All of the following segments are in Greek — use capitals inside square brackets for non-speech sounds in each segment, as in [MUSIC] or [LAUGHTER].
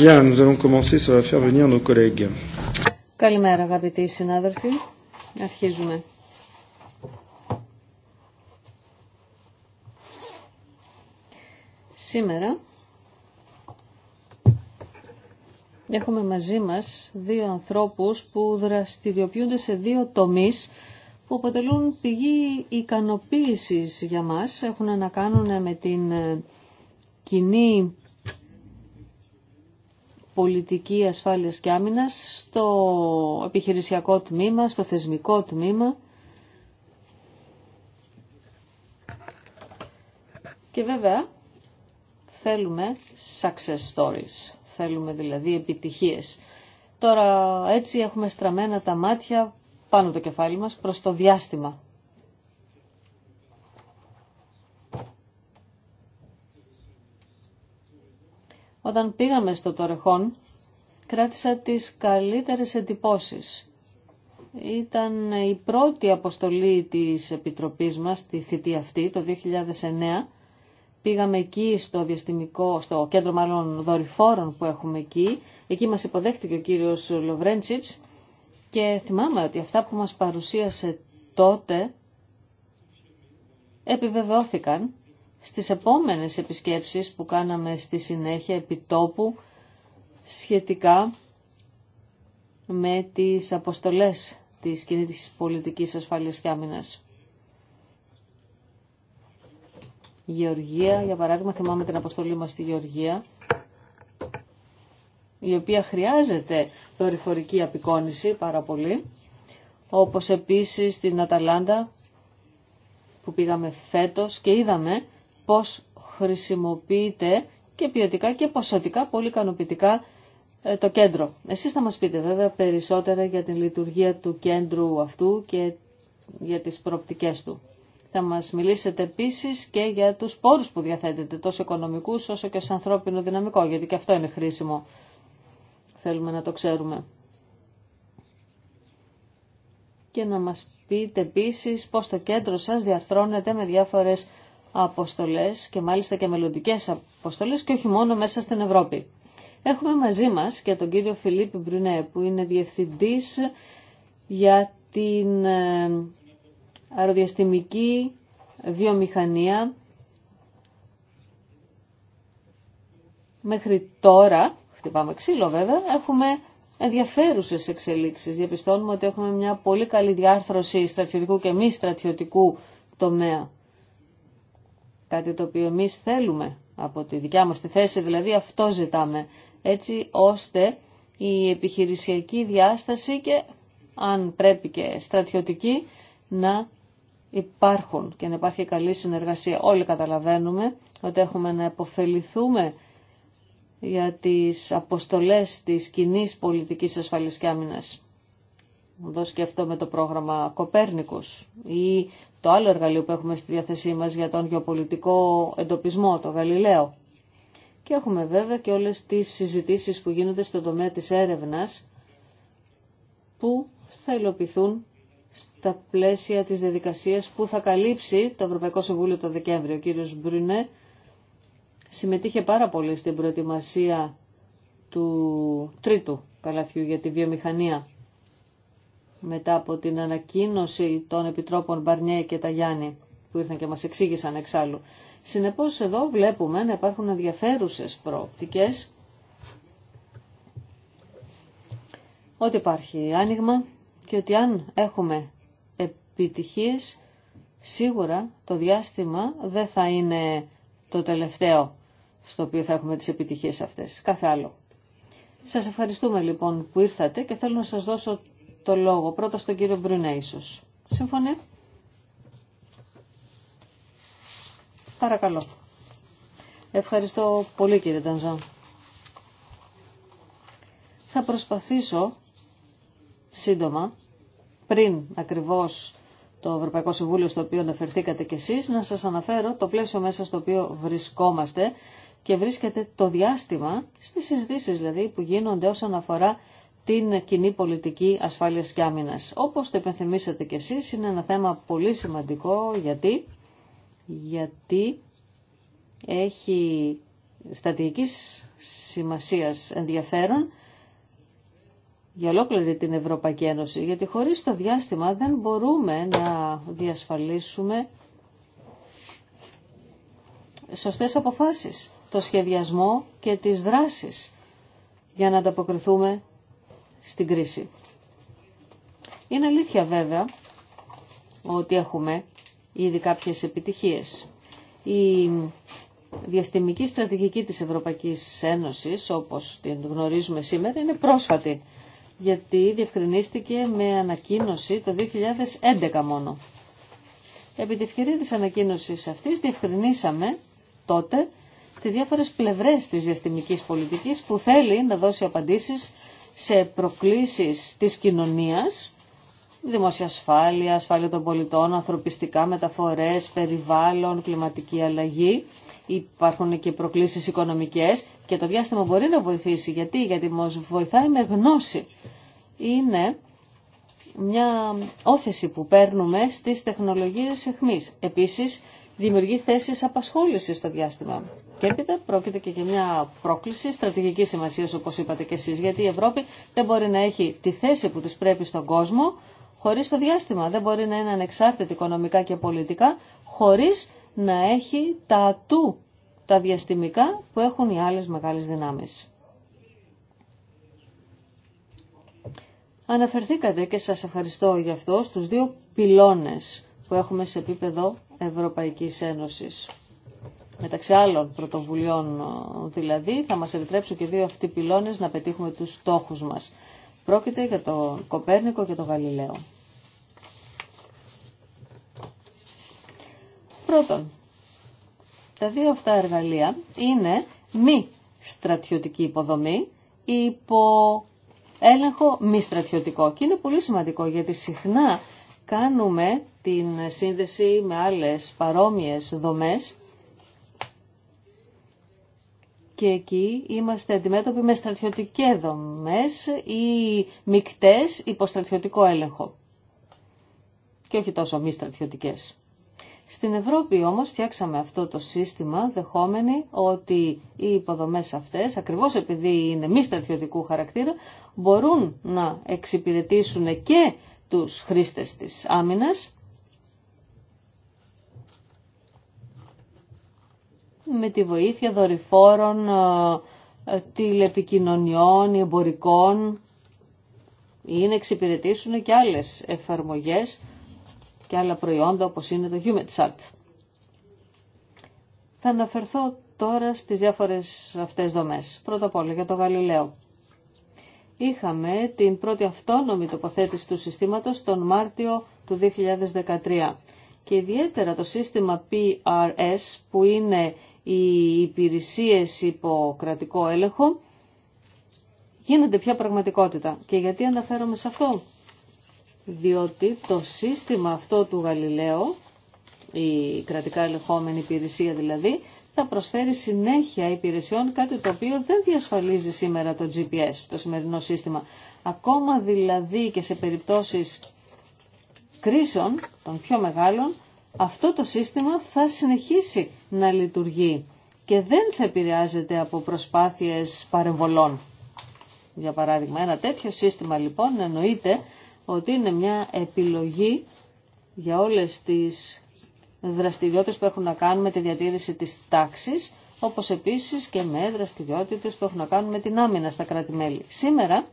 Bien, nous allons commencer, ça va faire venir nos collègues. Καλημέρα αγαπητοί συνάδελφοι. Αρχίζουμε. Σήμερα έχουμε μαζί μας δύο ανθρώπους που δραστηριοποιούνται σε δύο τομείς που αποτελούν πηγή ικανοποίησης για μας. Έχουν να κάνουν με την κοινή πολιτική ασφάλειας και άμυνας στο επιχειρησιακό τμήμα, στο θεσμικό τμήμα. Και βέβαια θέλουμε success stories, θέλουμε δηλαδή επιτυχίες. Τώρα έτσι έχουμε στραμμένα τα μάτια πάνω το κεφάλι μας προς το διάστημα. Όταν πήγαμε στο Τορεχόν, κράτησα τις καλύτερες εντυπώσεις. Ήταν η πρώτη αποστολή της Επιτροπής μας, τη θητή αυτή, το 2009. Πήγαμε εκεί στο διαστημικό, στο κέντρο μάλλον δορυφόρων που έχουμε εκεί. Εκεί μας υποδέχτηκε ο κύριος Λοβρέντσιτς και θυμάμαι ότι αυτά που μας παρουσίασε τότε επιβεβαιώθηκαν στις επόμενες επισκέψεις που κάναμε στη συνέχεια επιτόπου σχετικά με τις αποστολές της κινήτησης πολιτικής ασφάλειας και άμυνας. Γεωργία, για παράδειγμα, θυμάμαι την αποστολή μας στη Γεωργία, η οποία χρειάζεται δορυφορική απεικόνηση πάρα πολύ, όπως επίσης στην Αταλάντα που πήγαμε φέτος και είδαμε πώς χρησιμοποιείται και ποιοτικά και ποσοτικά πολύ ικανοποιητικά ε, το κέντρο. Εσείς θα μας πείτε βέβαια περισσότερα για την λειτουργία του κέντρου αυτού και για τις προοπτικές του. Θα μας μιλήσετε επίσης και για τους πόρους που διαθέτετε, τόσο οικονομικούς όσο και σε ανθρώπινο δυναμικό, γιατί και αυτό είναι χρήσιμο. Θέλουμε να το ξέρουμε. Και να μας πείτε επίσης πώς το κέντρο σας διαρθρώνεται με διάφορες αποστολές και μάλιστα και μελλοντικέ αποστολές και όχι μόνο μέσα στην Ευρώπη. Έχουμε μαζί μας και τον κύριο Φιλίπ Μπρουνέ που είναι διευθυντής για την ε, αεροδιαστημική βιομηχανία μέχρι τώρα, χτυπάμε ξύλο βέβαια, έχουμε ενδιαφέρουσες εξελίξεις. Διαπιστώνουμε ότι έχουμε μια πολύ καλή διάρθρωση στρατιωτικού και μη στρατιωτικού τομέα. Κάτι το οποίο εμεί θέλουμε από τη δικιά μας τη θέση, δηλαδή αυτό ζητάμε. Έτσι ώστε η επιχειρησιακή διάσταση και αν πρέπει και στρατιωτική να υπάρχουν και να υπάρχει καλή συνεργασία. Όλοι καταλαβαίνουμε ότι έχουμε να επωφεληθούμε για τις αποστολές της κοινή πολιτικής ασφαλής και άμυνας δώσει και αυτό με το πρόγραμμα Κοπέρνικους ή το άλλο εργαλείο που έχουμε στη διάθεσή μας για τον γεωπολιτικό εντοπισμό, το Γαλιλαίο. Και έχουμε βέβαια και όλες τις συζητήσεις που γίνονται στον τομέα της έρευνας που θα υλοποιηθούν στα πλαίσια της διαδικασίας που θα καλύψει το Ευρωπαϊκό Συμβούλιο το Δεκέμβριο. Ο κύριος Μπρουνέ συμμετείχε πάρα πολύ στην προετοιμασία του τρίτου καλαθιού για τη βιομηχανία μετά από την ανακοίνωση των Επιτρόπων Μπαρνιέ και Ταγιάννη που ήρθαν και μας εξήγησαν εξάλλου. Συνεπώς εδώ βλέπουμε να υπάρχουν ενδιαφέρουσες προοπτικές. Ότι υπάρχει άνοιγμα και ότι αν έχουμε επιτυχίες σίγουρα το διάστημα δεν θα είναι το τελευταίο στο οποίο θα έχουμε τις επιτυχίες αυτές. Κάθε άλλο. Σας ευχαριστούμε λοιπόν που ήρθατε και θέλω να σας δώσω το λόγο. Πρώτα στον κύριο Μπρουνέ ίσως. Σύμφωνε. Παρακαλώ. Ευχαριστώ πολύ κύριε Τανζάν. Θα προσπαθήσω σύντομα, πριν ακριβώς το Ευρωπαϊκό Συμβούλιο στο οποίο αναφερθήκατε κι εσείς, να σας αναφέρω το πλαίσιο μέσα στο οποίο βρισκόμαστε και βρίσκεται το διάστημα στις συζητήσεις δηλαδή που γίνονται όσον αφορά την κοινή πολιτική ασφάλειας και άμυνας. Όπως το υπενθυμίσατε κι εσείς, είναι ένα θέμα πολύ σημαντικό γιατί, γιατί έχει στατικής σημασίας ενδιαφέρον για ολόκληρη την Ευρωπαϊκή Ένωση, γιατί χωρίς το διάστημα δεν μπορούμε να διασφαλίσουμε σωστές αποφάσεις, το σχεδιασμό και τις δράσεις για να ανταποκριθούμε στην κρίση. Είναι αλήθεια βέβαια ότι έχουμε ήδη κάποιες επιτυχίες. Η διαστημική στρατηγική της Ευρωπαϊκής Ένωσης, όπως την γνωρίζουμε σήμερα, είναι πρόσφατη, γιατί διευκρινίστηκε με ανακοίνωση το 2011 μόνο. Επί τη ευκαιρία της ανακοίνωσης αυτής διευκρινίσαμε τότε τις διάφορες πλευρές της διαστημικής πολιτικής που θέλει να δώσει απαντήσεις σε προκλήσεις της κοινωνίας, δημόσια ασφάλεια, ασφάλεια των πολιτών, ανθρωπιστικά μεταφορές, περιβάλλον, κλιματική αλλαγή. Υπάρχουν και προκλήσεις οικονομικές και το διάστημα μπορεί να βοηθήσει. Γιατί, γιατί μας βοηθάει με γνώση. Είναι μια όθεση που παίρνουμε στις τεχνολογίες εχμής. Επίσης, δημιουργεί θέσει απασχόληση στο διάστημα. Και έπειτα πρόκειται και για μια πρόκληση στρατηγική σημασία, όπω είπατε και εσεί, γιατί η Ευρώπη δεν μπορεί να έχει τη θέση που τη πρέπει στον κόσμο χωρί το διάστημα. Δεν μπορεί να είναι ανεξάρτητη οικονομικά και πολιτικά χωρί να έχει τα ατού, τα διαστημικά που έχουν οι άλλε μεγάλε δυνάμει. Αναφερθήκατε και σας ευχαριστώ για αυτό στους δύο πυλώνες που έχουμε σε επίπεδο Ευρωπαϊκής Ένωσης. Μεταξύ άλλων πρωτοβουλειών δηλαδή θα μας επιτρέψουν και δύο αυτοί πυλώνες να πετύχουμε τους στόχους μας. Πρόκειται για το Κοπέρνικο και το Γαλιλαίο. Πρώτον, τα δύο αυτά εργαλεία είναι μη στρατιωτική υποδομή υπό έλεγχο μη στρατιωτικό. Και είναι πολύ σημαντικό γιατί συχνά κάνουμε την σύνδεση με άλλες παρόμοιες δομές και εκεί είμαστε αντιμέτωποι με στρατιωτικές δομές ή μικτές υποστρατιωτικό έλεγχο και όχι τόσο μη στρατιωτικές. Στην Ευρώπη όμως φτιάξαμε αυτό το σύστημα δεχόμενοι ότι οι υποδομές αυτές, ακριβώς επειδή είναι μη στρατιωτικού χαρακτήρα, μπορούν να εξυπηρετήσουν και τους χρήστες της άμυνας με τη βοήθεια δορυφόρων, ε, ε, τηλεπικοινωνιών, εμπορικών ή να εξυπηρετήσουν και άλλες εφαρμογές και άλλα προϊόντα όπως είναι το HumetSat. Θα αναφερθώ τώρα στις διάφορες αυτές δομές. Πρώτα απ' όλα για το Γαλιλαίο. Είχαμε την πρώτη αυτόνομη τοποθέτηση του συστήματος τον Μάρτιο του 2013 και ιδιαίτερα το σύστημα PRS που είναι οι υπηρεσίες υπό κρατικό έλεγχο γίνονται πια πραγματικότητα. Και γιατί αναφέρομαι σε αυτό. Διότι το σύστημα αυτό του Γαλιλαίου, η κρατικά ελεγχόμενη υπηρεσία δηλαδή, θα προσφέρει συνέχεια υπηρεσιών κάτι το οποίο δεν διασφαλίζει σήμερα το GPS, το σημερινό σύστημα. Ακόμα δηλαδή και σε περιπτώσεις κρίσεων των πιο μεγάλων, αυτό το σύστημα θα συνεχίσει να λειτουργεί και δεν θα επηρεάζεται από προσπάθειες παρεμβολών. Για παράδειγμα, ένα τέτοιο σύστημα λοιπόν εννοείται ότι είναι μια επιλογή για όλες τις δραστηριότητες που έχουν να κάνουν με τη διατήρηση της τάξης, όπως επίσης και με δραστηριότητες που έχουν να κάνουν με την άμυνα στα κράτη-μέλη. Σήμερα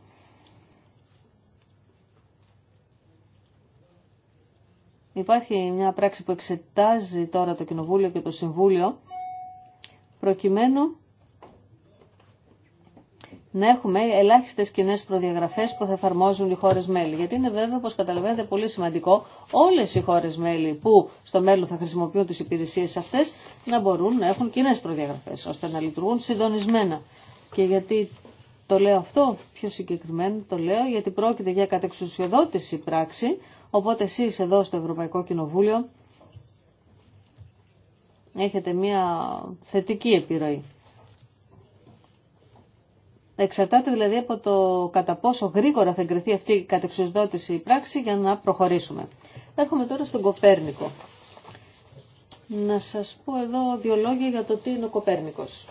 Υπάρχει μια πράξη που εξετάζει τώρα το Κοινοβούλιο και το Συμβούλιο προκειμένου να έχουμε ελάχιστε κοινέ προδιαγραφέ που θα εφαρμόζουν οι χώρε μέλη. Γιατί είναι βέβαιο, όπω καταλαβαίνετε, πολύ σημαντικό όλε οι χώρε μέλη που στο μέλλον θα χρησιμοποιούν τι υπηρεσίε αυτέ να μπορούν να έχουν κοινέ προδιαγραφέ, ώστε να λειτουργούν συντονισμένα. Και γιατί το λέω αυτό, πιο συγκεκριμένα το λέω, γιατί πρόκειται για κατεξουσιοδότηση πράξη Οπότε εσείς εδώ στο Ευρωπαϊκό Κοινοβούλιο έχετε μια θετική επιρροή. Εξαρτάται δηλαδή από το κατά πόσο γρήγορα θα εγκριθεί αυτή η ή πράξη για να προχωρήσουμε. Έρχομαι τώρα στον Κοπέρνικο. Να σας πω εδώ δύο λόγια για το τι είναι ο Κοπέρνικος.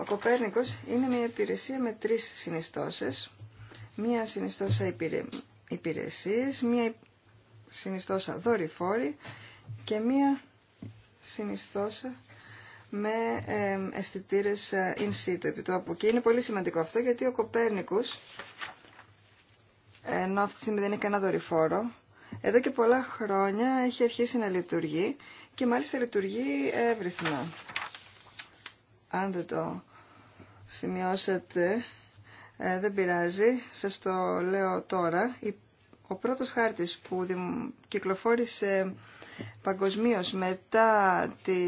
Ο Κοπέρνικος είναι μια υπηρεσία με τρεις συνιστώσεις. Μια συνιστώσα υπηρεσίες, μία συνιστόσα δορυφόρη και μία συνιστόσα με αισθητήρε ε, in situ το Και είναι πολύ σημαντικό αυτό γιατί ο Κοπέρνικος, ενώ αυτή τη στιγμή δεν έχει κανένα δορυφόρο, εδώ και πολλά χρόνια έχει αρχίσει να λειτουργεί και μάλιστα λειτουργεί εύρυθμα. Αν δεν το σημειώσετε. Ε, δεν πειράζει, σας το λέω τώρα. Ο πρώτος χάρτης που κυκλοφόρησε παγκοσμίω μετά τη,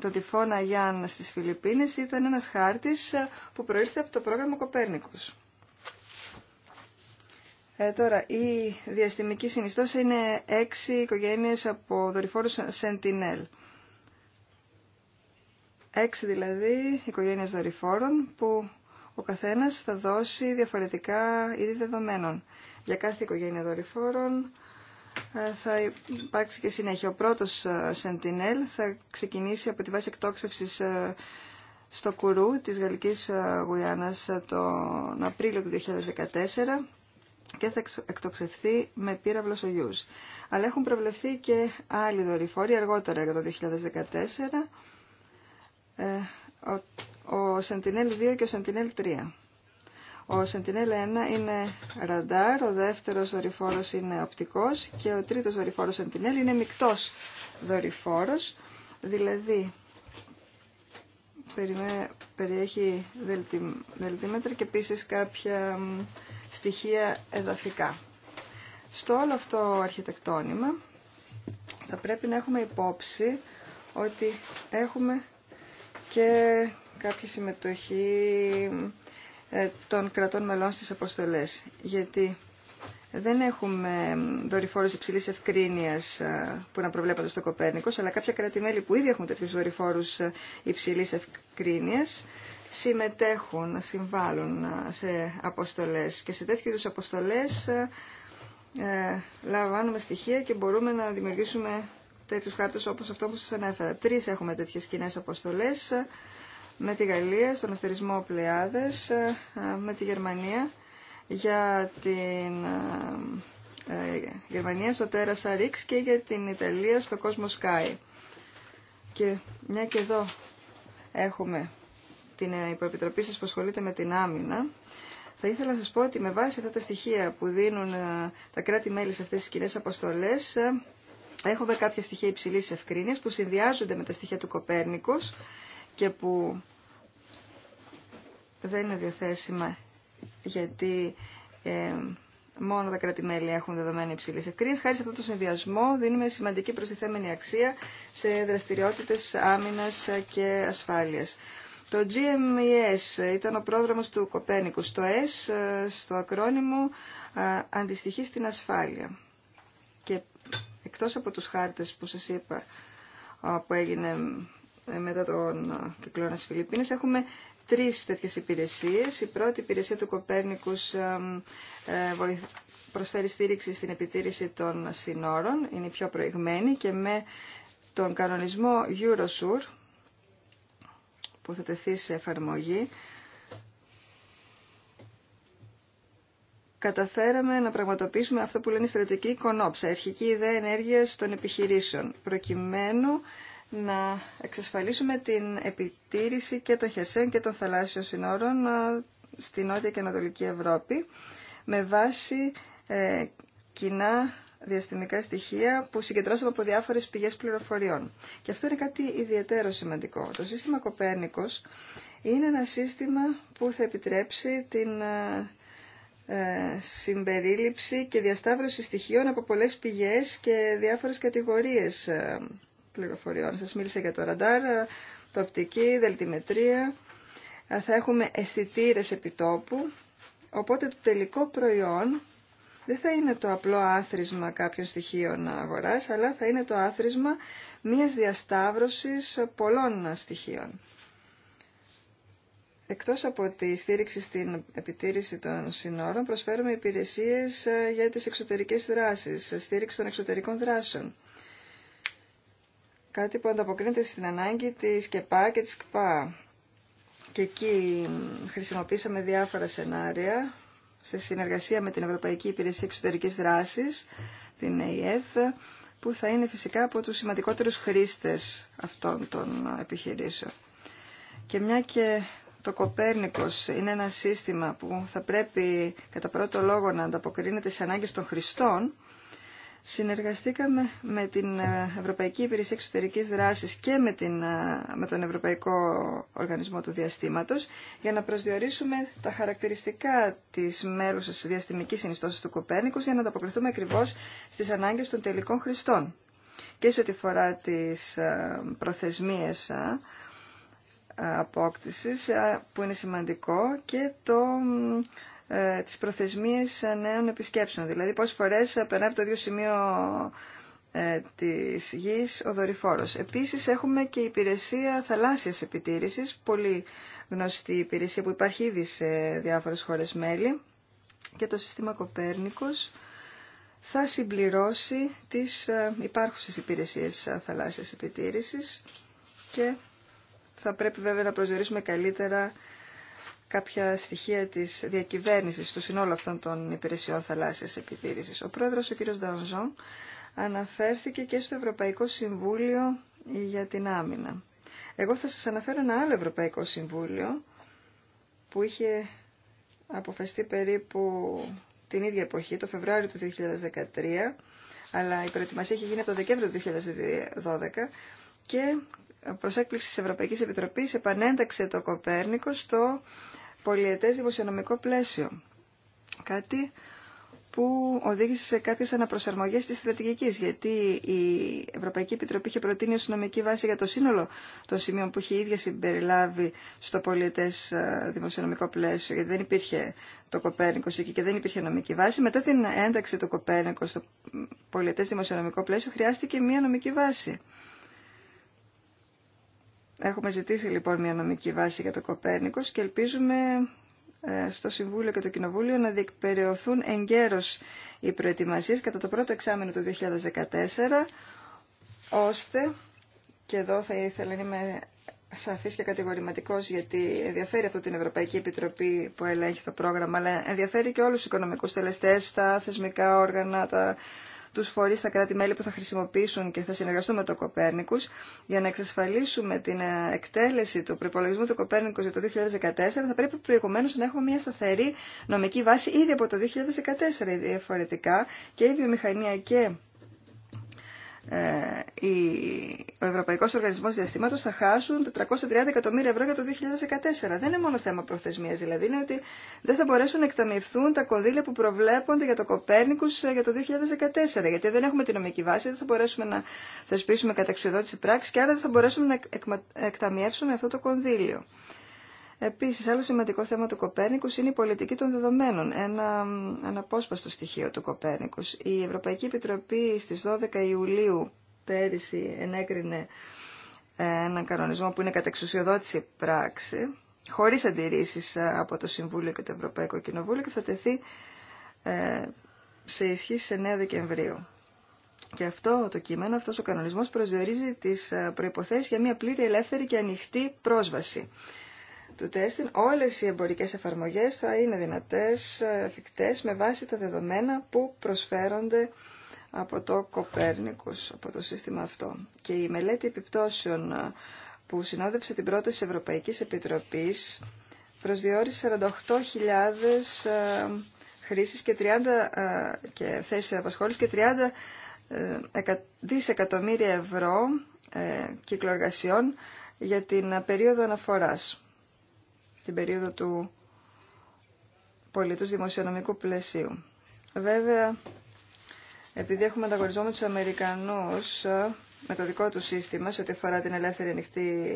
το τυφώνα Γιάννα στις Φιλιππίνες ήταν ένας χάρτης ε, που προήλθε από το πρόγραμμα Κοπέρνικους. Ε, τώρα, η διαστημική συνιστόσα είναι έξι οικογένειες από δορυφόρους Sentinel. Έξι δηλαδή οικογένειες δορυφόρων που ο καθένας θα δώσει διαφορετικά είδη δεδομένων. Για κάθε οικογένεια δορυφόρων ε, θα υπάρξει και συνέχεια. Ο πρώτος ε, Sentinel θα ξεκινήσει από τη βάση εκτόξευσης ε, στο Κουρού της Γαλλικής Γουιάνας τον Απρίλιο του 2014 και θα εκτοξευθεί με πύραυλο Σογιούς. Αλλά έχουν προβλεφθεί και άλλοι δορυφόροι αργότερα για το 2014 ο Sentinel-2 και ο Sentinel-3. Ο Sentinel-1 είναι ραντάρ, ο δεύτερος δορυφόρος είναι οπτικός και ο τρίτος δορυφόρος Sentinel είναι μικτός δορυφόρος, δηλαδή περιέχει δελτίμετρα και επίση κάποια στοιχεία εδαφικά. Στο όλο αυτό αρχιτεκτόνημα θα πρέπει να έχουμε υπόψη ότι έχουμε και κάποια συμμετοχή ε, των κρατών μελών στις αποστολές. Γιατί δεν έχουμε δορυφόρους υψηλή ευκρίνεια ε, που να προβλέπονται στο Κοπέρνικο, αλλά κάποια κράτη-μέλη που ήδη έχουν τέτοιου δορυφόρου ε, υψηλή ευκρίνεια συμμετέχουν, συμβάλλουν σε αποστολέ. Και σε τέτοιου είδου αποστολέ ε, λαμβάνουμε στοιχεία και μπορούμε να δημιουργήσουμε τέτοιου χάρτε όπω αυτό που σα ανέφερα. Τρει έχουμε τέτοιε κοινέ αποστολέ με τη Γαλλία στον αστερισμό Πλεάδες, ε, με τη Γερμανία για την ε, ε, Γερμανία στο Τέρα Αρίξ και για την Ιταλία στο Κόσμο Sky. Και μια και εδώ έχουμε την υποεπιτροπή σας που ασχολείται με την άμυνα. Θα ήθελα να σας πω ότι με βάση αυτά τα στοιχεία που δίνουν τα κράτη-μέλη σε αυτές τις κοινέ αποστολές, έχουμε κάποια στοιχεία υψηλής ευκρίνειας που συνδυάζονται με τα στοιχεία του Κοπέρνικος και που δεν είναι διαθέσιμα γιατί ε, μόνο τα κράτη-μέλη έχουν δεδομένα υψηλή ευκρίνηση. Χάρη σε αυτόν τον συνδυασμό δίνουμε σημαντική προστιθέμενη αξία σε δραστηριότητες άμυνας και ασφάλειας. Το GMES ήταν ο πρόδρομος του Κοπένικου. Στο S, ε, στο ακρόνιμο, ε, αντιστοιχεί στην ασφάλεια. Και εκτός από τους χάρτες που σας είπα ε, που έγινε μετά τον κυκλώνα στις Φιλιππίνες, έχουμε τρεις τέτοιες υπηρεσίες. Η πρώτη υπηρεσία του Κοπέρνικους ε, προσφέρει στήριξη στην επιτήρηση των συνόρων, είναι η πιο προηγμένη και με τον κανονισμό Eurosur που θα τεθεί σε εφαρμογή καταφέραμε να πραγματοποιήσουμε αυτό που λένε η στρατηγική κονόψα, αρχική ιδέα ενέργειας των επιχειρήσεων, προκειμένου να εξασφαλίσουμε την επιτήρηση και των χερσαίων και των θαλάσσιων συνόρων ε, στη Νότια και Ανατολική Ευρώπη με βάση ε, κοινά διαστημικά στοιχεία που συγκεντρώσαμε από διάφορες πηγές πληροφοριών. Και αυτό είναι κάτι ιδιαίτερο σημαντικό. Το σύστημα Κοπέρνικος είναι ένα σύστημα που θα επιτρέψει την ε, ε συμπερίληψη και διασταύρωση στοιχείων από πολλές πηγές και διάφορες κατηγορίες ε, πληροφοριών. Σας μίλησα για το ραντάρ, το δελτιμετρία. Ε, θα έχουμε αισθητήρε επιτόπου, οπότε το τελικό προϊόν δεν θα είναι το απλό άθροισμα κάποιων στοιχείων αγοράς, αλλά θα είναι το άθροισμα μιας διασταύρωσης πολλών στοιχείων. Εκτός από τη στήριξη στην επιτήρηση των συνόρων, προσφέρουμε υπηρεσίες ε, για τις εξωτερικές δράσεις, ε, στήριξη των εξωτερικών δράσεων κάτι που ανταποκρίνεται στην ανάγκη της ΚΕΠΑ και της ΚΠΑ. Και εκεί χρησιμοποίησαμε διάφορα σενάρια σε συνεργασία με την Ευρωπαϊκή Υπηρεσία Εξωτερικής Δράσης, την ΕΙΕΘ, που θα είναι φυσικά από τους σημαντικότερους χρήστες αυτών των επιχειρήσεων. Και μια και το Κοπέρνικος είναι ένα σύστημα που θα πρέπει κατά πρώτο λόγο να ανταποκρίνεται στις ανάγκες των χρηστών, Συνεργαστήκαμε με την ε, Ευρωπαϊκή Υπηρεσία Εξωτερικής Δράσης και με, την, ε, με τον Ευρωπαϊκό Οργανισμό του Διαστήματος για να προσδιορίσουμε τα χαρακτηριστικά της τη διαστημικής συνιστώσης του Κοπέρνικου για να ανταποκριθούμε ακριβώς στις ανάγκες των τελικών χρηστών. Και σε ό,τι φορά τις ε, προθεσμίες απόκτησης που είναι σημαντικό και το ε, τις προθεσμίες νέων επισκέψεων. Δηλαδή πόσες φορές περνάει από το ίδιο σημείο ε, της γης ο δορυφόρος. Επίσης έχουμε και υπηρεσία θαλάσσιας επιτήρησης, πολύ γνωστή υπηρεσία που υπάρχει ήδη σε διάφορες χώρες μέλη και το σύστημα Κοπέρνικος θα συμπληρώσει τις ε, υπάρχουσες υπηρεσίες θαλάσσιας επιτήρησης και θα πρέπει βέβαια να προσδιορίσουμε καλύτερα κάποια στοιχεία τη διακυβέρνηση του συνόλου αυτών των υπηρεσιών θαλάσσια επιτήρηση. Ο πρόεδρο ο κ. Ντανζόν, αναφέρθηκε και στο Ευρωπαϊκό Συμβούλιο για την Άμυνα. Εγώ θα σας αναφέρω ένα άλλο Ευρωπαϊκό Συμβούλιο που είχε αποφαστεί περίπου την ίδια εποχή, το Φεβράριο του 2013, αλλά η προετοιμασία είχε γίνει από το Δεκέμβριο του 2012 και προς έκπληξη της Ευρωπαϊκής Επιτροπής επανένταξε το Κοπέρνικο στο πολιετές δημοσιονομικό πλαίσιο. Κάτι που οδήγησε σε κάποιες αναπροσαρμογές της στρατηγική γιατί η Ευρωπαϊκή Επιτροπή είχε προτείνει ως νομική βάση για το σύνολο των σημείων που είχε ίδια συμπεριλάβει στο πολιτές ε, δημοσιονομικό πλαίσιο, γιατί δεν υπήρχε το Κοπέρνικος εκεί και δεν υπήρχε νομική βάση. Μετά την ένταξη του Κοπέρνικου στο πολιτές δημοσιονομικό πλαίσιο χρειάστηκε μία νομική βάση. Έχουμε ζητήσει λοιπόν μια νομική βάση για το Κοπέρνικος και ελπίζουμε ε, στο Συμβούλιο και το Κοινοβούλιο να διεκπεριωθούν εγκαίρως οι προετοιμασίες κατά το πρώτο εξάμεινο του 2014, ώστε, και εδώ θα ήθελα να είμαι σαφής και κατηγορηματικός γιατί ενδιαφέρει αυτό την Ευρωπαϊκή Επιτροπή που ελέγχει το πρόγραμμα, αλλά ενδιαφέρει και όλους τους οικονομικούς τελεστές, τα θεσμικά όργανα, τα τους φορείς στα κράτη-μέλη που θα χρησιμοποιήσουν και θα συνεργαστούν με το Κοπέρνικους για να εξασφαλίσουμε την ε, εκτέλεση του προπολογισμού του Κοπέρνικους για το 2014 θα πρέπει προηγουμένω να έχουμε μια σταθερή νομική βάση ήδη από το 2014 διαφορετικά και η βιομηχανία και ε, ο Ευρωπαϊκό Οργανισμό Διαστήματο θα χάσουν 430 εκατομμύρια ευρώ για το 2014. Δεν είναι μόνο θέμα προθεσμίας, δηλαδή είναι ότι δεν θα μπορέσουν να εκταμιευθούν τα κονδύλια που προβλέπονται για το Κοπέρνικου ε, για το 2014, γιατί δεν έχουμε την νομική βάση, δεν θα μπορέσουμε να θεσπίσουμε καταξιοδότηση πράξη και άρα δεν θα μπορέσουμε να εκταμιεύσουμε αυτό το κονδύλιο. Επίσης, άλλο σημαντικό θέμα του Κοπέρνικους είναι η πολιτική των δεδομένων, ένα αναπόσπαστο στοιχείο του Κοπέρνικου. Η Ευρωπαϊκή Επιτροπή στις 12 Ιουλίου πέρυσι ενέκρινε ε, έναν κανονισμό που είναι κατεξουσιοδότηση πράξη, χωρίς αντιρρήσεις ε, από το Συμβούλιο και το Ευρωπαϊκό Κοινοβούλιο και θα τεθεί ε, σε ισχύ σε 9 Δεκεμβρίου. Και αυτό το κείμενο, αυτός ο κανονισμός προσδιορίζει τις προϋποθέσεις για μια πλήρη ελεύθερη και ανοιχτή πρόσβαση του τέστην, όλες οι εμπορικές εφαρμογές θα είναι δυνατές, εφικτές, με βάση τα δεδομένα που προσφέρονται από το Κοπέρνικος, από το σύστημα αυτό. Και η μελέτη επιπτώσεων ε, που συνόδευσε την πρόταση Ευρωπαϊκής Επιτροπής προσδιορίσε 48.000 χρήσεις και, 30, ε, και θέσεις απασχόλησης και 30 ε, δισεκατομμύρια ευρώ κυκλοργασιών για την περίοδο αναφοράς την περίοδο του πολιτούς δημοσιονομικού πλαισίου. Βέβαια, επειδή έχουμε ανταγωνισμό με τους Αμερικανούς ε, με το δικό του σύστημα σε ό,τι αφορά την ελεύθερη ανοιχτή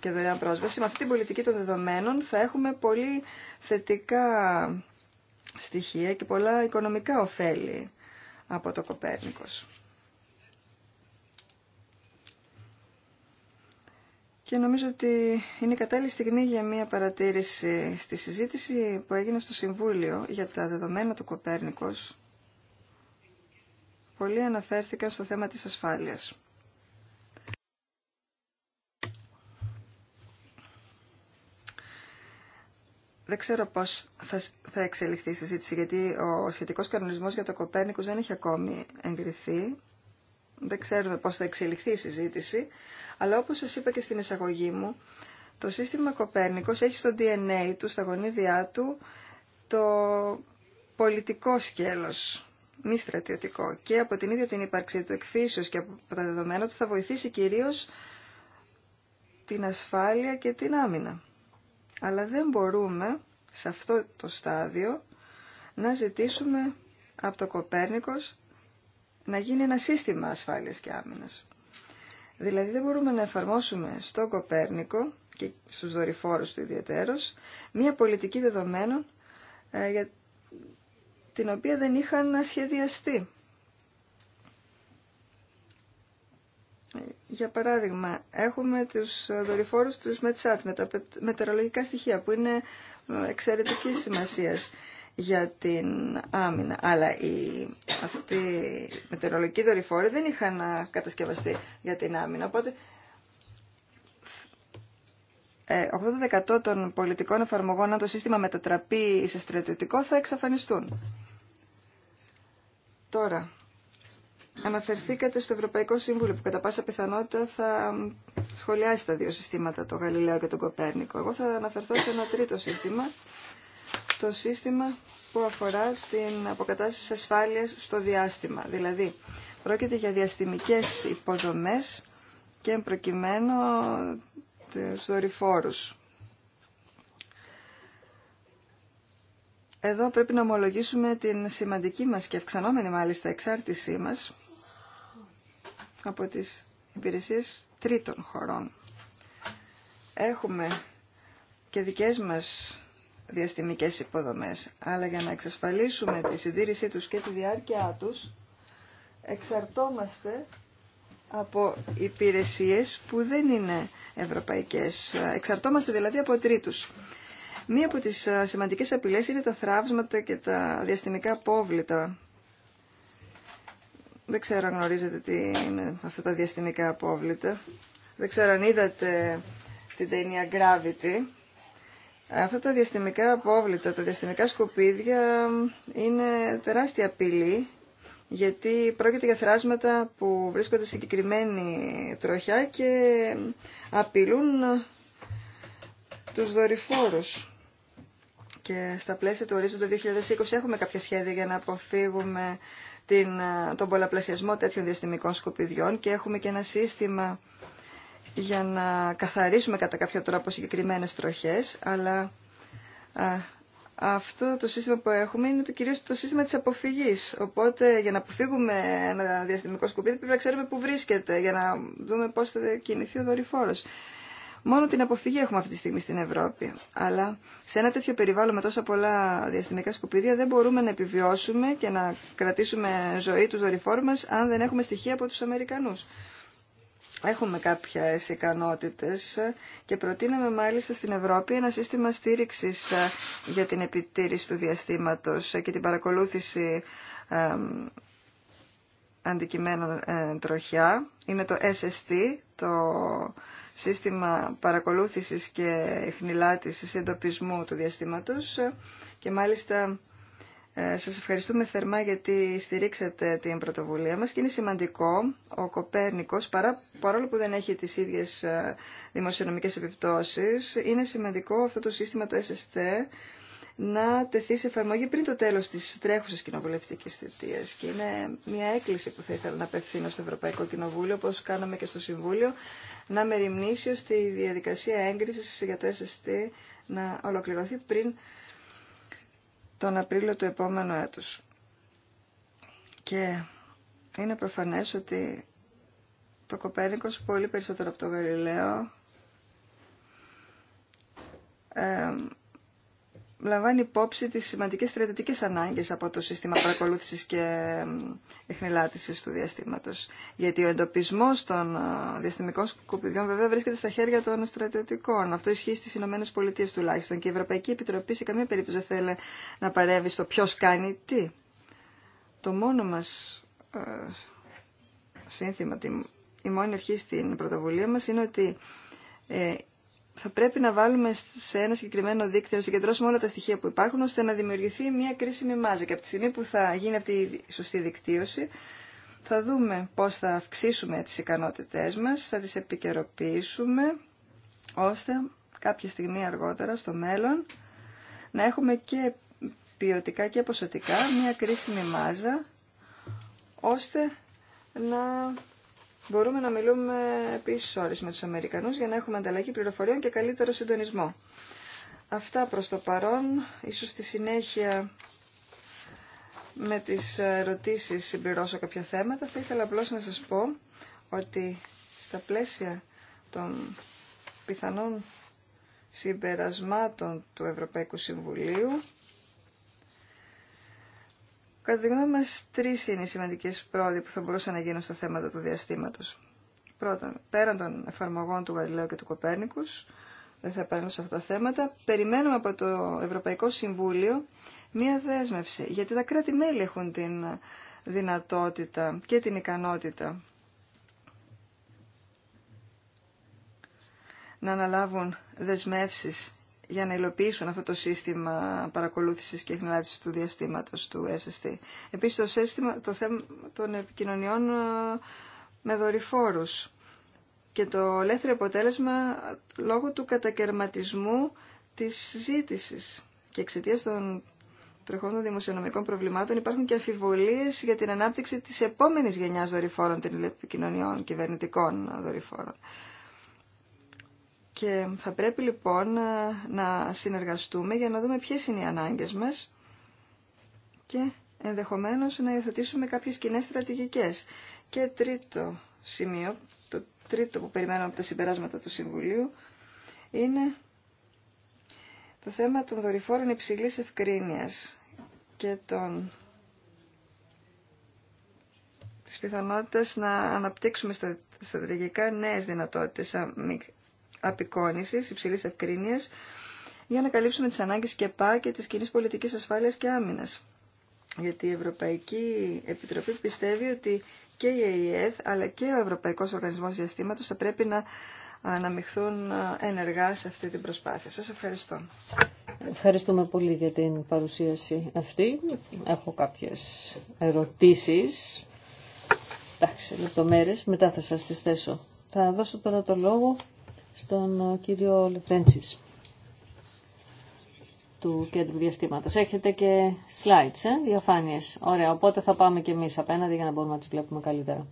και δωρεάν πρόσβαση, με αυτή την πολιτική των δεδομένων θα έχουμε πολύ θετικά στοιχεία και πολλά οικονομικά ωφέλη από το Κοπέρνικος. Και νομίζω ότι είναι κατάλληλη στιγμή για μια παρατήρηση στη συζήτηση που έγινε στο Συμβούλιο για τα δεδομένα του Κοπέρνικος. Πολλοί αναφέρθηκαν στο θέμα της ασφάλειας. Δεν ξέρω πώς θα, θα εξελιχθεί η συζήτηση, γιατί ο σχετικός κανονισμός για το Κοπέρνικος δεν έχει ακόμη εγκριθεί δεν ξέρουμε πώς θα εξελιχθεί η συζήτηση, αλλά όπως σας είπα και στην εισαγωγή μου, το σύστημα Κοπέρνικος έχει στο DNA του, στα γονίδια του, το πολιτικό σκέλος, μη στρατιωτικό. Και από την ίδια την ύπαρξή του εκφύσεως και από τα δεδομένα του θα βοηθήσει κυρίως την ασφάλεια και την άμυνα. Αλλά δεν μπορούμε σε αυτό το στάδιο να ζητήσουμε από το Κοπέρνικος να γίνει ένα σύστημα ασφάλειας και άμυνας. Δηλαδή δεν μπορούμε να εφαρμόσουμε στο Κοπέρνικο και στους δορυφόρους του ιδιαίτερος μια πολιτική δεδομένων ε, για την οποία δεν είχαν να σχεδιαστεί. Για παράδειγμα, έχουμε τους δορυφόρους τους ΜΕΤΣΑΤ με τα μετεωρολογικά στοιχεία που είναι ε, εξαιρετική σημασίας για την άμυνα. Αλλά οι, αυτοί οι μετεωρολογικοί δορυφόροι δεν είχαν κατασκευαστεί για την άμυνα. Οπότε 80% ε, των πολιτικών εφαρμογών, αν το σύστημα μετατραπεί σε στρατιωτικό, θα εξαφανιστούν. Τώρα, αναφερθήκατε στο Ευρωπαϊκό Σύμβουλο που κατά πάσα πιθανότητα θα σχολιάσει τα δύο συστήματα, το Γαλιλαίο και τον Κοπέρνικο. Εγώ θα αναφερθώ σε ένα τρίτο σύστημα το σύστημα που αφορά την αποκατάσταση ασφάλειας στο διάστημα. Δηλαδή, πρόκειται για διαστημικές υποδομές και προκειμένου τους δορυφόρους. Εδώ πρέπει να ομολογήσουμε την σημαντική μας και αυξανόμενη μάλιστα εξάρτησή μας από τις υπηρεσίες τρίτων χωρών. Έχουμε και δικές μας διαστημικές υποδομές. Αλλά για να εξασφαλίσουμε τη συντήρησή τους και τη διάρκεια τους, εξαρτόμαστε από υπηρεσίες που δεν είναι ευρωπαϊκές. Εξαρτόμαστε δηλαδή από τρίτους. Μία από τις σημαντικές απειλές είναι τα θράψματα και τα διαστημικά απόβλητα. Δεν ξέρω αν γνωρίζετε τι είναι αυτά τα διαστημικά απόβλητα. Δεν ξέρω αν είδατε την ταινία Gravity Αυτά τα διαστημικά απόβλητα, τα διαστημικά σκουπίδια είναι τεράστια απειλή γιατί πρόκειται για θράσματα που βρίσκονται σε συγκεκριμένη τροχιά και απειλούν τους δορυφόρους. Και στα πλαίσια του ορίζοντα 2020 έχουμε κάποια σχέδια για να αποφύγουμε την, τον πολλαπλασιασμό τέτοιων διαστημικών σκουπιδιών και έχουμε και ένα σύστημα για να καθαρίσουμε κατά κάποιο τρόπο συγκεκριμένες τροχές, αλλά αυτό το σύστημα που έχουμε είναι το κυρίως το σύστημα της αποφυγής. Οπότε για να αποφύγουμε ένα διαστημικό σκουπίδι πρέπει να ξέρουμε πού βρίσκεται για να δούμε πώς θα κινηθεί ο δορυφόρος. Μόνο την αποφυγή έχουμε αυτή τη στιγμή στην Ευρώπη. Αλλά σε ένα τέτοιο περιβάλλον με τόσα πολλά διαστημικά σκουπίδια δεν μπορούμε να επιβιώσουμε και να κρατήσουμε ζωή τους δορυφόρου μας αν δεν έχουμε στοιχεία από τους Αμερικανούς. Έχουμε κάποιες ικανότητες και προτείναμε μάλιστα στην Ευρώπη ένα σύστημα στήριξης ε, για την επιτήρηση του διαστήματος και την παρακολούθηση ε, αντικειμένων ε, τροχιά. Είναι το SST, το σύστημα παρακολούθησης και χνηλάτησης εντοπισμού του διαστήματος και μάλιστα ε, σας ευχαριστούμε θερμά γιατί στηρίξατε την πρωτοβουλία μας και είναι σημαντικό ο Κοπέρνικος, παρά, παρόλο που δεν έχει τις ίδιες ε, δημοσιονομικές επιπτώσεις, είναι σημαντικό αυτό το σύστημα το SST να τεθεί σε εφαρμογή πριν το τέλος της τρέχουσας κοινοβουλευτικής θητείας. Και είναι μια έκκληση που θα ήθελα να απευθύνω στο Ευρωπαϊκό Κοινοβούλιο, όπως κάναμε και στο Συμβούλιο, να μεριμνήσει ώστε η διαδικασία έγκρισης για το SST να ολοκληρωθεί πριν τον Απρίλιο του επόμενου έτους. Και είναι προφανές ότι το Κοπέρνικος πολύ περισσότερο από το Γαλιλαίο ε, λαμβάνει υπόψη τις σημαντικές στρατιωτικές ανάγκες από το σύστημα παρακολούθησης και εχνηλάτησης του διαστήματος. Γιατί ο εντοπισμός των ε, διαστημικών σκουπιδιών βέβαια βρίσκεται στα χέρια των στρατιωτικών. Αυτό ισχύει στις Ηνωμένες Πολιτείες τουλάχιστον και η Ευρωπαϊκή Επιτροπή σε καμία περίπτωση δεν θέλει να παρεύει στο ποιο κάνει τι. Το μόνο μας ε, σύνθημα, η μόνη αρχή στην πρωτοβουλία μας είναι ότι ε, θα πρέπει να βάλουμε σε ένα συγκεκριμένο δίκτυο, να συγκεντρώσουμε όλα τα στοιχεία που υπάρχουν, ώστε να δημιουργηθεί μια κρίσιμη μάζα. Και από τη στιγμή που θα γίνει αυτή η σωστή δικτύωση, θα δούμε πώς θα αυξήσουμε τις ικανότητές μας, θα τις επικαιροποιήσουμε, ώστε κάποια στιγμή αργότερα, στο μέλλον, να έχουμε και ποιοτικά και ποσοτικά μια κρίσιμη μάζα, ώστε να μπορούμε να μιλούμε επίση ώρες με τους Αμερικανούς για να έχουμε ανταλλαγή πληροφοριών και καλύτερο συντονισμό. Αυτά προς το παρόν, ίσως στη συνέχεια με τις ερωτήσεις συμπληρώσω κάποια θέματα. Θα ήθελα απλώς να σας πω ότι στα πλαίσια των πιθανών συμπερασμάτων του Ευρωπαϊκού Συμβουλίου Κατά τη γνώμη μας, τρεις είναι οι σημαντικές πρόοδοι που θα μπορούσαν να γίνουν στα θέματα του διαστήματος. Πρώτον, πέραν των εφαρμογών του Γαλιλαίου και του Κοπέρνικου. δεν θα επανέλθω σε αυτά τα θέματα, περιμένουμε από το Ευρωπαϊκό Συμβούλιο μία δέσμευση, γιατί τα κράτη-μέλη έχουν την δυνατότητα και την ικανότητα να αναλάβουν δεσμεύσεις για να υλοποιήσουν αυτό το σύστημα παρακολούθησης και εχνηλάτησης του διαστήματος του SST. Επίσης το, σύστημα, το θέμα των επικοινωνιών ε, με δορυφόρους και το ελεύθερο αποτέλεσμα λόγω του κατακαιρματισμού της ζήτησης και εξαιτία των τρεχόντων δημοσιονομικών προβλημάτων υπάρχουν και αφιβολίες για την ανάπτυξη της επόμενης γενιάς δορυφόρων των επικοινωνιών κυβερνητικών δορυφόρων. Και θα πρέπει λοιπόν ε, να συνεργαστούμε για να δούμε ποιες είναι οι ανάγκες μας και ενδεχομένως να υιοθετήσουμε κάποιες κοινέ στρατηγικές. Και τρίτο σημείο, το τρίτο που περιμένουμε από τα συμπεράσματα του Συμβουλίου, είναι το θέμα των δορυφόρων υψηλής ευκρίνειας και των της να αναπτύξουμε στρατηγικά νέες δυνατότητες απεικόνησης υψηλής ευκρίνειας για να καλύψουμε τις ανάγκες και ΠΑ και της κοινή πολιτικής ασφάλειας και άμυνας. Γιατί η Ευρωπαϊκή Επιτροπή πιστεύει ότι και η ΕΕΘ αλλά και ο Ευρωπαϊκός Οργανισμός Διαστήματος θα πρέπει να αναμειχθούν ενεργά σε αυτή την προσπάθεια. Σας ευχαριστώ. Ευχαριστούμε πολύ για την παρουσίαση αυτή. Έχω κάποιες ερωτήσεις. Εντάξει, λεπτομέρειε. Μετά θα σας τις θέσω. Θα δώσω τώρα το λόγο στον ε, κύριο Λεφρέντσης του κέντρου διαστήματος. Έχετε και slides, ε, διαφάνειες. Ωραία, οπότε θα πάμε και εμείς απέναντι για να μπορούμε να τις βλέπουμε καλύτερα.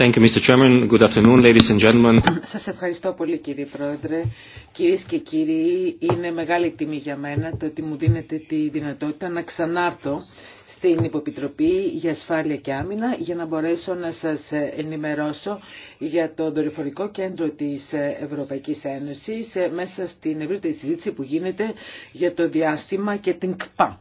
Thank Σας ευχαριστώ πολύ κύριε Πρόεδρε. Κυρίες και κύριοι, είναι μεγάλη τιμή για μένα το ότι μου δίνετε τη δυνατότητα να ξανάρθω στην Υποπιτροπή για Ασφάλεια και Άμυνα για να μπορέσω να σας ενημερώσω για το δορυφορικό κέντρο της Ευρωπαϊκής Ένωσης ε, μέσα στην ευρύτερη συζήτηση που γίνεται για το διάστημα και την ΚΠΑ.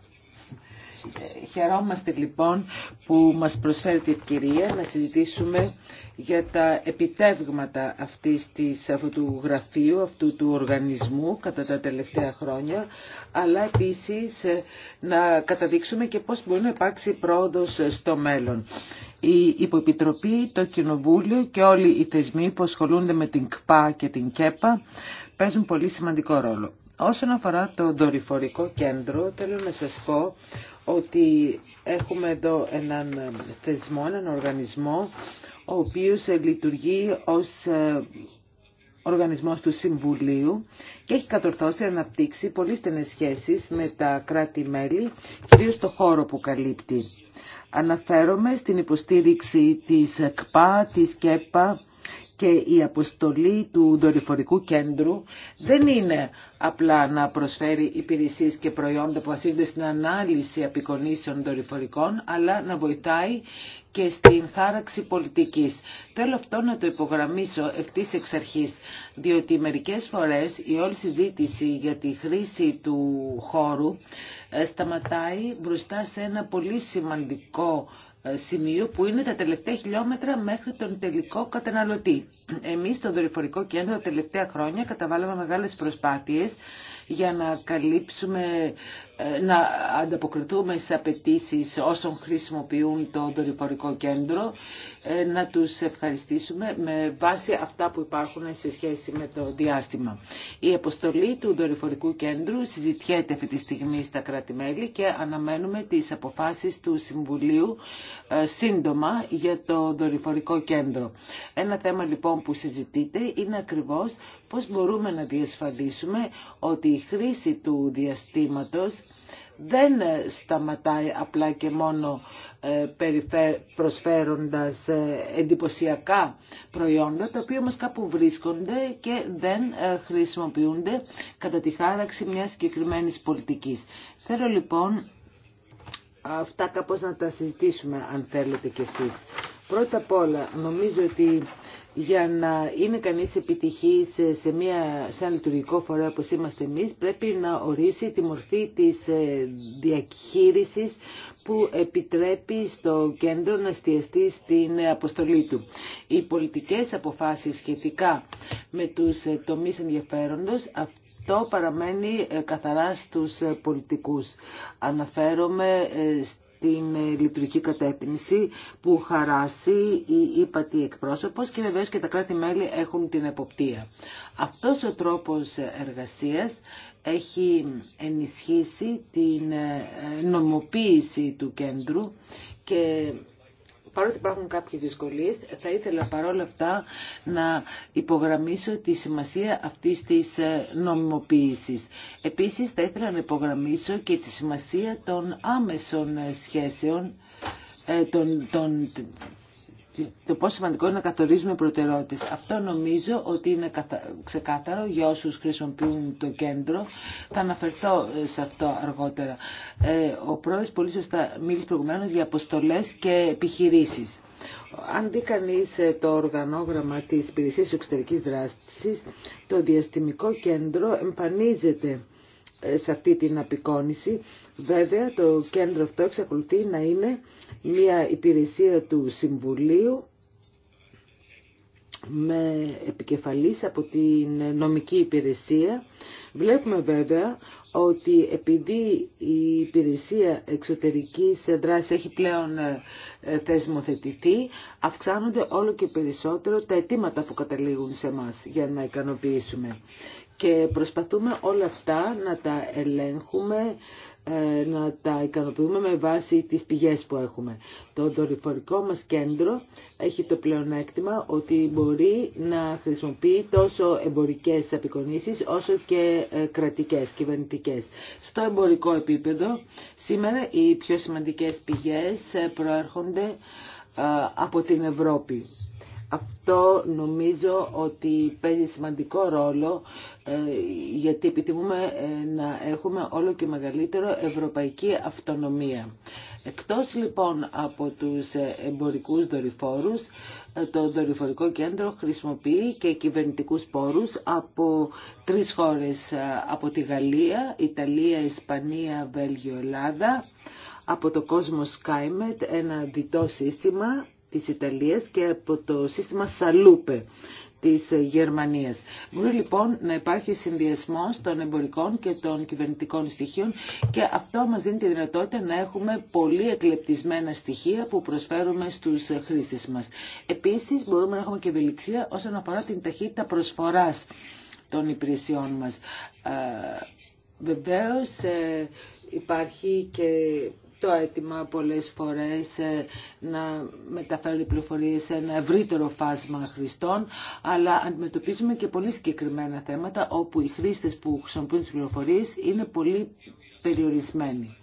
Χαιρόμαστε λοιπόν που μας προσφέρει την ευκαιρία να συζητήσουμε για τα επιτεύγματα αυτής της, αυτού του γραφείου, αυτού του οργανισμού κατά τα τελευταία χρόνια, αλλά επίσης ε, να καταδείξουμε και πώς μπορεί να υπάρξει πρόοδος ε, στο μέλλον. Η Υποεπιτροπή, το Κοινοβούλιο και όλοι οι θεσμοί που ασχολούνται με την ΚΠΑ και την ΚΕΠΑ παίζουν πολύ σημαντικό ρόλο. Όσον αφορά το δορυφορικό κέντρο, θέλω να σας πω ότι έχουμε εδώ έναν θεσμό, έναν οργανισμό, ο οποίος λειτουργεί ως ε, οργανισμός του Συμβουλίου και έχει κατορθώσει να αναπτύξει πολύ στενές σχέσεις με τα κράτη-μέλη, κυρίως το χώρο που καλύπτει. Αναφέρομαι στην υποστήριξη της ΚΠΑ, της ΚΕΠΑ, και η αποστολή του δορυφορικού κέντρου δεν είναι απλά να προσφέρει υπηρεσίες και προϊόντα που βασίζονται στην ανάλυση απεικονίσεων δορυφορικών, αλλά να βοηθάει και στην χάραξη πολιτικής. Θέλω αυτό να το υπογραμμίσω ευθύς εξ αρχής, διότι μερικές φορές η όλη συζήτηση για τη χρήση του χώρου ε, σταματάει μπροστά σε ένα πολύ σημαντικό ε, σημείο που είναι τα τελευταία χιλιόμετρα μέχρι τον τελικό καταναλωτή. Εμείς στο δορυφορικό κέντρο τα τελευταία χρόνια καταβάλαμε μεγάλες προσπάθειες για να καλύψουμε ε, να ανταποκριθούμε στις απαιτήσει όσων χρησιμοποιούν το δορυφορικό κέντρο, ε, να τους ευχαριστήσουμε με βάση αυτά που υπάρχουν σε σχέση με το διάστημα. Η αποστολή του δορυφορικού κέντρου συζητιέται αυτή τη στιγμή στα κράτη-μέλη και αναμένουμε τις αποφάσεις του Συμβουλίου ε, σύντομα για το δορυφορικό κέντρο. Ένα θέμα λοιπόν που συζητείται είναι ακριβώς πώς μπορούμε να διασφαλίσουμε ότι η χρήση του διαστήματος δεν σταματάει απλά και μόνο ε, προσφέροντας ε, εντυπωσιακά προϊόντα, τα οποία όμως κάπου βρίσκονται και δεν ε, χρησιμοποιούνται κατά τη χάραξη μιας συγκεκριμένη πολιτικής. Θέλω λοιπόν αυτά κάπως να τα συζητήσουμε αν θέλετε κι εσείς. Πρώτα απ' όλα νομίζω ότι για να είναι κανείς επιτυχής σε, μια, σε ένα λειτουργικό φορέα όπως είμαστε εμείς πρέπει να ορίσει τη μορφή της ε, διαχείρισης που επιτρέπει στο κέντρο να στιαστεί στην αποστολή του. Οι πολιτικές αποφάσεις σχετικά με τους ε, τομείς ενδιαφέροντος αυτό παραμένει ε, καθαρά στους πολιτικούς. Αναφέρομαι την ε, λειτουργική κατεύθυνση που χαράσει η ύπατη εκπρόσωπο και βεβαίω και τα κράτη-μέλη έχουν την εποπτεία. Αυτός ο τρόπος εργασίας έχει ενισχύσει την ε, νομοποίηση του κέντρου και Παρότι υπάρχουν κάποιες δυσκολίες, θα ήθελα παρόλα αυτά να υπογραμμίσω τη σημασία αυτής της ε, νομιμοποίησης. Επίσης, θα ήθελα να υπογραμμίσω και τη σημασία των άμεσων ε, σχέσεων ε, των, των, το πόσο σημαντικό είναι να καθορίζουμε προτεραιότητες. Αυτό νομίζω ότι είναι ξεκάθαρο για όσους χρησιμοποιούν το κέντρο. Θα αναφερθώ ε, σε αυτό αργότερα. Ε, ο πρόεδρος πολύ σωστά μίλησε προηγουμένως για αποστολές και επιχειρήσεις. Αν δει κανεί ε, το οργανόγραμμα της υπηρεσίας εξωτερικής δράσης, το διαστημικό κέντρο εμφανίζεται σε αυτή την απεικόνηση. Βέβαια το κέντρο αυτό εξακολουθεί να είναι μια υπηρεσία του Συμβουλίου με επικεφαλής από την νομική υπηρεσία Βλέπουμε βέβαια ότι επειδή η υπηρεσία εξωτερικής δράσης έχει πλέον ε, ε, θεσμοθετηθεί, αυξάνονται όλο και περισσότερο τα αιτήματα που καταλήγουν σε εμά για να ικανοποιήσουμε. Και προσπαθούμε όλα αυτά να τα ελέγχουμε, ε, να τα ικανοποιούμε με βάση τις πηγές που έχουμε. Το δορυφορικό μας κέντρο έχει το πλεονέκτημα ότι μπορεί να χρησιμοποιεί τόσο εμπορικές απεικονίσεις όσο και ε, κρατικές, κυβερνητικές. Στο εμπορικό επίπεδο σήμερα οι πιο σημαντικές πηγές ε, προέρχονται από την Ευρώπη. Αυτό νομίζω ότι παίζει σημαντικό ρόλο ε, γιατί επιθυμούμε ε, να έχουμε όλο και μεγαλύτερο ευρωπαϊκή αυτονομία. Εκτός λοιπόν από τους ε, εμπορικούς δορυφόρους, το δορυφορικό κέντρο χρησιμοποιεί και κυβερνητικούς πόρους από τρεις χώρες, από τη Γαλλία, Ιταλία, Ισπανία, Βέλγιο, Ελλάδα, από το κόσμο SkyMed, ένα διτό σύστημα της Ιταλίας και από το σύστημα Σαλούπε της Γερμανίας. Μπορεί λοιπόν να υπάρχει συνδυασμός των εμπορικών και των κυβερνητικών στοιχείων και αυτό μας δίνει τη δυνατότητα να έχουμε πολύ εκλεπτισμένα στοιχεία που προσφέρουμε στους χρήστες μας. Επίσης μπορούμε να έχουμε και ευελιξία όσον αφορά την ταχύτητα προσφοράς των υπηρεσιών μας. Βεβαίως ε, υπάρχει και το αίτημα πολλές φορές ε, να μεταφέρει πληροφορίες σε ένα ευρύτερο φάσμα χρηστών, αλλά αντιμετωπίζουμε και πολύ συγκεκριμένα θέματα όπου οι χρήστες που χρησιμοποιούν τις πληροφορίες είναι πολύ περιορισμένοι.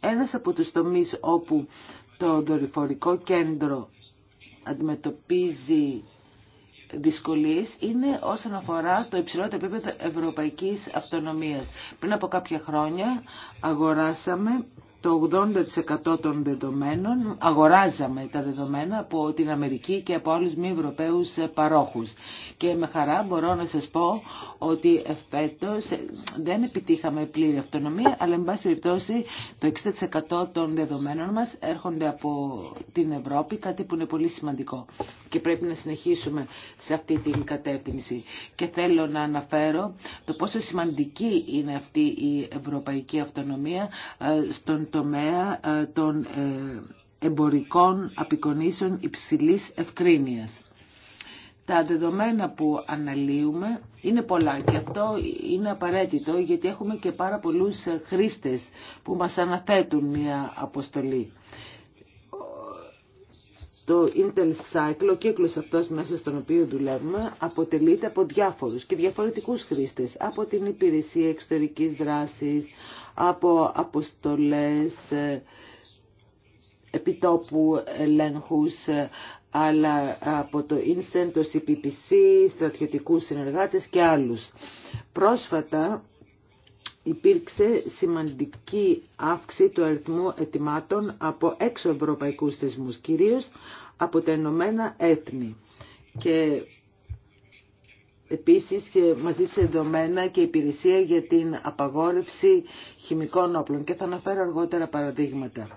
Ένας από τους τομείς όπου το δορυφορικό κέντρο αντιμετωπίζει δυσκολίες είναι όσον αφορά το υψηλότερο επίπεδο ευρωπαϊκής αυτονομίας. Πριν από κάποια χρόνια αγοράσαμε το 80% των δεδομένων, αγοράζαμε τα δεδομένα από την Αμερική και από άλλους μη Ευρωπαίους παρόχους. Και με χαρά μπορώ να σας πω ότι φέτος δεν επιτύχαμε πλήρη αυτονομία, αλλά εν πάση περιπτώσει το 60% των δεδομένων μας έρχονται από την Ευρώπη, κάτι που είναι πολύ σημαντικό. Και πρέπει να συνεχίσουμε σε αυτή την κατεύθυνση. Και θέλω να αναφέρω το πόσο σημαντική είναι αυτή η ευρωπαϊκή αυτονομία ε, στον τομέα ε, των ε, εμπορικών απεικονίσεων υψηλής ευκρίνειας. Τα δεδομένα που αναλύουμε είναι πολλά και αυτό είναι απαραίτητο γιατί έχουμε και πάρα πολλούς χρήστες που μας αναθέτουν μια αποστολή. Το Intel Cycle, ο κύκλος αυτός μέσα στον οποίο δουλεύουμε, αποτελείται από διάφορους και διαφορετικούς χρήστες, από την υπηρεσία εξωτερικής δράσης, από αποστολές, ε, επιτόπου ελέγχους, ε, αλλά από το Incent, το CPPC, στρατιωτικούς συνεργάτες και άλλους. Πρόσφατα υπήρξε σημαντική αύξηση του αριθμού ετοιμάτων από έξω ευρωπαϊκούς θεσμούς, κυρίως από τα Ενωμένα Έθνη. Και Επίσης και μαζί σε δεδομένα και υπηρεσία για την απαγόρευση χημικών όπλων και θα αναφέρω αργότερα παραδείγματα.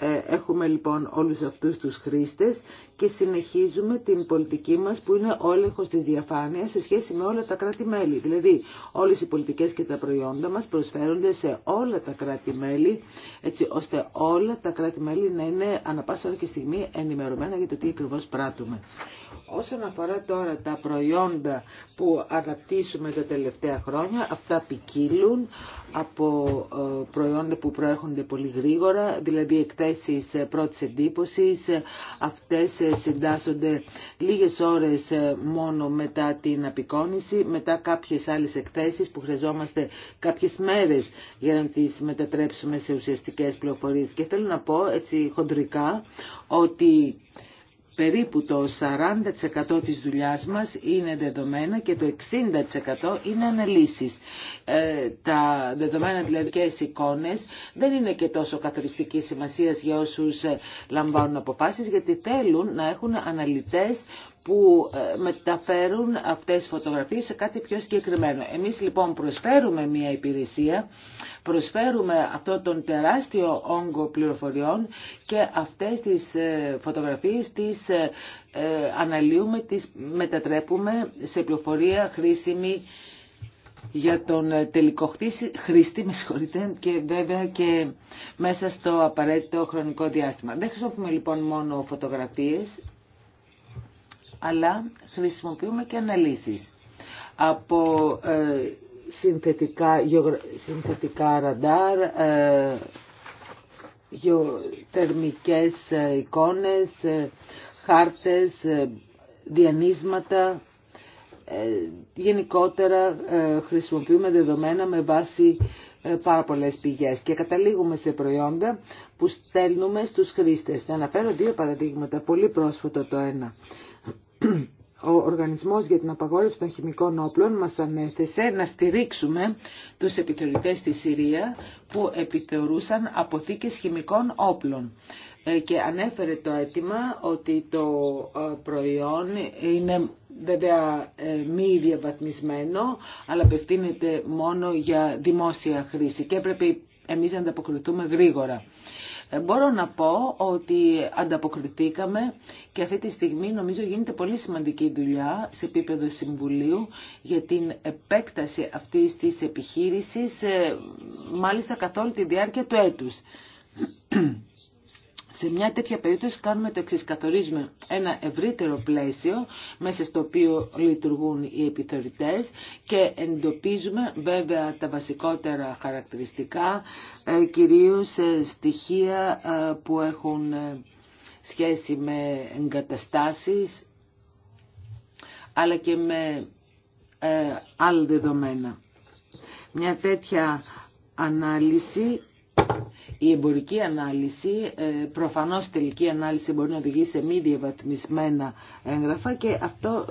Ε, έχουμε λοιπόν όλους αυτούς τους χρήστες και συνεχίζουμε την πολιτική μας που είναι ο έλεγχος της διαφάνειας σε σχέση με όλα τα κράτη-μέλη. Δηλαδή όλες οι πολιτικές και τα προϊόντα μας προσφέρονται σε όλα τα κράτη-μέλη έτσι ώστε όλα τα κράτη-μέλη να είναι ανα πάσα ώρα και στιγμή ενημερωμένα για το τι ακριβώς πράττουμε. Όσον αφορά τώρα τα προϊόντα που αναπτύσσουμε τα τελευταία χρόνια, αυτά ποικίλουν από ε, προϊόντα που προέρχονται πολύ γρήγορα, δηλαδή θέσεις πρώτης εντύπωσης. Αυτές συντάσσονται λίγες ώρες μόνο μετά την απεικόνηση, μετά κάποιες άλλες εκθέσεις που χρειαζόμαστε κάποιες μέρες για να τις μετατρέψουμε σε ουσιαστικές πληροφορίες. Και θέλω να πω έτσι χοντρικά ότι περίπου το 40% της δουλειάς μας είναι δεδομένα και το 60% είναι αναλύσεις. Ε, τα δεδομένα δηλαδή και εικόνες δεν είναι και τόσο καθοριστική σημασία για όσους ε, λαμβάνουν αποφάσεις γιατί θέλουν να έχουν αναλυτές που ε, μεταφέρουν αυτές τις φωτογραφίες σε κάτι πιο συγκεκριμένο. Εμείς λοιπόν προσφέρουμε μια υπηρεσία, προσφέρουμε αυτό τον τεράστιο όγκο πληροφοριών και αυτές τις ε, φωτογραφίες τις ε, αναλύουμε, τις μετατρέπουμε σε πληροφορία χρήσιμη για τον τελικό χρήστη, με και βέβαια και μέσα στο απαραίτητο χρονικό διάστημα. Δεν χρησιμοποιούμε λοιπόν μόνο φωτογραφίες, αλλά χρησιμοποιούμε και αναλύσεις από ε, συνθετικά, γεωγρα... συνθετικά ραντάρ, ε, γεωτερμικές ε, εικόνες, ε, χάρτες, διανύσματα. γενικότερα χρησιμοποιούμε δεδομένα με βάση πάρα πολλές πηγές και καταλήγουμε σε προϊόντα που στέλνουμε στους χρήστες. Θα αναφέρω δύο παραδείγματα, πολύ πρόσφατο το ένα ο Οργανισμός για την Απαγόρευση των Χημικών Όπλων μας ανέθεσε να στηρίξουμε τους επιθεωρητές στη Συρία που επιθεωρούσαν αποθήκες χημικών όπλων. Ε, και ανέφερε το αίτημα ότι το ε, προϊόν είναι βέβαια ε, μη διαβαθμισμένο, αλλά απευθύνεται μόνο για δημόσια χρήση και έπρεπε εμείς να ανταποκριθούμε γρήγορα. Ε, μπορώ να πω ότι ανταποκριθήκαμε και αυτή τη στιγμή νομίζω γίνεται πολύ σημαντική δουλειά σε επίπεδο Συμβουλίου για την επέκταση αυτής της επιχείρησης ε, μάλιστα καθ' όλη τη διάρκεια του έτους. Σε μια τέτοια περίπτωση κάνουμε το εξής, καθορίζουμε ένα ευρύτερο πλαίσιο μέσα στο οποίο λειτουργούν οι επιθεωρητές και εντοπίζουμε βέβαια τα βασικότερα χαρακτηριστικά, ε, κυρίως ε, στοιχεία ε, που έχουν σχέση με εγκαταστάσεις, αλλά και με άλλα δεδομένα. Μια τέτοια ανάλυση η εμπορική ανάλυση, ε, προφανώς τελική ανάλυση μπορεί να οδηγεί σε μη διαβαθμισμένα έγγραφα και αυτό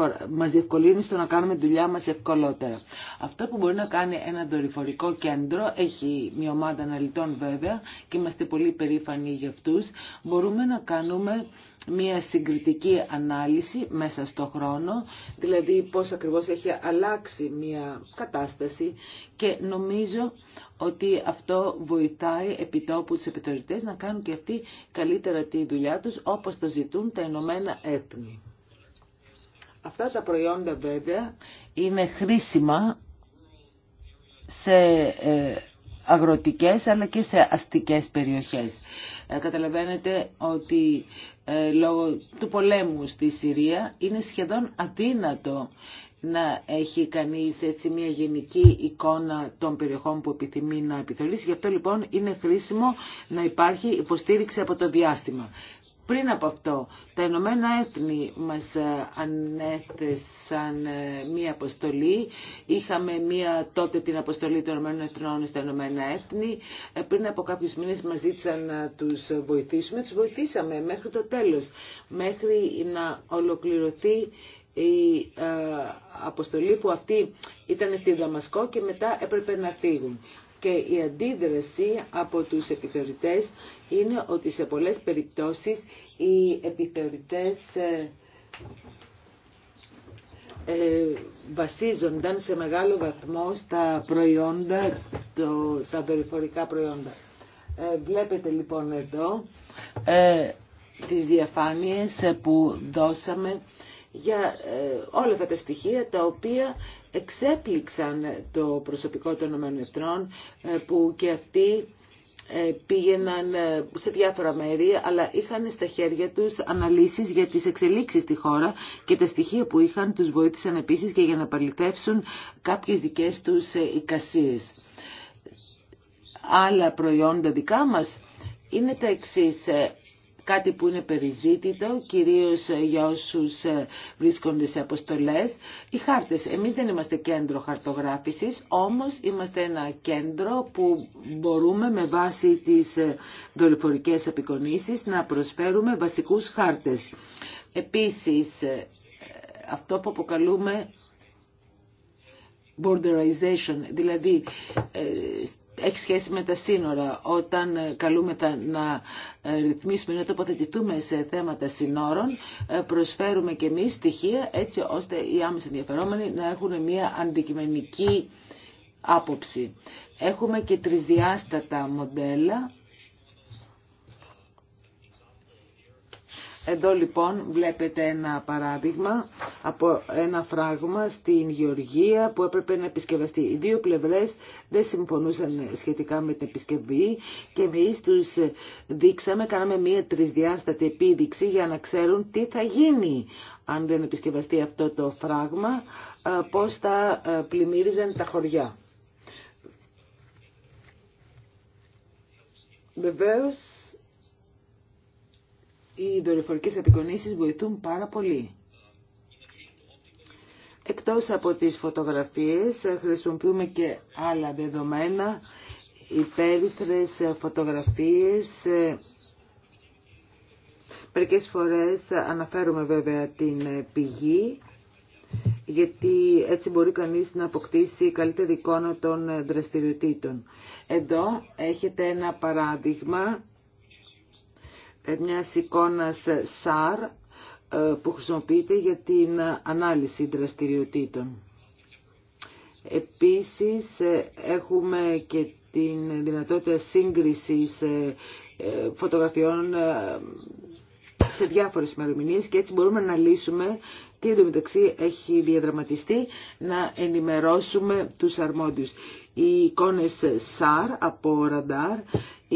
ε, μας διευκολύνει στο να κάνουμε δουλειά μας ευκολότερα. Αυτό που μπορεί να κάνει ένα δορυφορικό κέντρο, έχει μια ομάδα αναλυτών βέβαια και είμαστε πολύ περήφανοι για αυτούς, μπορούμε να κάνουμε μια συγκριτική ανάλυση μέσα στο χρόνο, δηλαδή πώς ακριβώς έχει αλλάξει μια κατάσταση και νομίζω ότι αυτό βοηθάει επιτόπου τους επιτροπητές να κάνουν και αυτοί καλύτερα τη δουλειά τους όπως το ζητούν τα Ηνωμένα Έθνη. Αυτά τα προϊόντα βέβαια είναι χρήσιμα σε ε, αγροτικές αλλά και σε αστικές περιοχές. Ε, καταλαβαίνετε ότι ε, λόγω του πολέμου στη Συρία είναι σχεδόν αδύνατο να έχει κανείς έτσι μια γενική εικόνα των περιοχών που επιθυμεί να επιθεωρήσει. Γι' αυτό λοιπόν είναι χρήσιμο να υπάρχει υποστήριξη από το διάστημα. Πριν από αυτό, τα Ηνωμένα Έθνη μας ανέθεσαν ε, μία αποστολή. Είχαμε μία τότε την αποστολή των Ηνωμένων Εθνών στα Ηνωμένα Έθνη. Ε, πριν από κάποιους μήνες μας ζήτησαν να τους βοηθήσουμε. Τους βοηθήσαμε μέχρι το τέλος, μέχρι να ολοκληρωθεί η ε, αποστολή που αυτή ήταν στη Δαμασκό και μετά έπρεπε να φύγουν. Και η αντίδραση από τους επιθεωρητές είναι ότι σε πολλές περιπτώσεις οι επιθεωρητές ε, ε, βασίζονταν σε μεγάλο βαθμό στα προϊόντα, το, τα δορυφορικά προϊόντα. βλέπετε λοιπόν εδώ ε, τις διαφάνειες που δώσαμε για ε, όλα αυτά τα στοιχεία τα οποία εξέπληξαν το προσωπικό των ΗΠΑ ε, που και αυτοί ε, πήγαιναν σε διάφορα μέρη αλλά είχαν στα χέρια τους αναλύσεις για τις εξελίξεις στη χώρα και τα στοιχεία που είχαν τους βοήθησαν επίσης και για να παρλητεύσουν κάποιες δικές τους εικασίες. Άλλα προϊόντα δικά μας είναι τα εξής κάτι που είναι περιζήτητο, κυρίως ε, για όσους ε, βρίσκονται σε αποστολές. Οι χάρτες, εμείς δεν είμαστε κέντρο χαρτογράφησης, όμως είμαστε ένα κέντρο που μπορούμε με βάση τις ε, δορυφορικέ απεικονίσεις να προσφέρουμε βασικούς χάρτες. Επίσης, αυτό που αποκαλούμε borderization, δηλαδή έχει σχέση με τα σύνορα. Όταν τα ε, να ε, ρυθμίσουμε, να τοποθετηθούμε σε θέματα σύνορων, ε, προσφέρουμε και εμείς στοιχεία έτσι ώστε οι άμεσα ενδιαφερόμενοι να έχουν μια αντικειμενική άποψη. Έχουμε και τρισδιάστατα μοντέλα Εδώ λοιπόν βλέπετε ένα παράδειγμα από ένα φράγμα στην Γεωργία που έπρεπε να επισκευαστεί. Οι δύο πλευρές δεν συμφωνούσαν σχετικά με την επισκευή και εμεί τους δείξαμε, κάναμε μία τρισδιάστατη επίδειξη για να ξέρουν τι θα γίνει αν δεν επισκευαστεί αυτό το φράγμα, ε, πώς θα ε, πλημμύριζαν τα χωριά. Βεβαίως οι δορυφορικές απεικονίσεις βοηθούν πάρα πολύ. Εκτός από τις φωτογραφίες χρησιμοποιούμε και άλλα δεδομένα, υπέρυθρες φωτογραφίες. Μερικές φορές αναφέρουμε βέβαια την πηγή, γιατί έτσι μπορεί κανείς να αποκτήσει καλύτερη εικόνα των δραστηριοτήτων. Εδώ έχετε ένα παράδειγμα μια εικόνα SAR ε, που χρησιμοποιείται για την ανάλυση δραστηριοτήτων. Επίσης ε, έχουμε και την δυνατότητα σύγκρισης ε, φωτογραφιών σε διάφορες ημερομηνίε και έτσι μπορούμε να λύσουμε τι εντωμεταξύ έχει διαδραματιστεί να ενημερώσουμε τους αρμόδιους. Οι εικόνες SAR από ραντάρ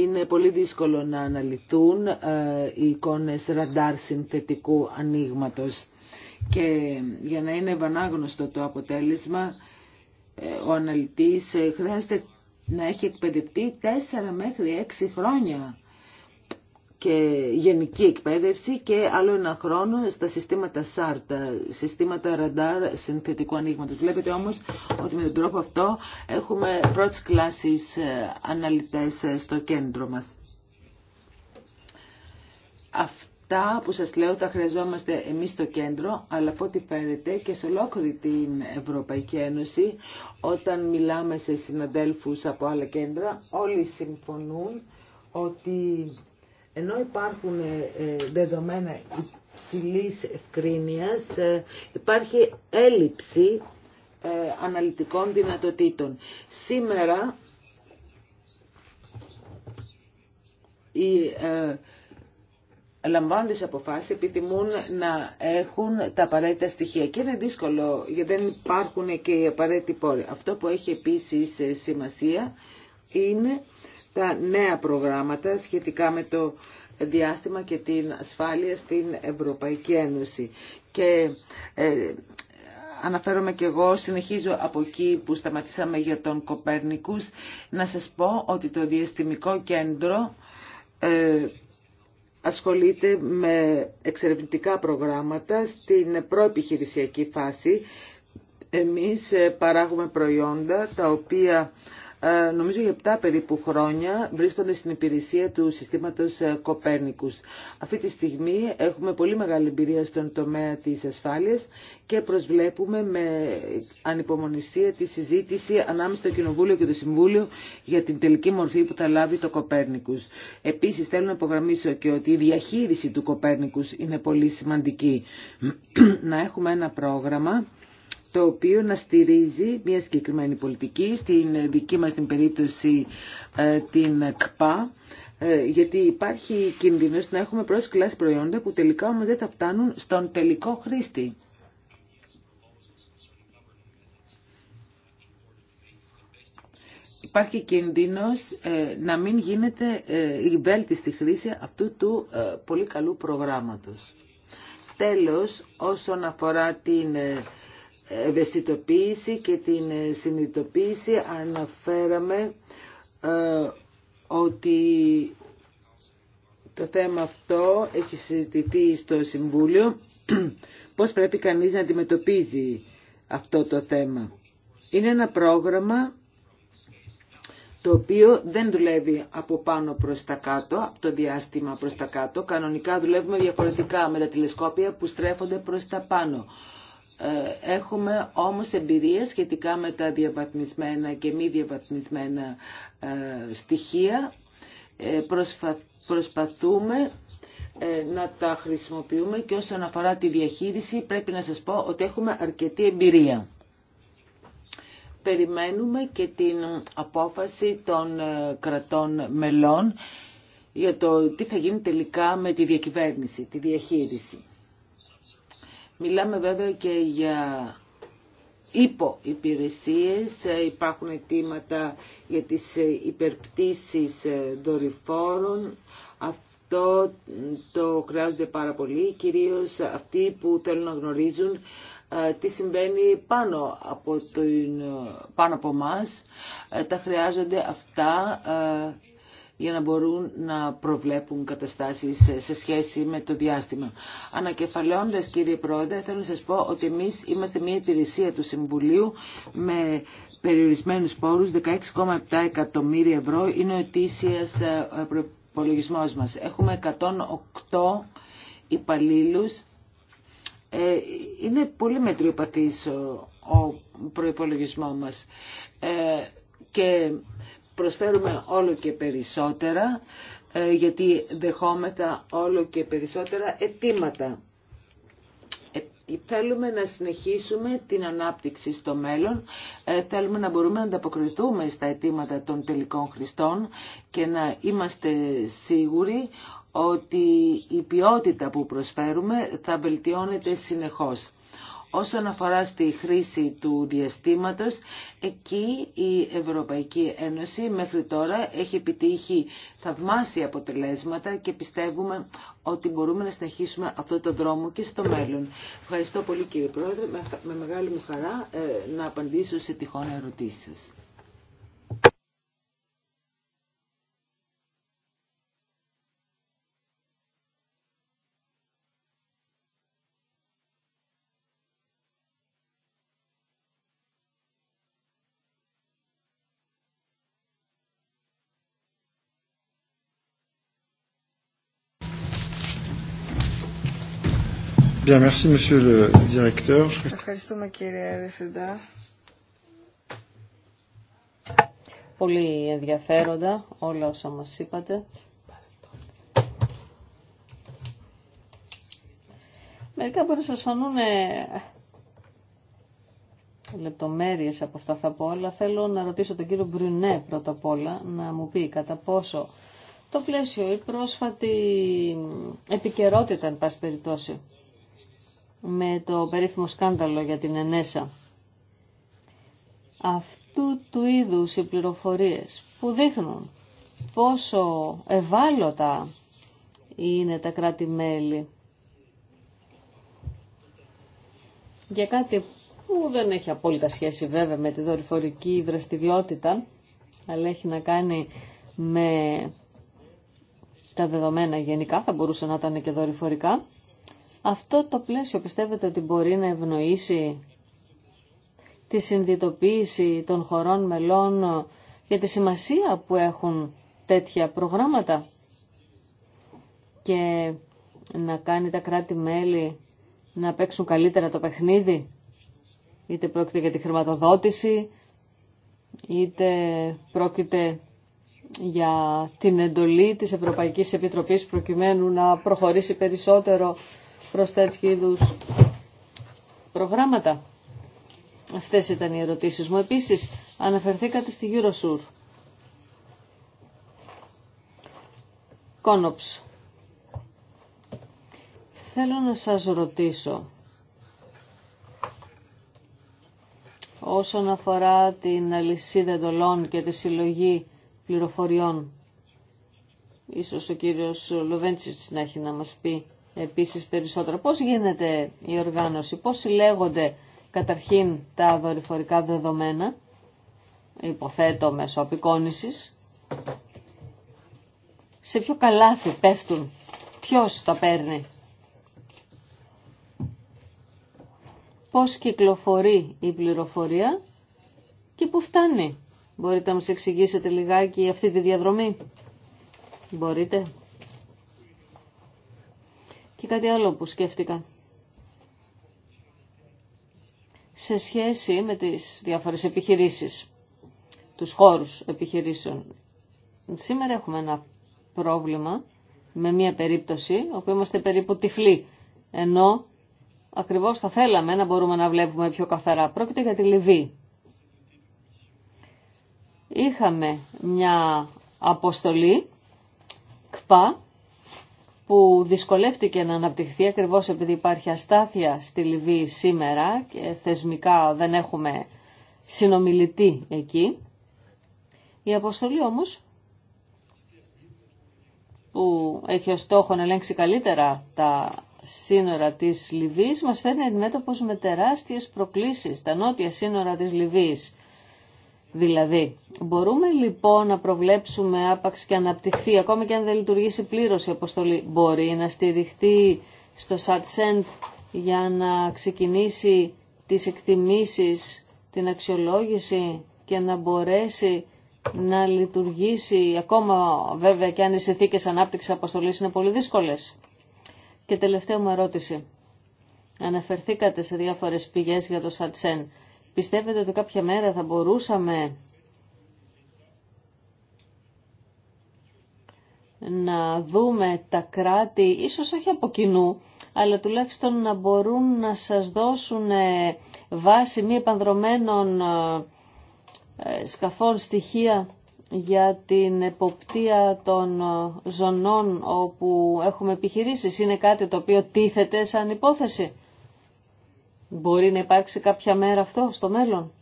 είναι πολύ δύσκολο να αναλυθούν ε, οι εικόνες ραντάρ συνθετικού ανοίγματο. Και για να είναι βανάγνωστο το αποτέλεσμα, ε, ο αναλυτής ε, χρειάζεται να έχει εκπαιδευτεί 4 μέχρι 6 χρόνια και γενική εκπαίδευση και άλλο ένα χρόνο στα συστήματα SART, συστήματα ραντάρ συνθετικού ανοίγματο. Βλέπετε όμως ότι με τον τρόπο αυτό έχουμε πρώτης κλάσης ε, αναλυτέ ε, στο κέντρο μας. Αυτά που σας λέω τα χρειαζόμαστε εμείς στο κέντρο, αλλά από ό,τι φαίνεται και σε ολόκληρη την Ευρωπαϊκή Ένωση, όταν μιλάμε σε συναντέλφους από άλλα κέντρα, όλοι συμφωνούν ότι ενώ υπάρχουν ε, ε, δεδομένα υψηλή ευκρίνειας, ε, υπάρχει έλλειψη αναλυτικών δυνατοτήτων. Σήμερα οι λαμβάνοντες αποφάσεις επιθυμούν να έχουν τα απαραίτητα στοιχεία και είναι δύσκολο γιατί δεν υπάρχουν και οι απαραίτητοι πόροι. Αυτό που έχει επίσης σημασία είναι τα νέα προγράμματα σχετικά με το διάστημα και την ασφάλεια στην Ευρωπαϊκή Ένωση. Και ε, αναφέρομαι και εγώ, συνεχίζω από εκεί που σταματήσαμε για τον Κοπέρνικους, να σας πω ότι το Διαστημικό Κέντρο ε, ασχολείται με εξερευνητικά προγράμματα στην προεπιχειρησιακή φάση. Εμείς ε, παράγουμε προϊόντα τα οποία ε, νομίζω για 7 περίπου χρόνια βρίσκονται στην υπηρεσία του συστήματος ε, Κοπέρνικους. Αυτή τη στιγμή έχουμε πολύ μεγάλη εμπειρία στον τομέα της ασφάλειας και προσβλέπουμε με ανυπομονησία τη συζήτηση ανάμεσα στο Κοινοβούλιο και το Συμβούλιο για την τελική μορφή που θα λάβει το Κοπέρνικους. Επίσης θέλω να υπογραμμίσω και ότι η διαχείριση του Κοπέρνικους είναι πολύ σημαντική. [CLEARS THROAT] να έχουμε ένα πρόγραμμα το οποίο να στηρίζει μια συγκεκριμένη πολιτική, στην δική μας την περίπτωση ε, την ΚΠΑ, ε, γιατί υπάρχει κίνδυνος να έχουμε προς κλάση προϊόντα που τελικά όμως δεν θα φτάνουν στον τελικό χρήστη. Υπάρχει κίνδυνος ε, να μην γίνεται η βέλτιστη χρήση αυτού του πολύ καλού προγράμματος. Τέλος, όσον αφορά την ευαισθητοποίηση και την συνειδητοποίηση αναφέραμε ε, ότι το θέμα αυτό έχει συζητηθεί στο Συμβούλιο [CLEARS THROAT] πώς πρέπει κανείς να αντιμετωπίζει αυτό το θέμα. Είναι ένα πρόγραμμα το οποίο δεν δουλεύει από πάνω προς τα κάτω, από το διάστημα προς τα κάτω. Κανονικά δουλεύουμε διαφορετικά με τα τηλεσκόπια που στρέφονται προς τα πάνω. Ε, έχουμε όμως εμπειρία σχετικά με τα διαβαθμισμένα και μη διαβαθμισμένα ε, στοιχεία. Ε, προσπαθούμε να τα χρησιμοποιούμε και όσον αφορά τη διαχείριση πρέπει να σας πω ότι έχουμε αρκετή εμπειρία. Περιμένουμε και την απόφαση των κρατών μελών για το τι θα γίνει τελικά με τη διακυβέρνηση, τη διαχείριση. Μιλάμε βέβαια και για υποϋπηρεσίες, υπάρχουν αιτήματα για τις υπερπτήσεις δορυφόρων. Αυτό το χρειάζονται πάρα πολύ, κυρίως αυτοί που θέλουν να γνωρίζουν ε, τι συμβαίνει πάνω από, τον, πάνω από μας. Ε, τα χρειάζονται αυτά ε, για να μπορούν να προβλέπουν καταστάσεις σε σχέση με το διάστημα. Ανακεφαλαιώντας κύριε Πρόεδρε, θέλω να σας πω ότι εμείς είμαστε μια υπηρεσία του Συμβουλίου με περιορισμένους πόρους, 16,7 εκατομμύρια ευρώ είναι ο ετήσιας ε, ε, προπολογισμό μας. Έχουμε 108 υπαλλήλους. είναι πολύ μετριοπατής ο, ο μα. μας. και προσφέρουμε όλο και περισσότερα ε, γιατί δεχόμεθα όλο και περισσότερα αιτήματα. Ε, θέλουμε να συνεχίσουμε την ανάπτυξη στο μέλλον, ε, θέλουμε να μπορούμε να ανταποκριθούμε στα αιτήματα των τελικών χρηστών και να είμαστε σίγουροι ότι η ποιότητα που προσφέρουμε θα βελτιώνεται συνεχώς. Όσον αφορά στη χρήση του διαστήματος, εκεί η Ευρωπαϊκή Ένωση μέχρι τώρα έχει επιτύχει θαυμάσια αποτελέσματα και πιστεύουμε ότι μπορούμε να συνεχίσουμε αυτό το δρόμο και στο μέλλον. Ευχαριστώ πολύ κύριε Πρόεδρε, με μεγάλη μου χαρά ε, να απαντήσω σε τυχόν ερωτήσεις σας. merci, monsieur Πολύ ενδιαφέροντα όλα όσα μας είπατε. Μερικά μπορεί να σας φανούν ε, λεπτομέρειες από αυτά θα πω, αλλά θέλω να ρωτήσω τον κύριο Μπρουνέ πρώτα απ' όλα να μου πει κατά πόσο το πλαίσιο, η πρόσφατη επικαιρότητα, εν πάση περιπτώσει, με το περίφημο σκάνδαλο για την Ενέσα. Αυτού του είδους οι πληροφορίες που δείχνουν πόσο ευάλωτα είναι τα κράτη-μέλη για κάτι που δεν έχει απόλυτα σχέση βέβαια με τη δορυφορική δραστηριότητα, αλλά έχει να κάνει με τα δεδομένα γενικά, θα μπορούσε να ήταν και δορυφορικά. Αυτό το πλαίσιο πιστεύετε ότι μπορεί να ευνοήσει τη συνδυτοποίηση των χωρών μελών για τη σημασία που έχουν τέτοια προγράμματα και να κάνει τα κράτη-μέλη να παίξουν καλύτερα το παιχνίδι, είτε πρόκειται για τη χρηματοδότηση, είτε πρόκειται για την εντολή της Ευρωπαϊκής Επιτροπής προκειμένου να προχωρήσει περισσότερο προς τέτοιου είδου προγράμματα. Αυτές ήταν οι ερωτήσεις μου. Επίσης, αναφερθήκατε στη Eurosur. Κόνοψ. Θέλω να σας ρωτήσω όσον αφορά την αλυσίδα εντολών και τη συλλογή πληροφοριών. Ίσως ο κύριος Λοβέντσιτς να έχει να μας πει επίσης περισσότερα. Πώς γίνεται η οργάνωση, πώς συλλέγονται καταρχήν τα δορυφορικά δεδομένα, υποθέτω μέσω απεικόνησης, σε ποιο καλάθι πέφτουν, ποιος τα παίρνει, πώς κυκλοφορεί η πληροφορία και πού φτάνει. Μπορείτε να μας εξηγήσετε λιγάκι αυτή τη διαδρομή. Μπορείτε. Και κάτι άλλο που σκέφτηκα. Σε σχέση με τις διάφορες επιχειρήσεις, τους χώρους επιχειρήσεων. Σήμερα έχουμε ένα πρόβλημα με μια περίπτωση, όπου είμαστε περίπου τυφλοί, ενώ ακριβώς θα θέλαμε να μπορούμε να βλέπουμε πιο καθαρά. Πρόκειται για τη Λιβύη. Είχαμε μια αποστολή, ΚΠΑ, που δυσκολεύτηκε να αναπτυχθεί ακριβώς επειδή υπάρχει αστάθεια στη Λιβύη σήμερα και θεσμικά δεν έχουμε συνομιλητή εκεί. Η αποστολή όμως που έχει ως στόχο να ελέγξει καλύτερα τα σύνορα της Λιβύης μας φέρνει αντιμέτωπος με τεράστιες προκλήσεις, τα νότια σύνορα της Λιβύης Δηλαδή, μπορούμε λοιπόν να προβλέψουμε άπαξ και αναπτυχθεί, ακόμα και αν δεν λειτουργήσει πλήρως η αποστολή, μπορεί να στηριχτεί στο ΣΑΤΣΕΝΤ για να ξεκινήσει τις εκτιμήσεις, την αξιολόγηση και να μπορέσει να λειτουργήσει, ακόμα βέβαια και αν οι συνθήκες ανάπτυξης αποστολής είναι πολύ δύσκολες. Και τελευταία μου ερώτηση. Αναφερθήκατε σε διάφορες πηγές για το ΣΑΤΣΕΝΤ. Πιστεύετε ότι κάποια μέρα θα μπορούσαμε να δούμε τα κράτη, ίσως όχι από κοινού, αλλά τουλάχιστον να μπορούν να σας δώσουν ε, βάση μη επανδρομένων ε, ε, σκαφών στοιχεία για την εποπτεία των ζωνών όπου έχουμε επιχειρήσεις. Είναι κάτι το οποίο τίθεται σαν υπόθεση. Μπορεί να υπάρξει κάποια μέρα αυτό στο μέλλον.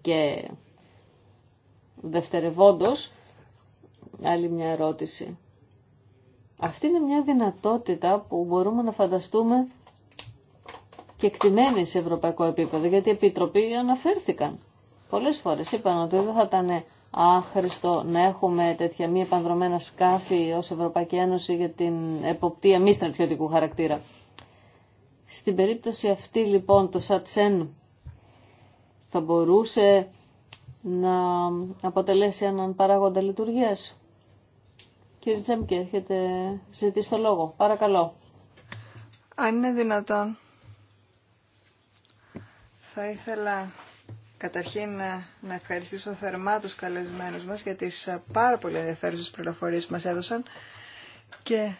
Και δευτερευόντως, άλλη μια ερώτηση. Αυτή είναι μια δυνατότητα που μπορούμε να φανταστούμε και εκτιμένη σε ευρωπαϊκό επίπεδο, γιατί οι επιτροποί αναφέρθηκαν. Πολλές φορές είπαν ότι δεν θα ήταν άχρηστο να έχουμε τέτοια μη επανδρομένα σκάφη ως Ευρωπαϊκή Ένωση για την εποπτεία μη στρατιωτικού χαρακτήρα. Στην περίπτωση αυτή λοιπόν το ΣΑΤΣΕΝ θα μπορούσε να αποτελέσει έναν παράγοντα λειτουργίας. Κύριε Τσέμκε, έχετε ζητήσει το λόγο. Παρακαλώ. Αν είναι δυνατόν, θα ήθελα καταρχήν να, να ευχαριστήσω θερμά τους καλεσμένους μας για τις πάρα πολύ ενδιαφέρουσες πληροφορίες που μας έδωσαν και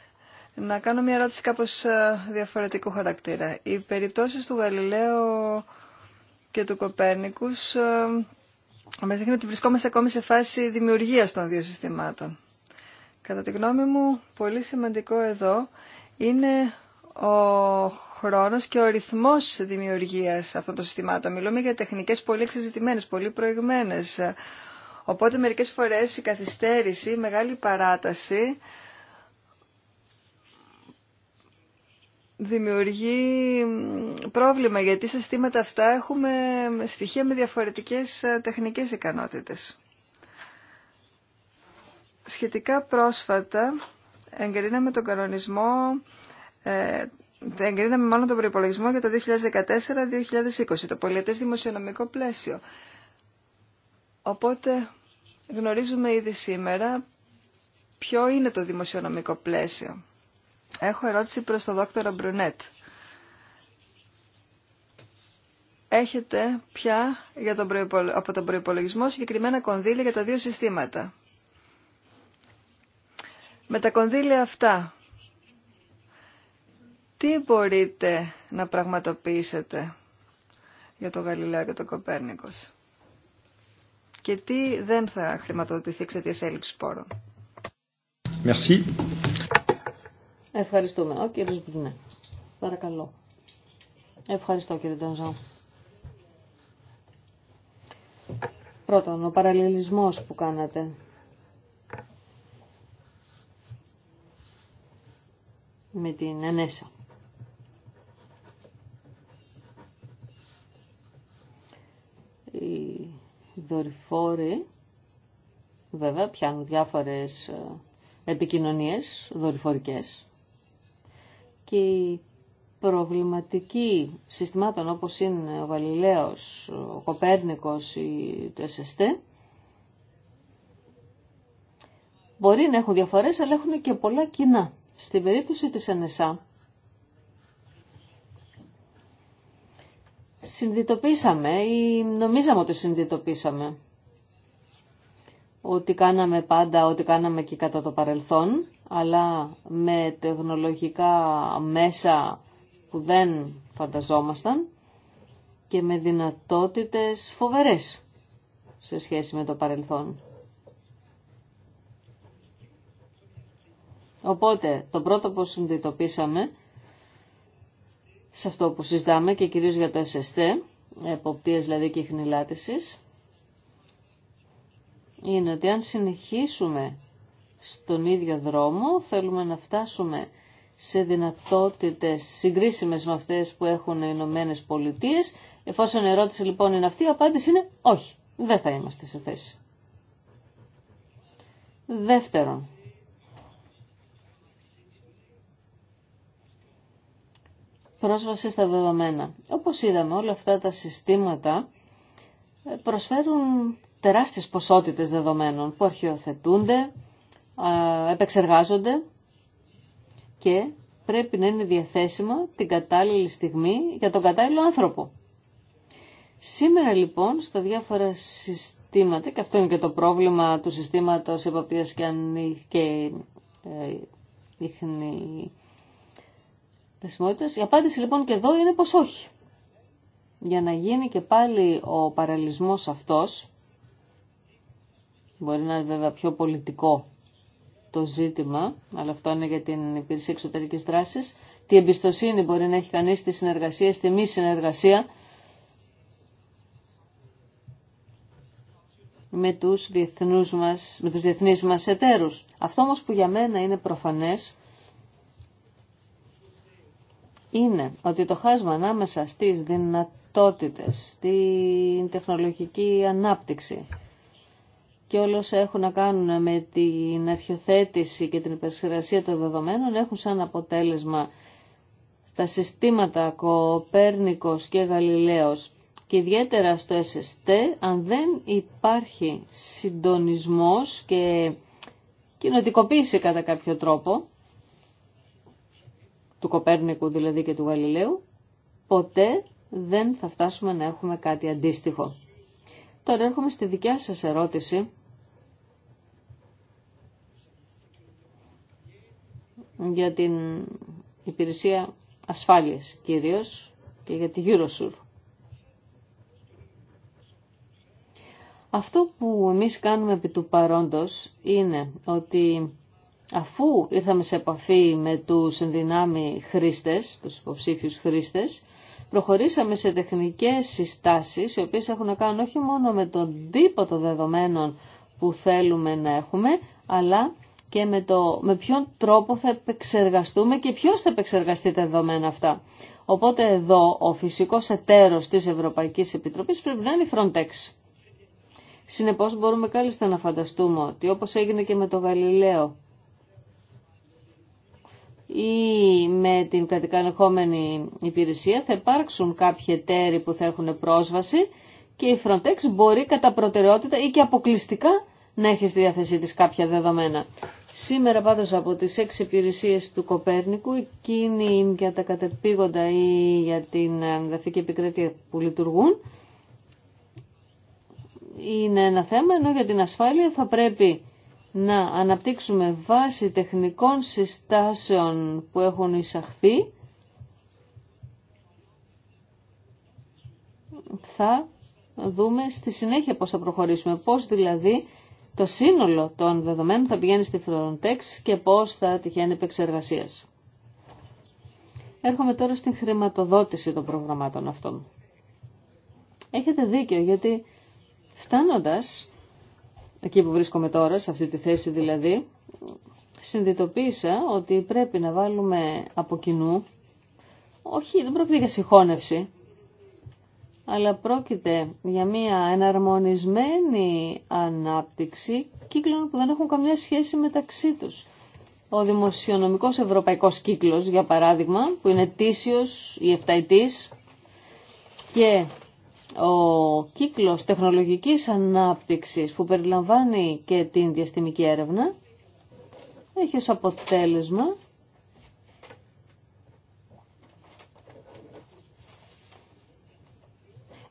να κάνω μια ερώτηση κάπως ε, διαφορετικού χαρακτήρα. Οι περιπτώσεις του Γαλιλαίου και του Κοπέρνικους ε, μας δείχνει ότι βρισκόμαστε ακόμη σε φάση δημιουργίας των δύο συστημάτων. Κατά τη γνώμη μου, πολύ σημαντικό εδώ είναι ο χρόνος και ο ρυθμός δημιουργίας αυτών των συστημάτων. Μιλούμε για τεχνικές πολύ εξεζητημένες, πολύ προηγμένες. Οπότε μερικές φορές η καθυστέρηση, η μεγάλη παράταση δημιουργεί πρόβλημα γιατί στα συστήματα αυτά έχουμε στοιχεία με διαφορετικές ε, τεχνικές ικανότητες. Σχετικά πρόσφατα εγκρίναμε τον κανονισμό, ε, εγκρίναμε μάλλον τον προϋπολογισμό για το 2014-2020, το πολιτες δημοσιονομικό πλαίσιο. Οπότε γνωρίζουμε ήδη σήμερα ποιο είναι το δημοσιονομικό πλαίσιο. Έχω ερώτηση προς τον δόκτωρα Μπρουνέτ. Έχετε πια για τον από τον προϋπολογισμό συγκεκριμένα κονδύλια για τα δύο συστήματα. Με τα κονδύλια αυτά, τι μπορείτε να πραγματοποιήσετε για το Γαλιλαίο και τον Κοπέρνικος και τι δεν θα χρηματοδοτηθεί εξαιτίας έλλειψης πόρων. Merci. Ευχαριστούμε. Ο κύριος Μπλουνέ. Παρακαλώ. Ευχαριστώ κύριε Τανζό. Πρώτον, ο παραλληλισμός που κάνατε. Με την ΕΝΕΣΑ. Οι δορυφόροι βέβαια πιάνουν διάφορες ε, επικοινωνίες δορυφορικές και προβληματική συστημάτων όπως είναι ο Γαλιλαίος, ο Κοπέρνικος ή το SST, μπορεί να έχουν διαφορές αλλά έχουν και πολλά κοινά. Στην περίπτωση της NSA συνδυτοποίησαμε ή νομίζαμε ότι συνειδητοποίησαμε ότι κάναμε πάντα, ότι κάναμε και κατά το παρελθόν αλλά με τεχνολογικά μέσα που δεν φανταζόμασταν και με δυνατότητες φοβερές σε σχέση με το παρελθόν. Οπότε, το πρώτο που συνειδητοποίησαμε σε αυτό που συζητάμε και κυρίως για το SST, εποπτείες δηλαδή και χνηλάτησης, είναι ότι αν συνεχίσουμε στον ίδιο δρόμο. Θέλουμε να φτάσουμε σε δυνατότητες συγκρίσιμες με αυτές που έχουν οι Ηνωμένε Πολιτείε. Εφόσον η ερώτηση λοιπόν είναι αυτή, η απάντηση είναι όχι. Δεν θα είμαστε σε θέση. Δεύτερον, πρόσβαση στα δεδομένα. Όπως είδαμε όλα αυτά τα συστήματα προσφέρουν τεράστιες ποσότητες δεδομένων που αρχαιοθετούνται, επεξεργάζονται και πρέπει να είναι διαθέσιμα την κατάλληλη στιγμή για τον κατάλληλο άνθρωπο. Σήμερα λοιπόν στα διάφορα συστήματα, και αυτό είναι και το πρόβλημα του συστήματος επαπίας και, και δείχνει η απάντηση λοιπόν και εδώ είναι πως όχι. Για να γίνει και πάλι ο παραλυσμός αυτός, μπορεί να είναι βέβαια πιο πολιτικό το ζήτημα, αλλά αυτό είναι για την υπηρεσία εξωτερική δράση. Τι εμπιστοσύνη μπορεί να έχει κανεί στη συνεργασία, στη μη συνεργασία με τους, διεθνούς μα με τους διεθνείς μας εταίρους. Αυτό όμω που για μένα είναι προφανές είναι ότι το χάσμα ανάμεσα στις δυνατότητες, στην τεχνολογική ανάπτυξη, και όλα έχουν να κάνουν με την αρχιοθέτηση και την υπερσυρασία των δεδομένων έχουν σαν αποτέλεσμα τα συστήματα Κοπέρνικος και Γαλιλαίος και ιδιαίτερα στο SST αν δεν υπάρχει συντονισμός και κοινοτικοποίηση κατά κάποιο τρόπο του Κοπέρνικου δηλαδή και του Γαλιλαίου ποτέ δεν θα φτάσουμε να έχουμε κάτι αντίστοιχο. Τώρα έρχομαι στη δικιά σας ερώτηση για την υπηρεσία ασφάλειας κυρίως και για τη Eurosur. Αυτό που εμείς κάνουμε επί του παρόντος είναι ότι αφού ήρθαμε σε επαφή με τους ενδυνάμει χρήστες, τους υποψήφιους χρήστες, προχωρήσαμε σε τεχνικές συστάσεις, οι οποίες έχουν να κάνουν όχι μόνο με τον τύπο των δεδομένων που θέλουμε να έχουμε, αλλά και με, το, με ποιον τρόπο θα επεξεργαστούμε και ποιος θα επεξεργαστεί τα δεδομένα αυτά. Οπότε εδώ ο φυσικός εταίρος της Ευρωπαϊκής Επιτροπής πρέπει να είναι η Frontex. Συνεπώς μπορούμε κάλλιστα να φανταστούμε ότι όπως έγινε και με το Γαλιλαίο ή με την κρατικά υπηρεσία θα υπάρξουν κάποιοι εταίροι που θα έχουν πρόσβαση και η Frontex μπορεί κατά προτεραιότητα ή και αποκλειστικά να έχει στη διάθεσή της κάποια δεδομένα. Σήμερα πάντως από τις έξι του Κοπέρνικου, εκείνη για τα κατεπήγοντα ή για την δαφική επικράτεια που λειτουργούν, είναι ένα θέμα, ενώ για την ασφάλεια θα πρέπει να αναπτύξουμε βάση τεχνικών συστάσεων που έχουν εισαχθεί, θα δούμε στη συνέχεια πώς θα προχωρήσουμε, πώς δηλαδή το σύνολο των δεδομένων θα πηγαίνει στη Frontex και πώς θα τυχαίνει επεξεργασία. Έρχομαι τώρα στην χρηματοδότηση των προγραμμάτων αυτών. Έχετε δίκιο γιατί φτάνοντας εκεί που βρίσκομαι τώρα, σε αυτή τη θέση δηλαδή, συνειδητοποίησα ότι πρέπει να βάλουμε από κοινού, όχι δεν πρόκειται για συγχώνευση, αλλά πρόκειται για μια εναρμονισμένη ανάπτυξη κύκλων που δεν έχουν καμιά σχέση μεταξύ τους. Ο δημοσιονομικός ευρωπαϊκός κύκλος, για παράδειγμα, που είναι τήσιος ή εφταετής και ο κύκλος τεχνολογικής ανάπτυξης που περιλαμβάνει και την διαστημική έρευνα έχει ως αποτέλεσμα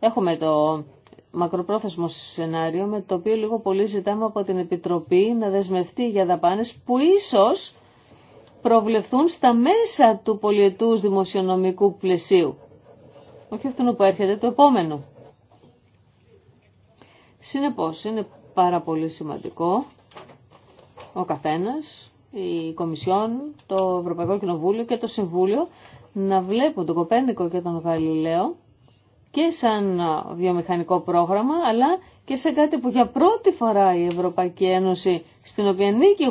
Έχουμε το μακροπρόθεσμο σενάριο με το οποίο λίγο πολύ ζητάμε από την Επιτροπή να δεσμευτεί για δαπάνες που ίσως προβλεφθούν στα μέσα του πολιετούς δημοσιονομικού πλαισίου. Όχι αυτόν που έρχεται, το επόμενο. Συνεπώς, είναι πάρα πολύ σημαντικό ο καθένας, η Κομισιόν, το Ευρωπαϊκό Κοινοβούλιο και το Συμβούλιο να βλέπουν τον Κοπένικο και τον Γαλιλαίο και σαν βιομηχανικό πρόγραμμα, αλλά και σε κάτι που για πρώτη φορά η Ευρωπαϊκή Ένωση, στην οποία νίκη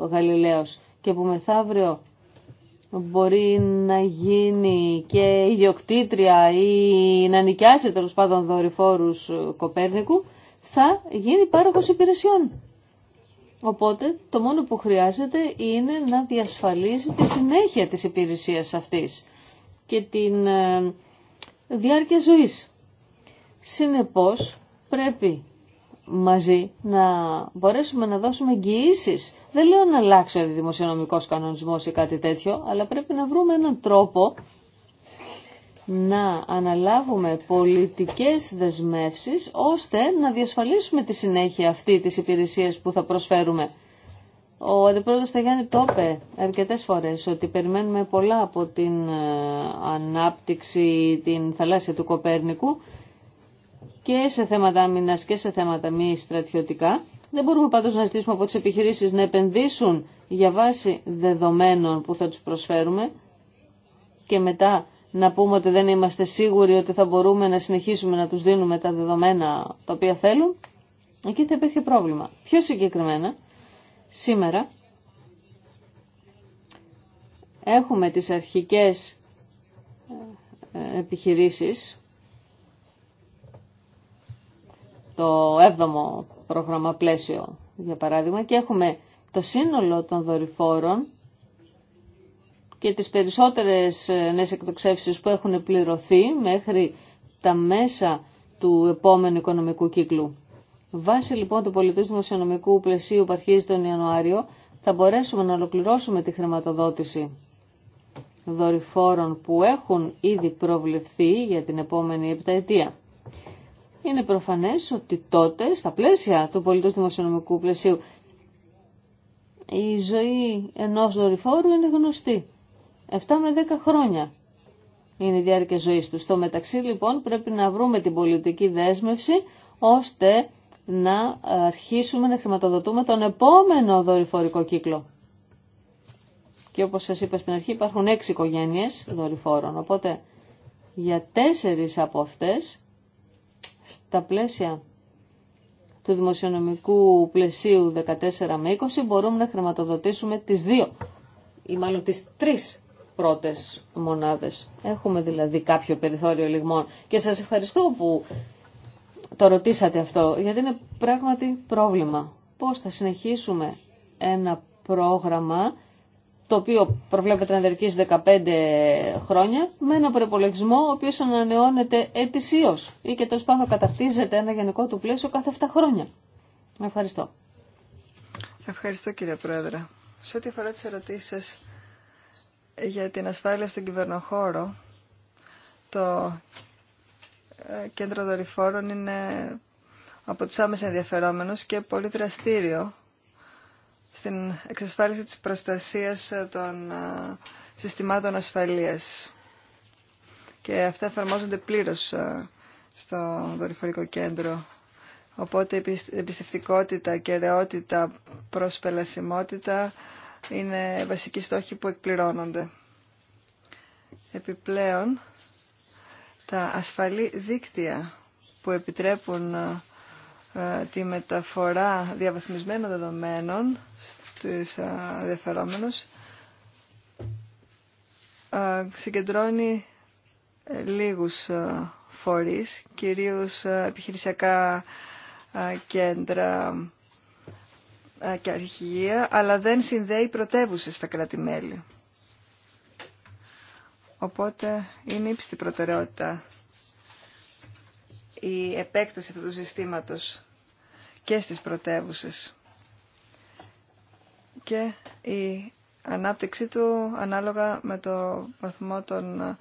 ο Γαλιλαίος και που μεθαύριο μπορεί να γίνει και ιδιοκτήτρια ή να νοικιάσει τέλο πάντων δορυφόρους ε, Κοπέρνικου, θα γίνει πάροχος υπηρεσιών. Οπότε το μόνο που χρειάζεται είναι να διασφαλίσει τη συνέχεια της υπηρεσίας αυτής και την ε, διάρκεια ζωής. Συνεπώς πρέπει μαζί να μπορέσουμε να δώσουμε εγγυήσει. Δεν λέω να αλλάξει ο δημοσιονομικός κανονισμός ή κάτι τέτοιο, αλλά πρέπει να βρούμε έναν τρόπο να αναλάβουμε πολιτικές δεσμεύσεις ώστε να διασφαλίσουμε τη συνέχεια αυτή της υπηρεσίας που θα προσφέρουμε. Ο αντιπρόεδρος Γιάννη το είπε αρκετές φορές ότι περιμένουμε πολλά από την ε, ανάπτυξη την θαλάσσια του Κοπέρνικου και σε θέματα άμυνας και σε θέματα μη στρατιωτικά. Δεν μπορούμε πάντως να ζητήσουμε από τις επιχειρήσεις να επενδύσουν για βάση δεδομένων που θα τους προσφέρουμε και μετά να πούμε ότι δεν είμαστε σίγουροι ότι θα μπορούμε να συνεχίσουμε να τους δίνουμε τα δεδομένα τα οποία θέλουν. Εκεί θα υπήρχε πρόβλημα. Πιο συγκεκριμένα, Σήμερα έχουμε τις αρχικές ε, ε, επιχειρήσεις, το 7ο πρόγραμμα πλαίσιο για παράδειγμα και έχουμε το σύνολο των δορυφόρων και τις περισσότερες ε, νέες εκδοξεύσεις που έχουν πληρωθεί μέχρι τα μέσα του επόμενου οικονομικού κύκλου. Βάσει λοιπόν του πολιτού δημοσιονομικού πλαισίου που αρχίζει τον Ιανουάριο, θα μπορέσουμε να ολοκληρώσουμε τη χρηματοδότηση δορυφόρων που έχουν ήδη προβλεφθεί για την επόμενη επταετία. Είναι προφανές ότι τότε, στα πλαίσια του πολιτού δημοσιονομικού πλαισίου, η ζωή ενός δορυφόρου είναι γνωστή. 7 με 10 χρόνια είναι η διάρκεια ζωής του. Στο μεταξύ λοιπόν πρέπει να βρούμε την πολιτική δέσμευση ώστε να αρχίσουμε να χρηματοδοτούμε τον επόμενο δορυφορικό κύκλο. Και όπως σας είπα στην αρχή υπάρχουν έξι οικογένειες δορυφόρων, οπότε για τέσσερις από αυτές στα πλαίσια του δημοσιονομικού πλαισίου 14 με 20 μπορούμε να χρηματοδοτήσουμε τις δύο ή μάλλον τις τρεις πρώτες μονάδες. Έχουμε δηλαδή κάποιο περιθώριο λιγμών και σας ευχαριστώ που το ρωτήσατε αυτό, γιατί είναι πράγματι πρόβλημα. Πώς θα συνεχίσουμε ένα πρόγραμμα το οποίο προβλέπεται να διαρκεί 15 χρόνια, με ένα προπολογισμό ο οποίο ανανεώνεται ετησίως ή και τόσο πάνω καταρτίζεται ένα γενικό του πλαίσιο κάθε 7 χρόνια. Ευχαριστώ. Ευχαριστώ κύριε Πρόεδρε. Σε ό,τι αφορά τι ερωτήσει για την ασφάλεια στον κυβερνοχώρο, το κέντρο δορυφόρων είναι από τους άμεσα ενδιαφερόμενους και πολύ δραστήριο στην εξασφάλιση της προστασίας των συστημάτων ασφαλείας. Και αυτά εφαρμόζονται πλήρως στο δορυφορικό κέντρο. Οπότε η εμπιστευτικότητα, κεραιότητα, προσπελασιμότητα είναι βασικοί στόχοι που εκπληρώνονται. Επιπλέον, τα ασφαλή δίκτυα που επιτρέπουν ε, ε, τη μεταφορά διαβαθμισμένων δεδομένων στις ε, διαφερόμενους συγκεντρώνει λίγους φορείς, κυρίως επιχειρησιακά κέντρα και αρχηγεία, αλλά δεν συνδέει πρωτεύουσες στα κράτη-μέλη. Οπότε είναι ύψητη προτεραιότητα η επέκταση αυτού του συστήματος και στις πρωτεύουσε. και η ανάπτυξή του ανάλογα με το βαθμό των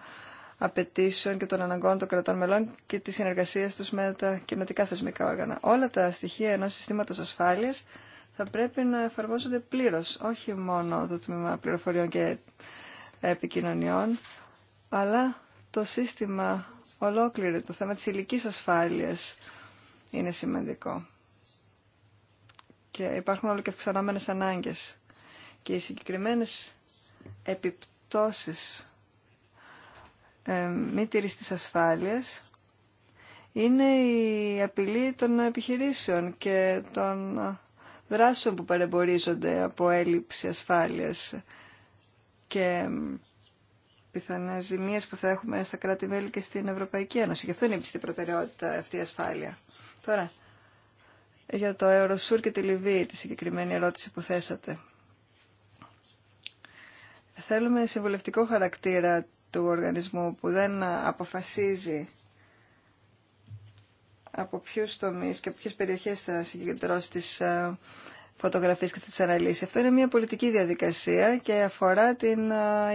απαιτήσεων και των αναγκών των κρατών μελών και τη συνεργασία τους με τα κοινοτικά θεσμικά όργανα. Όλα τα στοιχεία ενός συστήματος ασφάλειας θα πρέπει να εφαρμόζονται πλήρως, όχι μόνο το τμήμα πληροφοριών και επικοινωνιών, αλλά το σύστημα ολόκληρο, το θέμα της ηλικής ασφάλειας είναι σημαντικό. Και υπάρχουν όλο και αυξανόμενες ανάγκες. Και οι συγκεκριμένες επιπτώσεις ε, μη της ασφάλειας είναι η απειλή των επιχειρήσεων και των δράσεων που παρεμπορίζονται από έλλειψη ασφάλειας και πιθανές ζημίες που θα έχουμε στα κράτη-μέλη και στην Ευρωπαϊκή Ένωση. Γι' αυτό είναι η πιστή προτεραιότητα αυτή η ασφάλεια. Τώρα, για το ΕΡΟΣΟΥΡ και τη Λιβύη, τη συγκεκριμένη ερώτηση που θέσατε. Θέλουμε συμβουλευτικό χαρακτήρα του οργανισμού που δεν αποφασίζει από ποιους τομείς και από ποιες περιοχές θα συγκεντρώσει τις ε, φωτογραφίες και θα τις αναλύσει. Αυτό είναι μια πολιτική διαδικασία και αφορά την,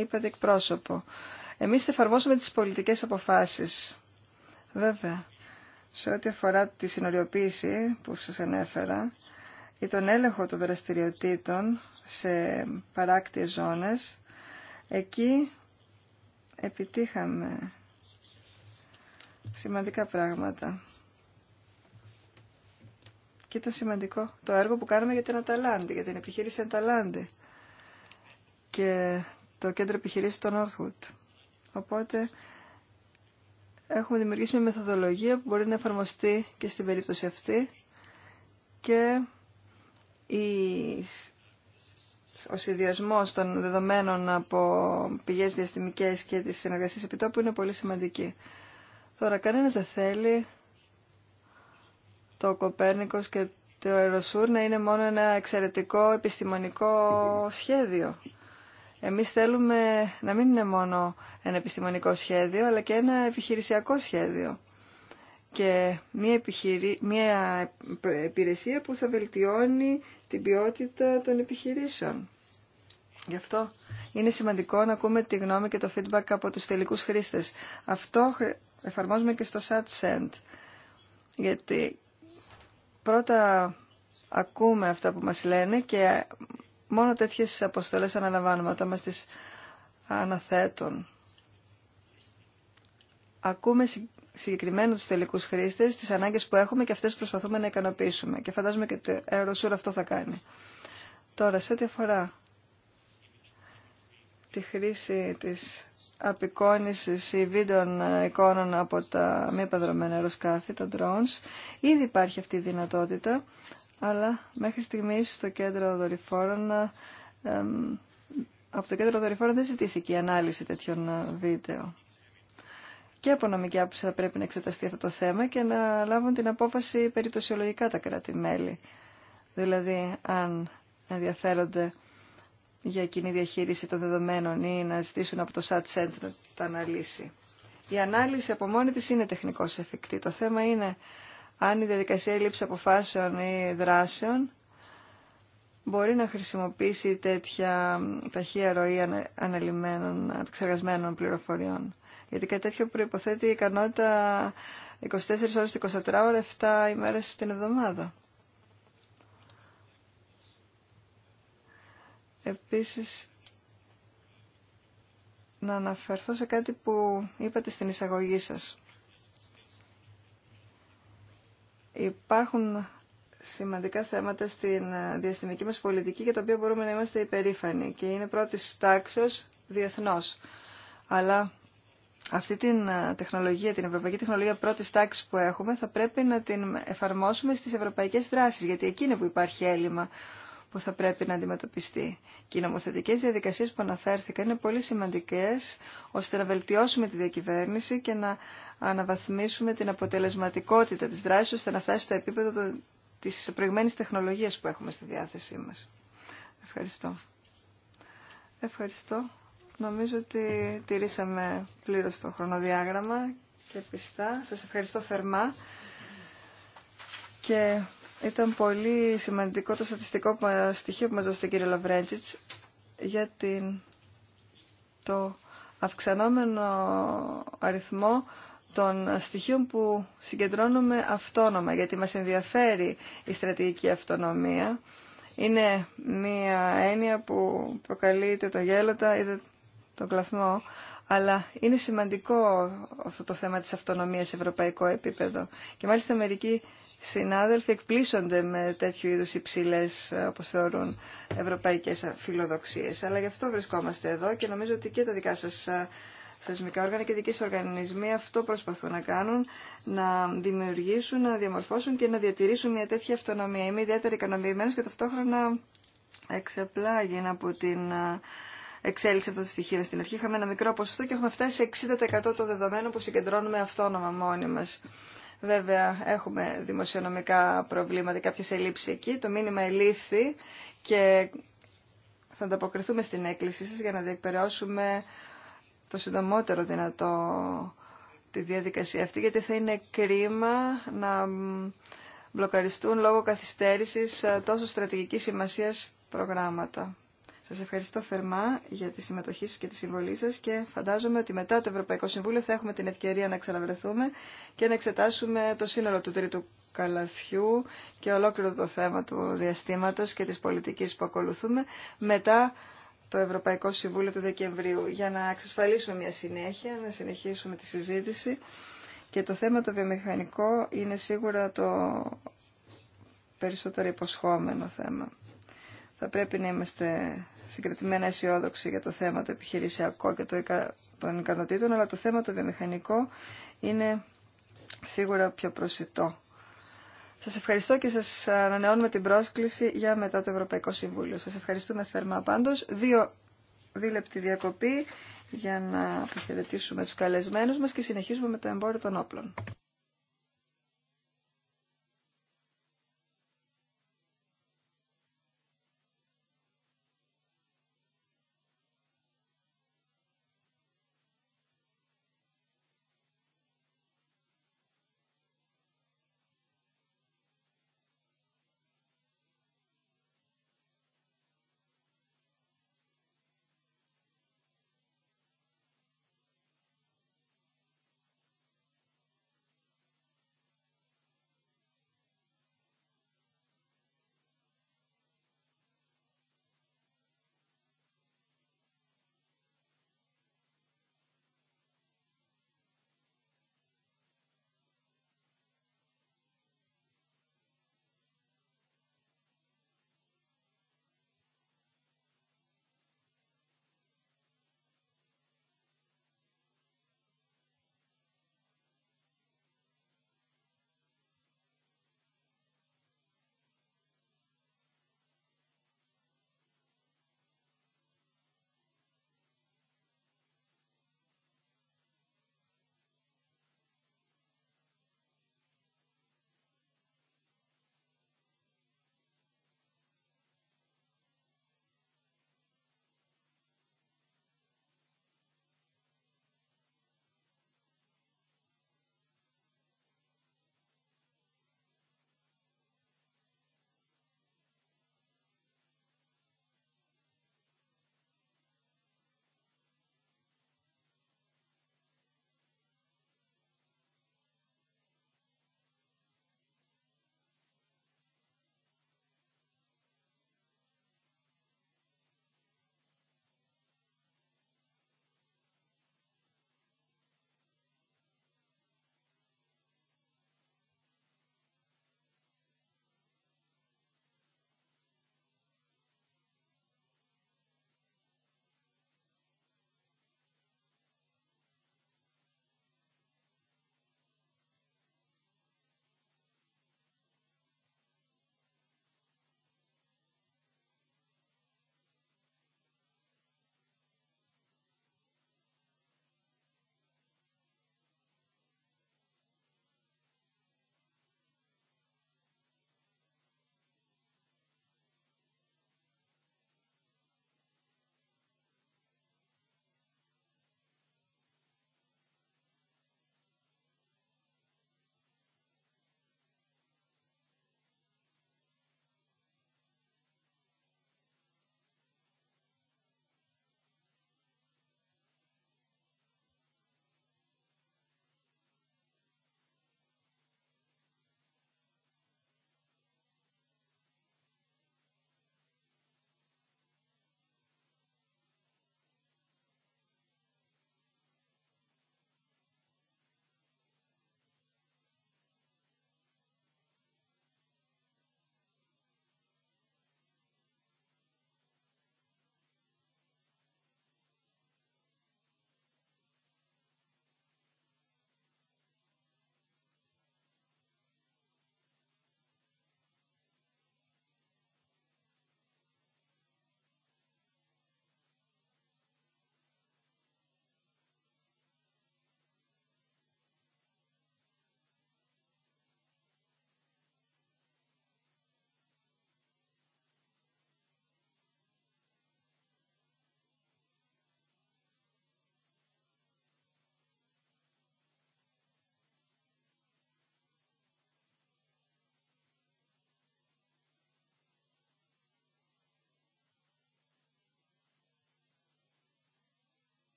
είπατε, εκπρόσωπο. Εμείς θα εφαρμόσουμε τις πολιτικές αποφάσεις. Βέβαια, σε ό,τι αφορά τη συνοριοποίηση που σας ανέφερα ή τον έλεγχο των δραστηριοτήτων σε παράκτιες ζώνες, εκεί επιτύχαμε σημαντικά πράγματα. Και ήταν σημαντικό το έργο που κάναμε για την Αταλάντη, για την επιχείρηση Αταλάντη και το κέντρο επιχειρήσεων των Northwood. Οπότε έχουμε δημιουργήσει μια μεθοδολογία που μπορεί να εφαρμοστεί και στην περίπτωση αυτή και ο συνδυασμό των δεδομένων από πηγές διαστημικές και της συνεργασίας επιτόπου είναι πολύ σημαντική. Τώρα, κανένας δεν θέλει το Κοπέρνικος και το Εροσούρ να είναι μόνο ένα εξαιρετικό επιστημονικό σχέδιο. Εμείς θέλουμε να μην είναι μόνο ένα επιστημονικό σχέδιο, αλλά και ένα επιχειρησιακό σχέδιο. Και μια, επιχειρη... μια υπηρεσία που θα βελτιώνει την ποιότητα των επιχειρήσεων. Γι' αυτό είναι σημαντικό να ακούμε τη γνώμη και το feedback από τους τελικούς χρήστες. Αυτό εφαρμόζουμε και στο SatSend. Γιατί πρώτα ακούμε αυτά που μας λένε και μόνο τέτοιες αποστολές αναλαμβάνουμε όταν μας τις αναθέτουν. Ακούμε συγκεκριμένα τους τελικούς χρήστες, τις ανάγκες που έχουμε και αυτές προσπαθούμε να ικανοποιήσουμε. Και φαντάζομαι και το αεροσούρ αυτό θα κάνει. Τώρα, σε ό,τι αφορά τη χρήση της απεικόνησης ή βίντεων εικόνων από τα μη παδρομένα αεροσκάφη, τα drones. Ήδη υπάρχει αυτή η δυνατότητα, αλλά μέχρι στιγμής στο κέντρο δορυφόρων, από το κέντρο δορυφόρων δεν ζητήθηκε η ανάλυση τέτοιων ε, βίντεο. Και από νομική άποψη θα πρέπει να εξεταστεί αυτό το θέμα και να λάβουν την απόφαση περιπτωσιολογικά τα κράτη-μέλη. Δηλαδή, αν ενδιαφέρονται για κοινή διαχείριση των δεδομένων ή να ζητήσουν από το SAT Center τα αναλύσει. Η ανάλυση από μόνη της είναι τεχνικώς εφικτή. Το θέμα είναι αν η διαδικασία λήψη αποφάσεων ή δράσεων μπορεί να χρησιμοποιήσει τέτοια ταχεία ροή αναλυμένων, επεξεργασμένων πληροφοριών. Γιατί κάτι τέτοιο προϋποθέτει η δρασεων μπορει να χρησιμοποιησει τετοια ταχεια ροη αναλυμενων εξεργασμένων πληροφοριων γιατι κατι τετοιο προυποθετει η ικανοτητα 24 ώρες, 24 ώρες, 7 ημέρες την εβδομάδα. Επίσης, να αναφερθώ σε κάτι που είπατε στην εισαγωγή σας. Υπάρχουν σημαντικά θέματα στην διαστημική μας πολιτική για τα οποία μπορούμε να είμαστε υπερήφανοι και είναι πρώτης τάξεως διεθνώς. Αλλά αυτή την ε, τεχνολογία, την ευρωπαϊκή τεχνολογία πρώτης τάξης που έχουμε θα πρέπει να την εφαρμόσουμε στι ευρωπαϊκές δράσεις γιατί εκεί είναι που υπάρχει έλλειμμα που θα πρέπει να αντιμετωπιστεί. Και οι νομοθετικέ διαδικασίε που αναφέρθηκαν είναι πολύ σημαντικέ ώστε να βελτιώσουμε τη διακυβέρνηση και να αναβαθμίσουμε την αποτελεσματικότητα τη δράση ώστε να φτάσει στο επίπεδο τη προηγμένη τεχνολογία που έχουμε στη διάθεσή μα. Ευχαριστώ. Ευχαριστώ. Νομίζω ότι τηρήσαμε πλήρως το χρονοδιάγραμμα και πιστά. Σας ευχαριστώ θερμά και ήταν πολύ σημαντικό το στατιστικό στοιχείο που μας δώσετε κύριε Λαβρέντζιτς για την, το αυξανόμενο αριθμό των στοιχείων που συγκεντρώνουμε αυτόνομα, γιατί μας ενδιαφέρει η στρατηγική αυτονομία. Είναι μία έννοια που προκαλείται το γέλοτα είτε τον κλαθμό, αλλά είναι σημαντικό αυτό το θέμα της αυτονομίας σε ευρωπαϊκό επίπεδο. Και μάλιστα μερικοί συνάδελφοι εκπλήσονται με τέτοιου είδους υψηλές, ε, όπως θεωρούν, ευρωπαϊκές φιλοδοξίες. Αλλά γι' αυτό βρισκόμαστε εδώ και νομίζω ότι και τα δικά σας ε, θεσμικά όργανα και δικοί οργανισμοί αυτό προσπαθούν να κάνουν, να δημιουργήσουν, να διαμορφώσουν και να διατηρήσουν μια τέτοια αυτονομία. Είμαι ιδιαίτερα ικανοποιημένος και ταυτόχρονα εξεπλάγει από την ε, εξέλιξη αυτών των στοιχείων. Στην αρχή είχαμε ένα μικρό ποσοστό και έχουμε φτάσει σε 60% των δεδομένων που συγκεντρώνουμε αυτόνομα μόνοι μας. Βέβαια, έχουμε δημοσιονομικά προβλήματα, κάποιες ελλείψεις εκεί. Το μήνυμα ελήφθη και θα ανταποκριθούμε στην έκκλησή σας για να διεκπαιρεώσουμε το συντομότερο δυνατό τη διαδικασία αυτή, γιατί θα είναι κρίμα να μπλοκαριστούν λόγω καθυστέρησης τόσο στρατηγικής σημασίας προγράμματα. Σας ευχαριστώ θερμά για τη συμμετοχή σας και τη συμβολή σας και φαντάζομαι ότι μετά το Ευρωπαϊκό Συμβούλιο θα έχουμε την ευκαιρία να ξαναβρεθούμε και να εξετάσουμε το σύνολο του τρίτου καλαθιού και ολόκληρο το θέμα του διαστήματος και της πολιτικής που ακολουθούμε μετά το Ευρωπαϊκό Συμβούλιο του Δεκεμβρίου για να εξασφαλίσουμε μια συνέχεια, να συνεχίσουμε τη συζήτηση και το θέμα το βιομηχανικό είναι σίγουρα το περισσότερο υποσχόμενο θέμα. Θα πρέπει να είμαστε Συγκριτημένα αισιόδοξη για το θέμα το επιχειρησιακό και των ικανοτήτων, αλλά το θέμα το βιομηχανικό είναι σίγουρα πιο προσιτό. Σας ευχαριστώ και σας ανανεώνουμε την πρόσκληση για μετά το Ευρωπαϊκό Συμβούλιο. Σας ευχαριστούμε θερμά πάντως. Δύο δίλεπτη διακοπή για να αποχαιρετήσουμε τους καλεσμένους μας και συνεχίζουμε με το εμπόριο των όπλων.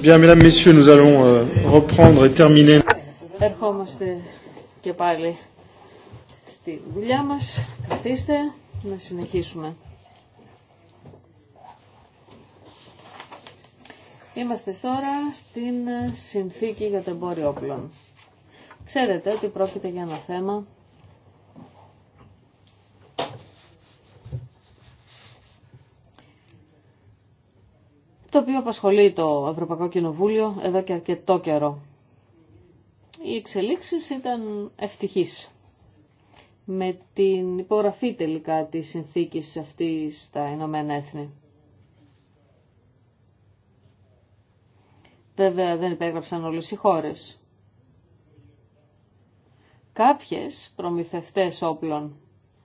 Bien, mesdames, messieurs, nous allons euh, reprendre et terminer. Ερχόμαστε και πάλι στη δουλειά μας. Καθίστε να συνεχίσουμε. Είμαστε τώρα στην συνθήκη για το εμπόριο όπλων. Ξέρετε ότι πρόκειται για ένα θέμα το οποίο απασχολεί το Ευρωπαϊκό Κοινοβούλιο εδώ και αρκετό καιρό. Οι εξελίξεις ήταν ευτυχείς. Με την υπογραφή τελικά της συνθήκης αυτή στα Ηνωμένα Έθνη. Βέβαια δεν υπέγραψαν όλες οι χώρες. Κάποιες προμηθευτές όπλων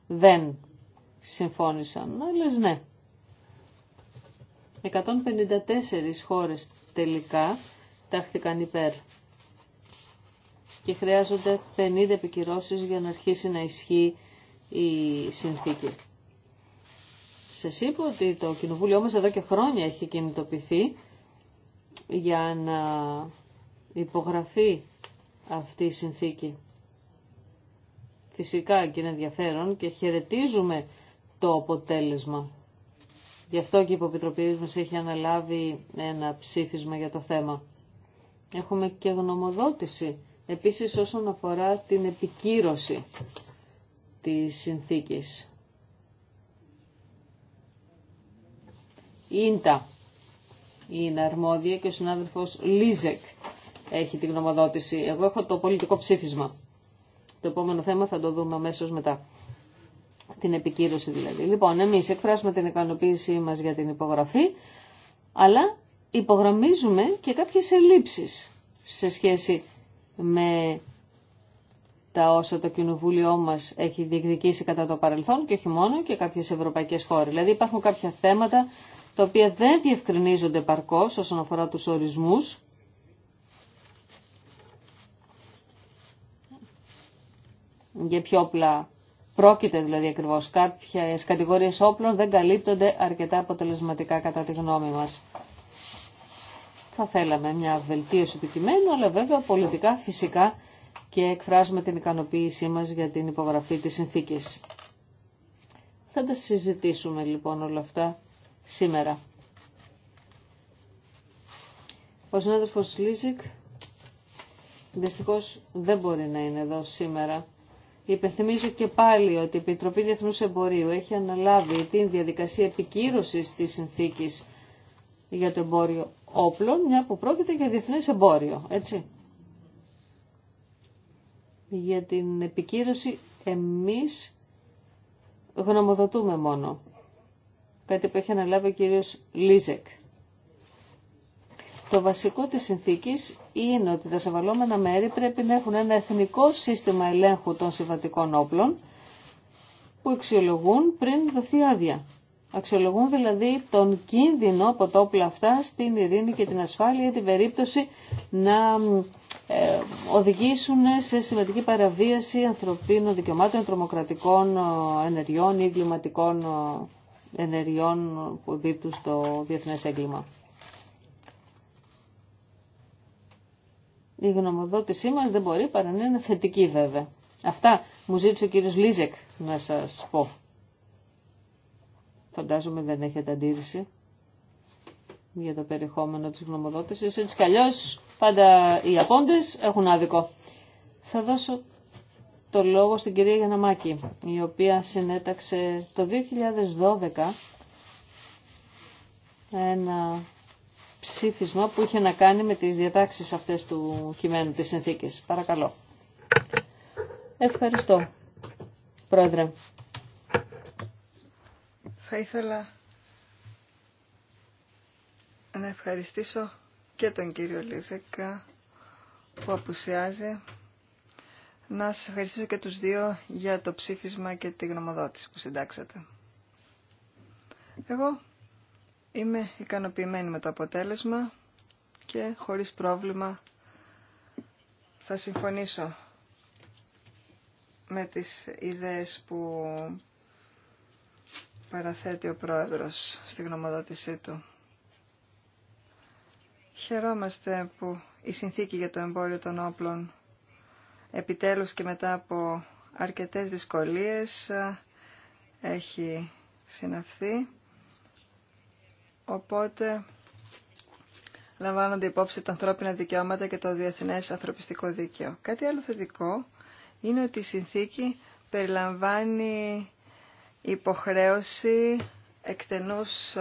δεν συμφώνησαν, αλλά ναι. 154 χώρες τελικά τάχθηκαν υπέρ και χρειάζονται 50 επικυρώσεις για να αρχίσει να ισχύει η συνθήκη. Σε είπα ότι το Κοινοβούλιο μας εδώ και χρόνια έχει κινητοποιηθεί για να υπογραφεί αυτή η συνθήκη. Φυσικά και είναι ενδιαφέρον και χαιρετίζουμε το αποτέλεσμα Γι' αυτό και η Υποπιτροπή μα έχει αναλάβει ένα ψήφισμα για το θέμα. Έχουμε και γνωμοδότηση, επίσης όσον αφορά την επικύρωση της συνθήκης. Η Ίντα είναι αρμόδια και ο συνάδελφος Λίζεκ έχει την γνωμοδότηση. Εγώ έχω το πολιτικό ψήφισμα. Το επόμενο θέμα θα το δούμε αμέσως μετά την επικύρωση δηλαδή. Λοιπόν, εμείς εκφράσουμε την ικανοποίησή μας για την υπογραφή, αλλά υπογραμμίζουμε και κάποιες ελλείψεις σε σχέση με τα όσα το κοινοβούλιο μας έχει διεκδικήσει κατά το παρελθόν και όχι μόνο και κάποιες ευρωπαϊκές χώρες. Δηλαδή υπάρχουν κάποια θέματα τα οποία δεν διευκρινίζονται παρκώς όσον αφορά τους ορισμούς. Για πιο πρόκειται δηλαδή ακριβώ κάποιε κατηγορίε όπλων δεν καλύπτονται αρκετά αποτελεσματικά κατά τη γνώμη μα. Θα θέλαμε μια βελτίωση του κειμένου, αλλά βέβαια πολιτικά φυσικά και εκφράζουμε την ικανοποίησή μα για την υπογραφή τη συνθήκη. Θα τα συζητήσουμε λοιπόν όλα αυτά σήμερα. Ο συνάδελφος Λίζικ δυστυχώς δεν μπορεί να είναι εδώ σήμερα. Υπενθυμίζω και πάλι ότι η Επιτροπή Διεθνού Εμπορίου έχει αναλάβει την διαδικασία επικύρωσης της συνθήκης για το εμπόριο όπλων, μια που πρόκειται για διεθνές εμπόριο, έτσι. Για την επικύρωση εμείς γνωμοδοτούμε μόνο. Κάτι που έχει αναλάβει ο κύριος Λίζεκ. Το βασικό της συνθήκης είναι ότι τα σεβαλόμενα μέρη πρέπει να έχουν ένα εθνικό σύστημα ελέγχου των συμβατικών όπλων που αξιολογούν πριν δοθεί άδεια. Αξιολογούν δηλαδή τον κίνδυνο από τα όπλα αυτά στην ειρήνη και την ασφάλεια την περίπτωση να ε, οδηγήσουν σε σημαντική παραβίαση ανθρωπίνων δικαιωμάτων, τρομοκρατικών ε, ενεργειών ή εγκληματικών ε, ενεργειών που εμπίπτουν στο διεθνές έγκλημα. Η γνωμοδότησή μας δεν μπορεί παρά να είναι θετική βέβαια. Αυτά μου ζήτησε ο κύριος Λίζεκ να σας πω. Φαντάζομαι δεν έχετε αντίρρηση για το περιεχόμενο της γνωμοδότησης. Έτσι κι αλλιώς πάντα οι απόντες έχουν άδικο. Θα δώσω το λόγο στην κυρία Γιαναμάκη, η οποία συνέταξε το 2012 ένα ψήφισμα που είχε να κάνει με τις διατάξεις αυτές του κειμένου της συνθήκης. Παρακαλώ. Ευχαριστώ, Πρόεδρε. Θα ήθελα να ευχαριστήσω και τον κύριο Λίζεκα που απουσιάζει. Να σας ευχαριστήσω και τους δύο για το ψήφισμα και τη γνωμοδότηση που συντάξατε. Εγώ Είμαι ικανοποιημένη με το αποτέλεσμα και χωρίς πρόβλημα θα συμφωνήσω με τις ιδέες που παραθέτει ο Πρόεδρος στη γνωμοδότησή του. Χαιρόμαστε που η συνθήκη για το εμπόριο των όπλων επιτέλους και μετά από αρκετές δυσκολίες έχει συναυθεί Οπότε λαμβάνονται υπόψη τα ανθρώπινα δικαιώματα και το διεθνές ανθρωπιστικό δίκαιο. Κάτι άλλο θετικό είναι ότι η συνθήκη περιλαμβάνει υποχρέωση εκτενούς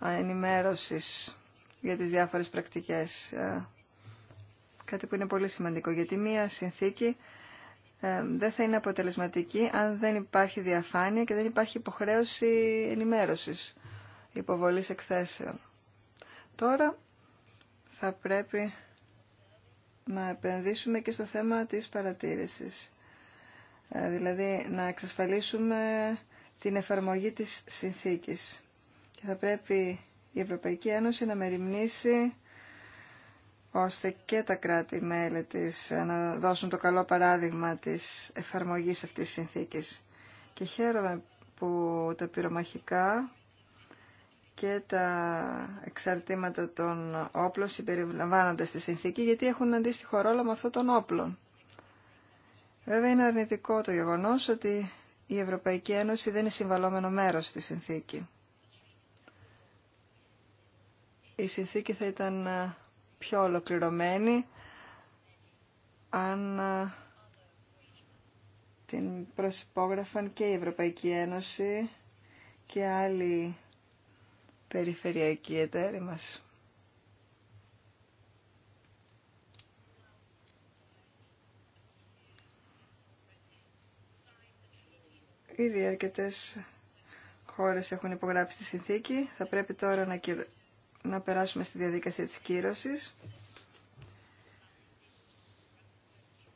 ενημέρωσης για τις διάφορες πρακτικές. Κάτι που είναι πολύ σημαντικό, γιατί μία συνθήκη ε, δεν θα είναι αποτελεσματική αν δεν υπάρχει διαφάνεια και δεν υπάρχει υποχρέωση ενημέρωσης υποβολής εκθέσεων. Τώρα θα πρέπει να επενδύσουμε και στο θέμα της παρατήρησης. Ε, δηλαδή να εξασφαλίσουμε την εφαρμογή της συνθήκης. Και θα πρέπει η Ευρωπαϊκή Ένωση να μεριμνήσει ώστε και τα κράτη-μέλη της ε, να δώσουν το καλό παράδειγμα της εφαρμογής αυτής της συνθήκης. Και χαίρομαι που τα πυρομαχικά και τα εξαρτήματα των όπλων συμπεριλαμβάνονται στη συνθήκη γιατί έχουν αντίστοιχο ρόλο με αυτό των όπλων. Βέβαια είναι αρνητικό το γεγονός ότι η Ευρωπαϊκή Ένωση δεν είναι συμβαλόμενο μέρος στη συνθήκη. Η συνθήκη θα ήταν πιο ολοκληρωμένη αν την προσυπόγραφαν και η Ευρωπαϊκή Ένωση και άλλοι περιφερειακοί εταίροι μας. Ήδη αρκετές χώρες έχουν υπογράψει τη συνθήκη. Θα πρέπει τώρα να, να περάσουμε στη διαδικασία της κύρωσης.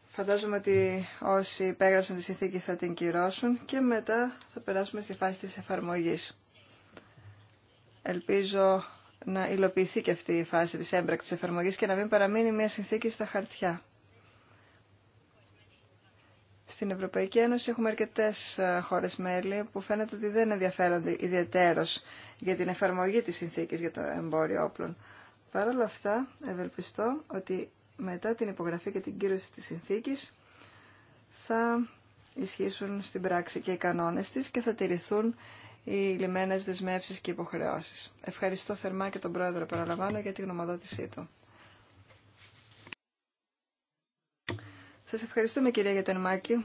Φαντάζομαι ότι όσοι υπέγραψαν τη συνθήκη θα την κυρώσουν και μετά θα περάσουμε στη φάση της εφαρμογής. Ελπίζω να υλοποιηθεί και αυτή η φάση της έμπρακτης εφαρμογής και να μην παραμείνει μια συνθήκη στα χαρτιά. Στην Ευρωπαϊκή Ένωση έχουμε αρκετέ ε, χώρε μέλη που φαίνεται ότι δεν ενδιαφέρονται ιδιαίτερω για την εφαρμογή τη συνθήκη για το εμπόριο όπλων. Παρ' όλα αυτά, ευελπιστώ ότι μετά την υπογραφή και την κύρωση τη συνθήκη θα ισχύσουν στην πράξη και οι κανόνε τη και θα τηρηθούν οι λιμένε δεσμεύσεις και υποχρεώσεις. Ευχαριστώ θερμά και τον Πρόεδρο, παραλαμβάνω, για τη γνωμοδότησή του. Σας ευχαριστούμε κυρία Γετενμάκη.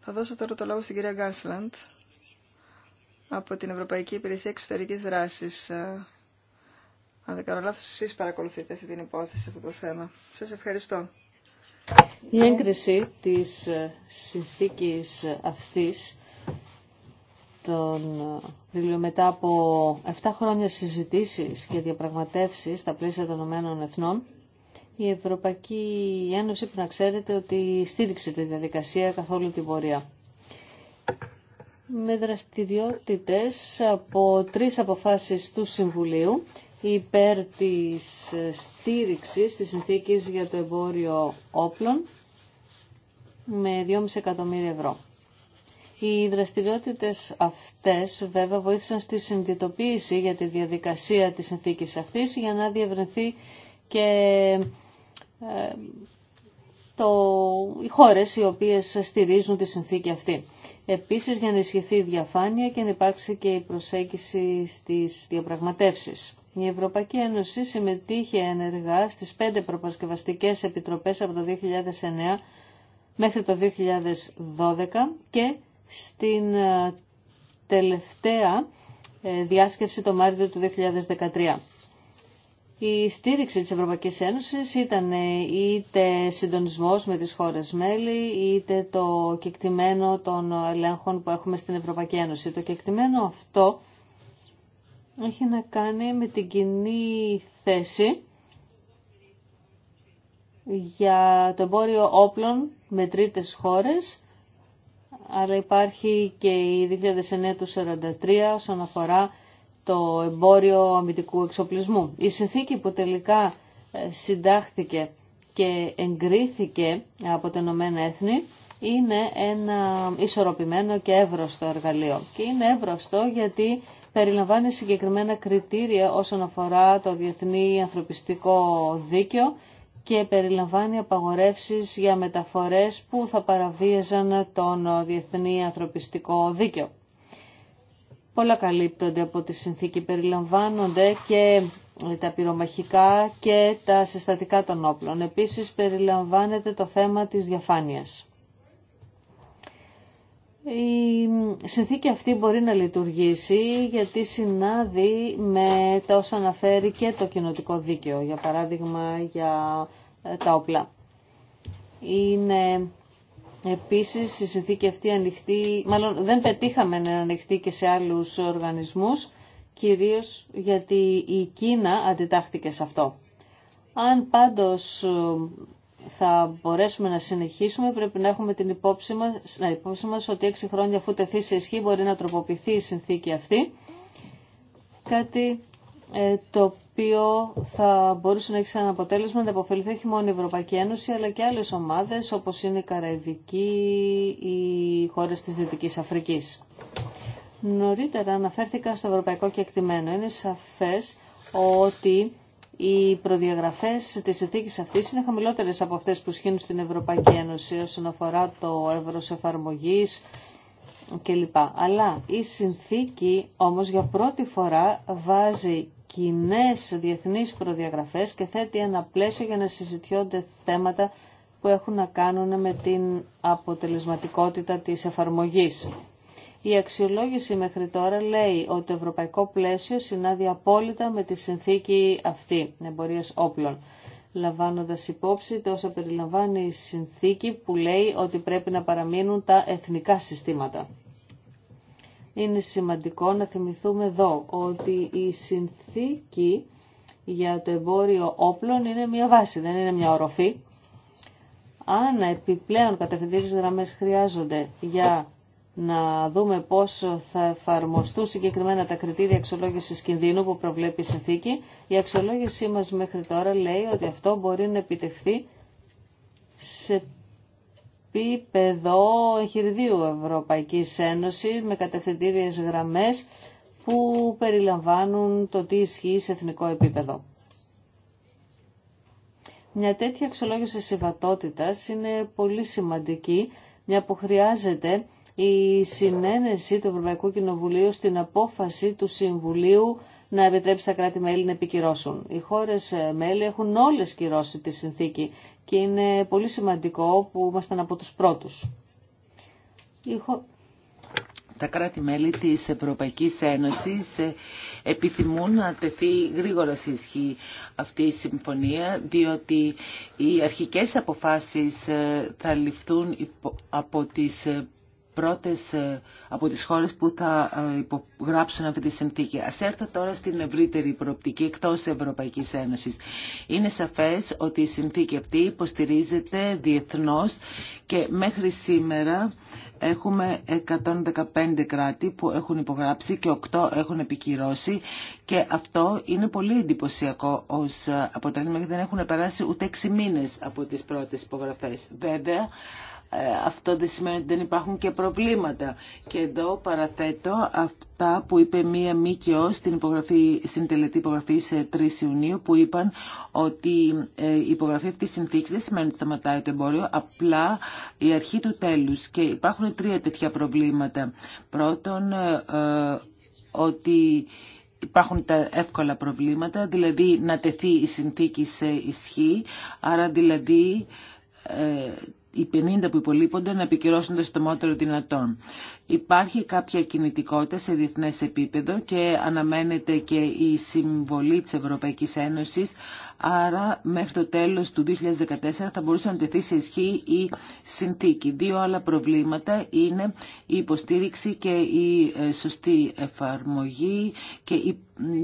Θα δώσω τώρα το λόγο στην κυρία Γκάρσλαντ από την Ευρωπαϊκή Υπηρεσία Εξωτερική Δράση. Ε, αν δεν κάνω λάθο, εσείς παρακολουθείτε αυτή την υπόθεση, αυτό το θέμα. Σα ευχαριστώ. Η έγκριση της συνθήκης αυτής τον Βίλιο μετά από 7 χρόνια συζητήσεις και διαπραγματεύσεις στα πλαίσια των Ηνωμένων Εθνών, η Ευρωπαϊκή Ένωση που να ξέρετε ότι στήριξε τη διαδικασία καθόλου την πορεία. Με δραστηριότητες από τρεις αποφάσεις του Συμβουλίου υπέρ της στήριξης της συνθήκης για το εμπόριο όπλων με 2,5 εκατομμύρια ευρώ. Οι δραστηριότητες αυτές βέβαια βοήθησαν στη συνδυτοποίηση για τη διαδικασία της συνθήκη αυτής για να διευρυνθεί και ε, το, οι χώρες οι οποίες στηρίζουν τη συνθήκη αυτή. Επίσης για να ισχυθεί η διαφάνεια και να υπάρξει και η προσέγγιση στις διαπραγματεύσεις. Η Ευρωπαϊκή Ένωση συμμετείχε ενεργά στις πέντε προπασκευαστικές επιτροπές από το 2009 μέχρι το 2012 και στην ε, τελευταία ε, διάσκεψη το Μάρτιο του 2013. Η στήριξη της Ευρωπαϊκής Ένωσης ήταν ε, είτε συντονισμός με τις χώρες μέλη, είτε το κεκτημένο των ελέγχων που έχουμε στην Ευρωπαϊκή Ένωση. Το κεκτημένο αυτό έχει να κάνει με την κοινή θέση για το εμπόριο όπλων με τρίτες χώρες αλλά υπάρχει και η 2009 του 43 όσον αφορά το εμπόριο αμυντικού εξοπλισμού. Η συνθήκη που τελικά ε, συντάχθηκε και εγκρίθηκε από τα Ηνωμένα Έθνη είναι ένα ισορροπημένο και εύρωστο εργαλείο. Και είναι εύρωστο γιατί περιλαμβάνει συγκεκριμένα κριτήρια όσον αφορά το διεθνή ανθρωπιστικό δίκαιο και περιλαμβάνει απαγορεύσεις για μεταφορές που θα παραβίαζαν τον διεθνή ανθρωπιστικό δίκαιο. Πολλά καλύπτονται από τη συνθήκη, περιλαμβάνονται και τα πυρομαχικά και τα συστατικά των όπλων. Επίσης περιλαμβάνεται το θέμα της διαφάνειας η συνθήκη αυτή μπορεί να λειτουργήσει γιατί συνάδει με τα όσα αναφέρει και το κοινοτικό δίκαιο, για παράδειγμα για ε, τα όπλα. Είναι επίσης η συνθήκη αυτή ανοιχτή, μάλλον δεν πετύχαμε να ανοιχτεί και σε άλλους οργανισμούς, κυρίως γιατί η Κίνα αντιτάχθηκε σε αυτό. Αν πάντως θα μπορέσουμε να συνεχίσουμε πρέπει να έχουμε την υπόψη μας, να υπόψη ότι έξι χρόνια αφού τεθεί σε ισχύ μπορεί να τροποποιηθεί η συνθήκη αυτή. Κάτι ε, το οποίο θα μπορούσε να έχει σαν αποτέλεσμα να αποφεληθεί όχι μόνο η Ευρωπαϊκή Ένωση αλλά και άλλες ομάδες όπως είναι η Καραϊβική ή οι χώρες της Δυτικής Αφρικής. Νωρίτερα αναφέρθηκα στο ευρωπαϊκό κεκτημένο. Είναι σαφές ότι οι προδιαγραφέ τη συνθήκη αυτή είναι χαμηλότερες από αυτές που σχίνουν στην Ευρωπαϊκή Ένωση όσον αφορά το εύρο εφαρμογή κλπ. Αλλά η συνθήκη όμως για πρώτη φορά βάζει κοινέ διεθνεί προδιαγραφές και θέτει ένα πλαίσιο για να συζητιόνται θέματα που έχουν να κάνουν με την αποτελεσματικότητα της εφαρμογής η αξιολόγηση μέχρι τώρα λέει ότι το ευρωπαϊκό πλαίσιο συνάδει απόλυτα με τη συνθήκη αυτή, εμπορίας όπλων, λαμβάνοντας υπόψη τόσα περιλαμβάνει η συνθήκη που λέει ότι πρέπει να παραμείνουν τα εθνικά συστήματα. Είναι σημαντικό να θυμηθούμε εδώ ότι η συνθήκη για το εμπόριο όπλων είναι μια βάση, δεν είναι μια οροφή. Αν επιπλέον κατευθυντήριες γραμμές χρειάζονται για να δούμε πώς θα εφαρμοστούν συγκεκριμένα τα κριτήρια αξιολόγησης κινδύνου που προβλέπει η συνθήκη. Η αξιολόγησή μας μέχρι τώρα λέει ότι αυτό μπορεί να επιτευχθεί σε επίπεδο εγχειριδίου Ευρωπαϊκής Ένωσης με κατευθυντήριες γραμμές που περιλαμβάνουν το τι ισχύει σε εθνικό επίπεδο. Μια τέτοια αξιολόγηση συμβατότητας είναι πολύ σημαντική, μια που χρειάζεται η συνένεση του Ευρωπαϊκού Κοινοβουλίου στην απόφαση του Συμβουλίου να επιτρέψει τα κράτη-μέλη να επικυρώσουν. Οι χώρες ε, μέλη έχουν όλες κυρώσει τη συνθήκη και είναι πολύ σημαντικό που ήμασταν από τους πρώτους. Τα κράτη-μέλη της Ευρωπαϊκής Ένωσης ε, επιθυμούν να τεθεί γρήγορα σε αυτή η συμφωνία, διότι οι αρχικές αποφάσεις ε, θα ληφθούν από τις πρώτες ε, από τις χώρες που θα ε, υπογράψουν αυτή τη συνθήκη. Ας έρθω τώρα στην ευρύτερη προοπτική εκτός Ευρωπαϊκής Ένωσης. Είναι σαφές ότι η συνθήκη αυτή υποστηρίζεται διεθνώς και μέχρι σήμερα έχουμε 115 κράτη που έχουν υπογράψει και 8 έχουν επικυρώσει και αυτό είναι πολύ εντυπωσιακό ως αποτέλεσμα γιατί δεν έχουν περάσει ούτε 6 μήνες από τις πρώτες υπογραφές. Βέβαια, ε, αυτό δεν σημαίνει ότι δεν υπάρχουν και προβλήματα. Και εδώ παραθέτω αυτά που είπε μία ΜΚΟ στην, υπογραφή, στην τελετή υπογραφή 3 Ιουνίου που είπαν ότι ε, η υπογραφή αυτή της συνθήκης δεν σημαίνει ότι σταματάει το εμπόριο, απλά η αρχή του τέλους. Και υπάρχουν τρία τέτοια προβλήματα. Πρώτον, ε, ότι υπάρχουν τα εύκολα προβλήματα, δηλαδή να τεθεί η συνθήκη σε ισχύ, άρα δηλαδή οι 50 που υπολείπονται να επικυρώσουν το στομότερο δυνατόν. Υπάρχει κάποια κινητικότητα σε διεθνές επίπεδο και αναμένεται και η συμβολή της Ευρωπαϊκής Ένωσης, άρα μέχρι το τέλος του 2014 θα μπορούσε να τεθεί σε ισχύ η συνθήκη. Δύο άλλα προβλήματα είναι η υποστήριξη και η ε, σωστή εφαρμογή και η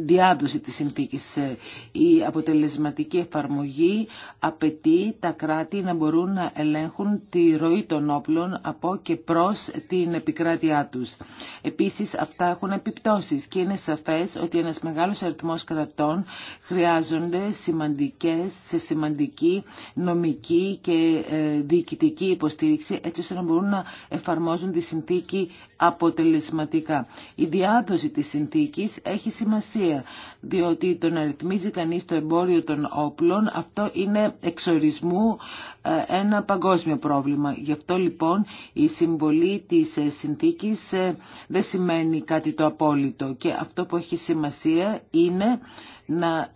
διάδοση της συνθήκης. Ε, η αποτελεσματική εφαρμογή απαιτεί τα κράτη να μπορούν να ελέγχουν ελέγχουν τη ροή των όπλων από και προς την επικράτειά τους. Επίσης αυτά έχουν επιπτώσεις και είναι σαφές ότι ένας μεγάλος αριθμός κρατών χρειάζονται σημαντικές, σε σημαντική νομική και ε, διοικητική υποστήριξη έτσι ώστε να μπορούν να εφαρμόζουν τη συνθήκη αποτελεσματικά. Η διάδοση της συνθήκης έχει σημασία, διότι το να ρυθμίζει κανείς το εμπόριο των όπλων, αυτό είναι εξορισμού ε, ένα παγκόσμιο πρόβλημα. Γι' αυτό λοιπόν η συμβολή της ε, συνθήκης ε, δεν σημαίνει κάτι το απόλυτο και αυτό που έχει σημασία είναι να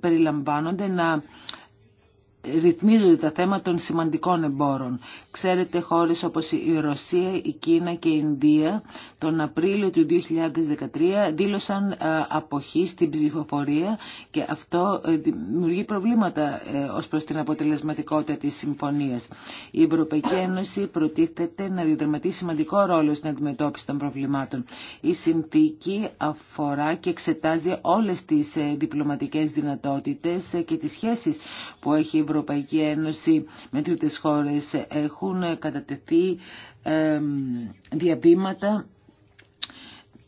περιλαμβάνονται, να ρυθμίζονται τα θέματα των σημαντικών εμπόρων. Ξέρετε χώρες όπως η Ρωσία, η Κίνα και η Ινδία τον Απρίλιο του 2013 δήλωσαν ε, αποχή στην ψηφοφορία και αυτό ε, δημιουργεί προβλήματα ε, ως προς την αποτελεσματικότητα της συμφωνίας. Η Ευρωπαϊκή Ένωση προτίθεται να διδραματίσει σημαντικό ρόλο στην αντιμετώπιση των προβλημάτων. Η συνθήκη αφορά και εξετάζει όλες τις διπλωματικές δυνατότητες και τις σχέσεις που έχει η Ευρωπαϊκή Ευρωπαϊκή Ένωση με τρίτες χώρες έχουν κατατεθεί διαβήματα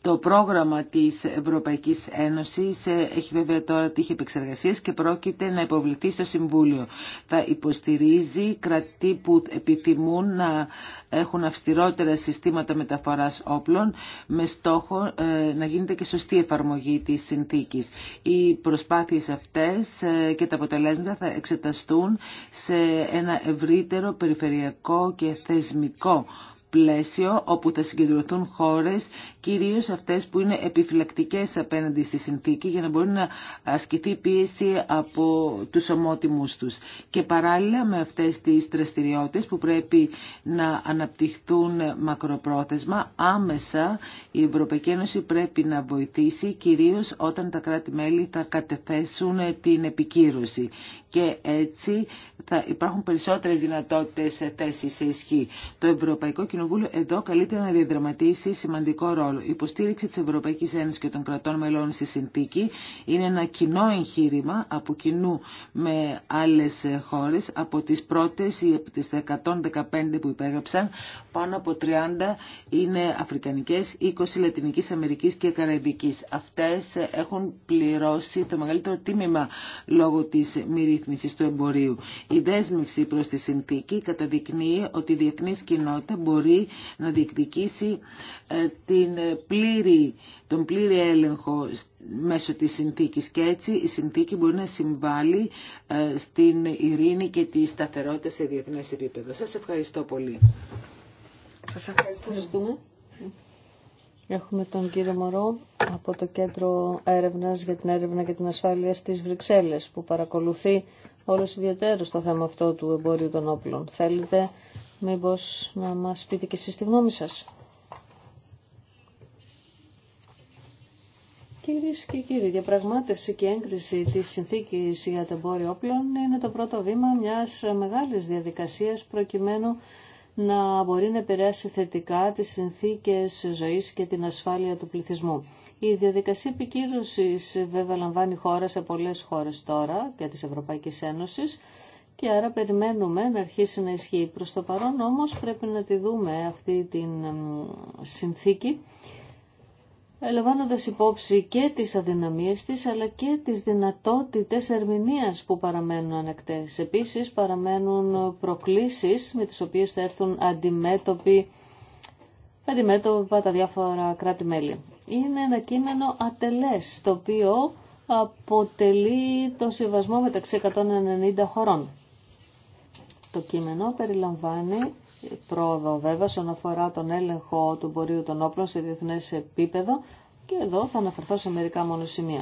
το πρόγραμμα της Ευρωπαϊκής Ένωσης ε, έχει βέβαια τώρα τύχη επεξεργασία και πρόκειται να υποβληθεί στο Συμβούλιο. Θα υποστηρίζει κρατή που επιθυμούν να έχουν αυστηρότερα συστήματα μεταφοράς όπλων με στόχο ε, να γίνεται και σωστή εφαρμογή της συνθήκης. Οι προσπάθειες αυτές ε, και τα αποτελέσματα θα εξεταστούν σε ένα ευρύτερο περιφερειακό και θεσμικό πλαίσιο όπου θα συγκεντρωθούν χώρες, κυρίως αυτές που είναι επιφυλακτικές απέναντι στη συνθήκη για να μπορεί να ασκηθεί πίεση από τους ομότιμους τους. Και παράλληλα με αυτές τις δραστηριότητες που πρέπει να αναπτυχθούν μακροπρόθεσμα, άμεσα η Ευρωπαϊκή Ένωση πρέπει να βοηθήσει κυρίως όταν τα κράτη-μέλη θα κατεθέσουν την επικύρωση και έτσι θα υπάρχουν περισσότερε δυνατότητε θέση, σε ισχύ. Το Ευρωπαϊκό Κοινοβούλιο εδώ καλείται να διαδραματίσει σημαντικό ρόλο. Η υποστήριξη τη Ευρωπαϊκή Ένωση και των κρατών μελών στη συνθήκη είναι ένα κοινό εγχείρημα από κοινού με άλλε χώρε. Από τι πρώτε ή από τι 115 που υπέγραψαν, πάνω από 30 είναι Αφρικανικέ, 20 Λατινική Αμερική και καραϊβική. Αυτέ έχουν πληρώσει το μεγαλύτερο τίμημα λόγω τη του εμπορίου. Η δέσμευση προς τη συνθήκη καταδεικνύει ότι η διεθνή κοινότητα μπορεί να διεκδικήσει ε, την ε, πλήρη, τον πλήρη έλεγχο μέσω της συνθήκη. και έτσι η συνθήκη μπορεί να συμβάλλει ε, στην ειρήνη και τη σταθερότητα σε διεθνέ επίπεδο. Σας ευχαριστώ πολύ. Σας ευχαριστούμε. Έχουμε τον κύριο Μωρό από το Κέντρο Έρευνας για την Έρευνα και την Ασφάλεια στις Βρυξέλλες που παρακολουθεί όλος ιδιαίτερο το θέμα αυτό του εμπόριου των όπλων. Θέλετε μήπως να μας πείτε και εσείς τη γνώμη σας. Κυρίε και κύριοι, η διαπραγμάτευση και έγκριση τη συνθήκη για το εμπόριο όπλων είναι το πρώτο βήμα μια μεγάλη διαδικασία προκειμένου να μπορεί να επηρεάσει θετικά τις συνθήκες ζωής και την ασφάλεια του πληθυσμού. Η διαδικασία επικύρωσης βέβαια λαμβάνει χώρα σε πολλές χώρες τώρα και της Ευρωπαϊκής Ένωσης και άρα περιμένουμε να αρχίσει να ισχύει. Προς το παρόν όμως πρέπει να τη δούμε αυτή την συνθήκη λαμβάνοντας υπόψη και τις αδυναμίες της, αλλά και τις δυνατότητες ερμηνείας που παραμένουν ανεκτές. Επίσης παραμένουν προκλήσεις με τις οποίες θα έρθουν αντιμέτωποι αντιμέτωπα τα διάφορα κράτη-μέλη. Είναι ένα κείμενο ατελές, το οποίο αποτελεί τον συμβασμό μεταξύ 190 χωρών. Το κείμενο περιλαμβάνει πρόοδο βέβαια όσον αφορά τον έλεγχο του εμπορίου των όπλων σε διεθνέ επίπεδο και εδώ θα αναφερθώ σε μερικά μόνο σημεία.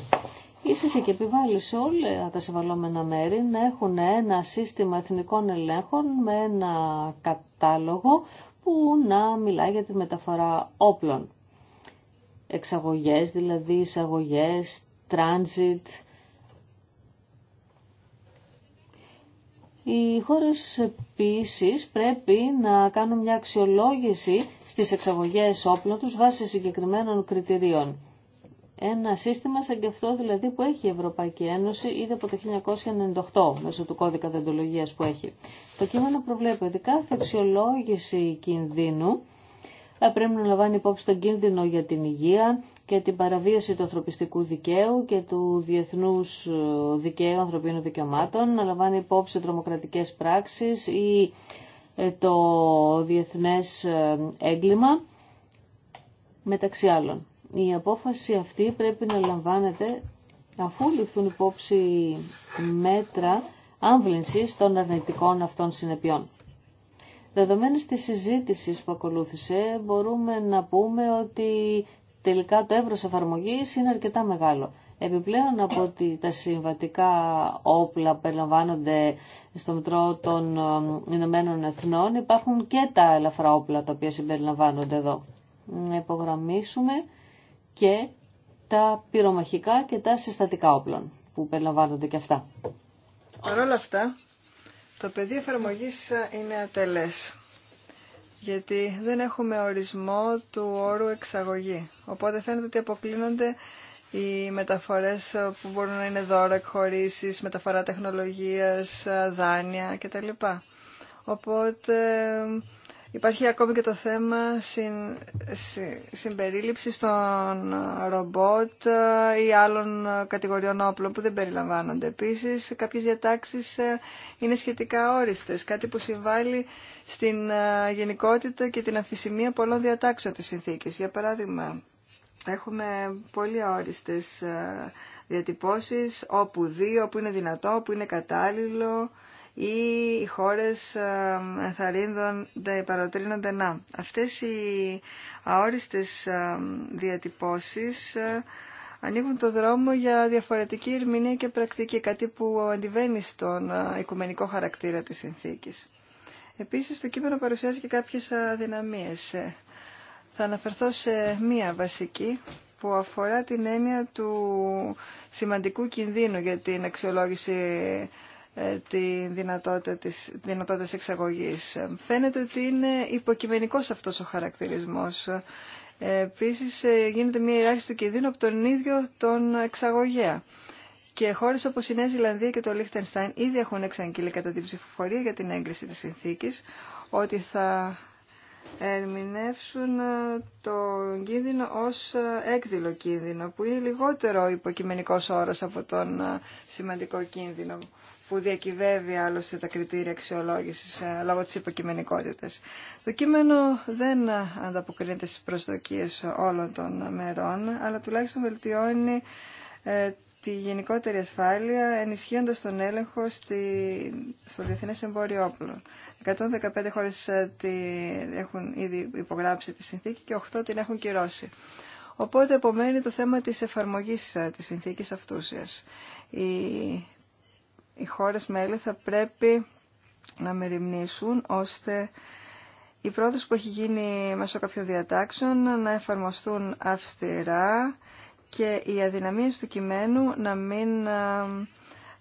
Η και επιβάλλει σε όλα τα συμβαλόμενα μέρη να έχουν ένα σύστημα εθνικών ελέγχων με ένα κατάλογο που να μιλάει για τη μεταφορά όπλων. Εξαγωγές δηλαδή, εισαγωγές, transit, Οι χώρες επίσης πρέπει να κάνουν μια αξιολόγηση στις εξαγωγές όπλων τους βάσει συγκεκριμένων κριτηρίων. Ένα σύστημα σαν και αυτό δηλαδή που έχει η Ευρωπαϊκή Ένωση ήδη από το 1998 μέσω του κώδικα δεντολογίας που έχει. Το κείμενο προβλέπει ότι κάθε αξιολόγηση κινδύνου ε, πρέπει να λαμβάνει υπόψη τον κίνδυνο για την υγεία, και την παραβίαση του ανθρωπιστικού δικαίου και του διεθνούς ε, δικαίου ανθρωπίνων δικαιωμάτων, να λαμβάνει υπόψη τρομοκρατικές πράξεις ή ε, το διεθνές ε, έγκλημα, μεταξύ άλλων. Η απόφαση αυτή πρέπει να λαμβάνεται αφού ληφθούν υπόψη μέτρα άμβλυνσης των αρνητικών αυτών συνεπειών. Δεδομένης της συζήτησης που ακολούθησε, μπορούμε να πούμε ότι τελικά το εύρος εφαρμογής είναι αρκετά μεγάλο. Επιπλέον από ότι τα συμβατικά όπλα που περιλαμβάνονται στο Μητρό των ε, Ηνωμένων Εθνών υπάρχουν και τα ελαφρά όπλα τα οποία συμπεριλαμβάνονται εδώ. Να υπογραμμίσουμε και τα πυρομαχικά και τα συστατικά όπλα που περιλαμβάνονται και αυτά. Παρ' όλα αυτά, το πεδίο εφαρμογή είναι ατελές γιατί δεν έχουμε ορισμό του όρου εξαγωγή. Οπότε φαίνεται ότι αποκλίνονται οι μεταφορές που μπορούν να είναι δώρα, εκχωρήσεις, μεταφορά τεχνολογίας, δάνεια κτλ. Οπότε Υπάρχει ακόμη και το θέμα συν, συμπερίληψης των ρομπότ ε, ή άλλων κατηγοριών όπλων που δεν περιλαμβάνονται. Επίσης, κάποιες διατάξεις ε, είναι σχετικά όριστες, κάτι που συμβάλλει στην ε, γενικότητα και την αφησιμία πολλών διατάξεων της συνθήκης. Για παράδειγμα, Έχουμε πολύ όριστες διατυπώσεις, όπου δει, όπου είναι δυνατό, όπου είναι κατάλληλο, ή οι χώρες ή ε, παροτρύνονται να. Αυτές οι αόριστες ε, διατυπώσεις ε, ανοίγουν το δρόμο για διαφορετική ερμηνεία και πρακτική, κάτι που αντιβαίνει στον οικουμενικό χαρακτήρα της συνθήκης. Επίσης, το κείμενο παρουσιάζει και κάποιες αδυναμίες. Θα αναφερθώ σε μία βασική που αφορά την έννοια του σημαντικού κινδύνου για την αξιολόγηση ε, τη δυνατότητα της δυνατότητας εξαγωγής. Φαίνεται ότι είναι υποκειμενικός αυτός ο χαρακτηρισμός. Ε, επίσης ε, γίνεται μια ιεράρχηση του κινδύνου από τον ίδιο τον εξαγωγέα. Και χώρες όπως η Νέα Ζηλανδία και το Λίχτενστάιν ήδη έχουν εξαγγείλει κατά την ψηφοφορία για την έγκριση της συνθήκης ότι θα ερμηνεύσουν τον κίνδυνο ως έκδηλο κίνδυνο, που είναι λιγότερο υποκειμενικός όρος από τον σημαντικό κίνδυνο που διακυβεύει άλλωστε τα κριτήρια αξιολόγησης ε, λόγω της υποκειμενικότητας. Το κείμενο δεν ανταποκρίνεται στις προσδοκίες όλων των μερών, αλλά τουλάχιστον βελτιώνει ε, τη γενικότερη ασφάλεια ενισχύοντας τον έλεγχο στη, στο Διεθνές Εμπόριο Όπλων. 115 χώρες ε, έχουν ήδη υπογράψει τη συνθήκη και 8 την έχουν κυρώσει. Οπότε απομένει το θέμα της εφαρμογής της συνθήκης αυτούσιας. Η οι χώρες μέλη θα πρέπει να μεριμνήσουν ώστε οι πρόοδες που έχει γίνει μέσω κάποιων διατάξεων να εφαρμοστούν αυστηρά και οι αδυναμίες του κειμένου να μην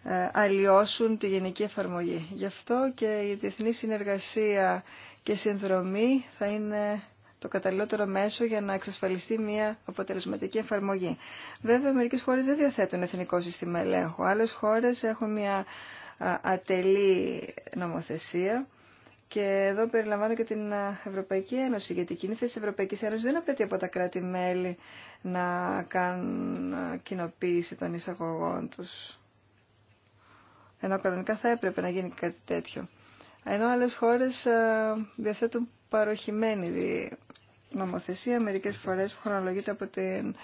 ε, αλλοιώσουν τη γενική εφαρμογή. Γι' αυτό και η διεθνή συνεργασία και συνδρομή θα είναι το καταλληλότερο μέσο για να εξασφαλιστεί μια αποτελεσματική εφαρμογή. Βέβαια, μερικές χώρε δεν διαθέτουν εθνικό σύστημα ελέγχου. Άλλες χώρες έχουν μια ατελή νομοθεσία. Και εδώ περιλαμβάνω και την Ευρωπαϊκή Ένωση, γιατί η κοινή της Ευρωπαϊκής Ένωσης δεν απαιτεί από τα κράτη-μέλη να κάνουν κοινοποίηση των εισαγωγών τους. Ενώ κανονικά θα έπρεπε να γίνει κάτι τέτοιο. Ενώ άλλες χώρες διαθέτουν παροχημένη νομοθεσία μερικές φορές που χρονολογείται από την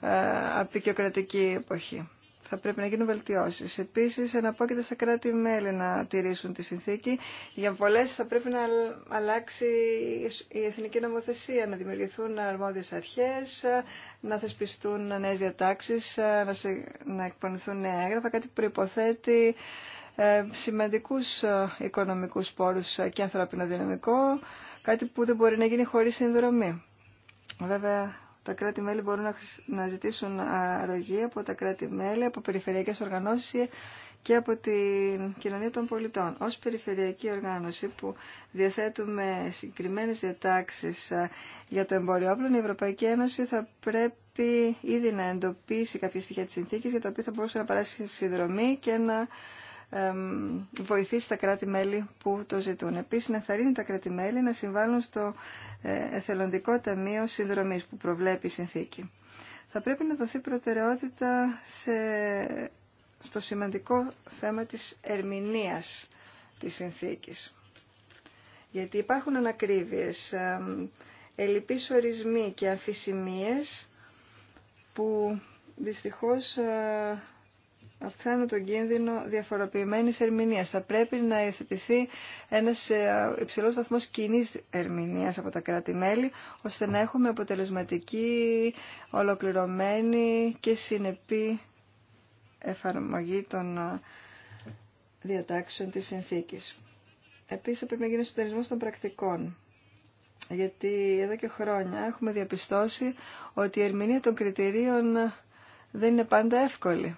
ε, απεικιοκρατική εποχή. Θα πρέπει να γίνουν βελτιώσεις. Επίσης, εναπόκειται στα κράτη-μέλη να τηρήσουν τη συνθήκη. Για πολλέ θα πρέπει να αλλάξει η εθνική νομοθεσία, να δημιουργηθούν αρμόδιες αρχές, να θεσπιστούν νέε διατάξει, να εκπονηθούν νέα έγγραφα, κάτι που προϋποθέτει ε, σημαντικούς ε, οικονομικούς πόρους και ανθρώπινο δυναμικό, κάτι που δεν μπορεί να γίνει χωρίς συνδρομή. Βέβαια, τα κράτη-μέλη μπορούν να ζητήσουν αρρωγή από τα κράτη-μέλη, από περιφερειακές οργανώσεις και από την κοινωνία των πολιτών. Ως περιφερειακή οργάνωση που διαθέτουμε συγκεκριμένες διατάξεις για το εμπόριο όπλων, η Ευρωπαϊκή Ένωση θα πρέπει ήδη να εντοπίσει κάποια στοιχεία της συνθήκης για τα οποία θα μπορούσε να παράσει συνδρομή και να βοηθήσει τα κράτη-μέλη που το ζητούν. Επίσης, να θαρρύνει τα κράτη-μέλη να συμβάλλουν στο ε, εθελοντικό ταμείο συνδρομής που προβλέπει η συνθήκη. Θα πρέπει να δοθεί προτεραιότητα σε, στο σημαντικό θέμα της ερμηνείας της συνθήκης. Γιατί υπάρχουν ανακρίβειες, ελλειπείς ορισμοί και αμφισημίες που δυστυχώς ε, αυξάνουν τον κίνδυνο διαφοροποιημένης ερμηνείας. Θα πρέπει να υιοθετηθεί ένας ε, υψηλός βαθμός κοινή ερμηνείας από τα κράτη-μέλη, ώστε να έχουμε αποτελεσματική, ολοκληρωμένη και συνεπή εφαρμογή των ε, διατάξεων της συνθήκης. Επίσης θα πρέπει να γίνει εσωτερισμός των πρακτικών γιατί εδώ και χρόνια έχουμε διαπιστώσει ότι η ερμηνεία των κριτηρίων δεν είναι πάντα εύκολη.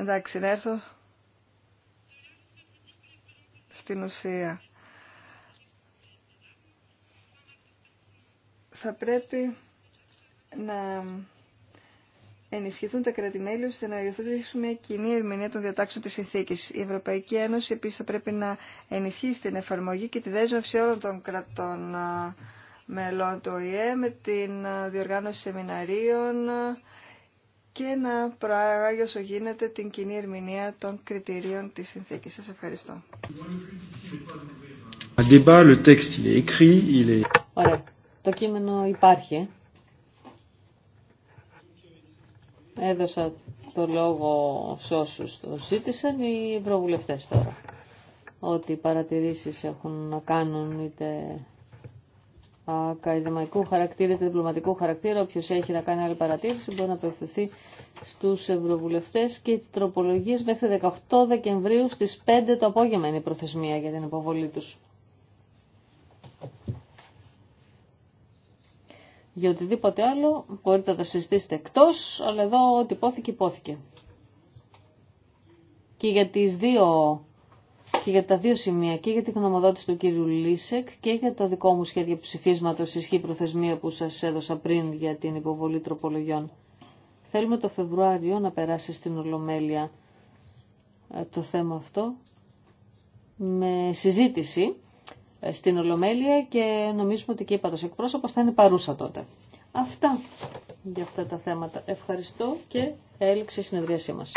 Εντάξει, να έρθω στην ουσία. Θα πρέπει να ενισχυθούν τα κρατημέλη ώστε να υιοθετήσουμε μια κοινή ερμηνεία των διατάξεων της συνθήκης. Η Ευρωπαϊκή Ένωση επίσης θα πρέπει να ενισχύσει την εφαρμογή και τη δέσμευση όλων των κρατών ε, μελών του ΟΗΕ με την ε, διοργάνωση σεμιναρίων και να προάγει όσο γίνεται την κοινή ερμηνεία των κριτηρίων της συνθήκης. Σας ευχαριστώ. Ωραία. Το κείμενο υπάρχει. Έδωσα το λόγο σε όσου το ζήτησαν οι ευρωβουλευτές τώρα. Ό,τι παρατηρήσεις έχουν να κάνουν είτε ακαδημαϊκού χαρακτήρα και διπλωματικού χαρακτήρα, όποιο έχει να κάνει άλλη παρατήρηση μπορεί να απευθυνθεί στους ευρωβουλευτές και οι τροπολογίες μέχρι 18 Δεκεμβρίου στι 5 το απόγευμα είναι η προθεσμία για την υποβολή τους. Για οτιδήποτε άλλο μπορείτε να τα συζητήσετε εκτός, αλλά εδώ ό,τι υπόθηκε υπόθηκε. Και για τις δύο και για τα δύο σημεία, και για την γνωμοδότηση του κύριου Λίσεκ και για το δικό μου σχέδιο ψηφίσματος ισχύ προθεσμία που σας έδωσα πριν για την υποβολή τροπολογιών. Θέλουμε το Φεβρουάριο να περάσει στην Ολομέλεια ε, το θέμα αυτό με συζήτηση ε, στην Ολομέλεια και νομίζουμε ότι και είπα το εκπρόσωπος θα είναι παρούσα τότε. Αυτά για αυτά τα θέματα. Ευχαριστώ και έληξε η συνεδρίασή μας.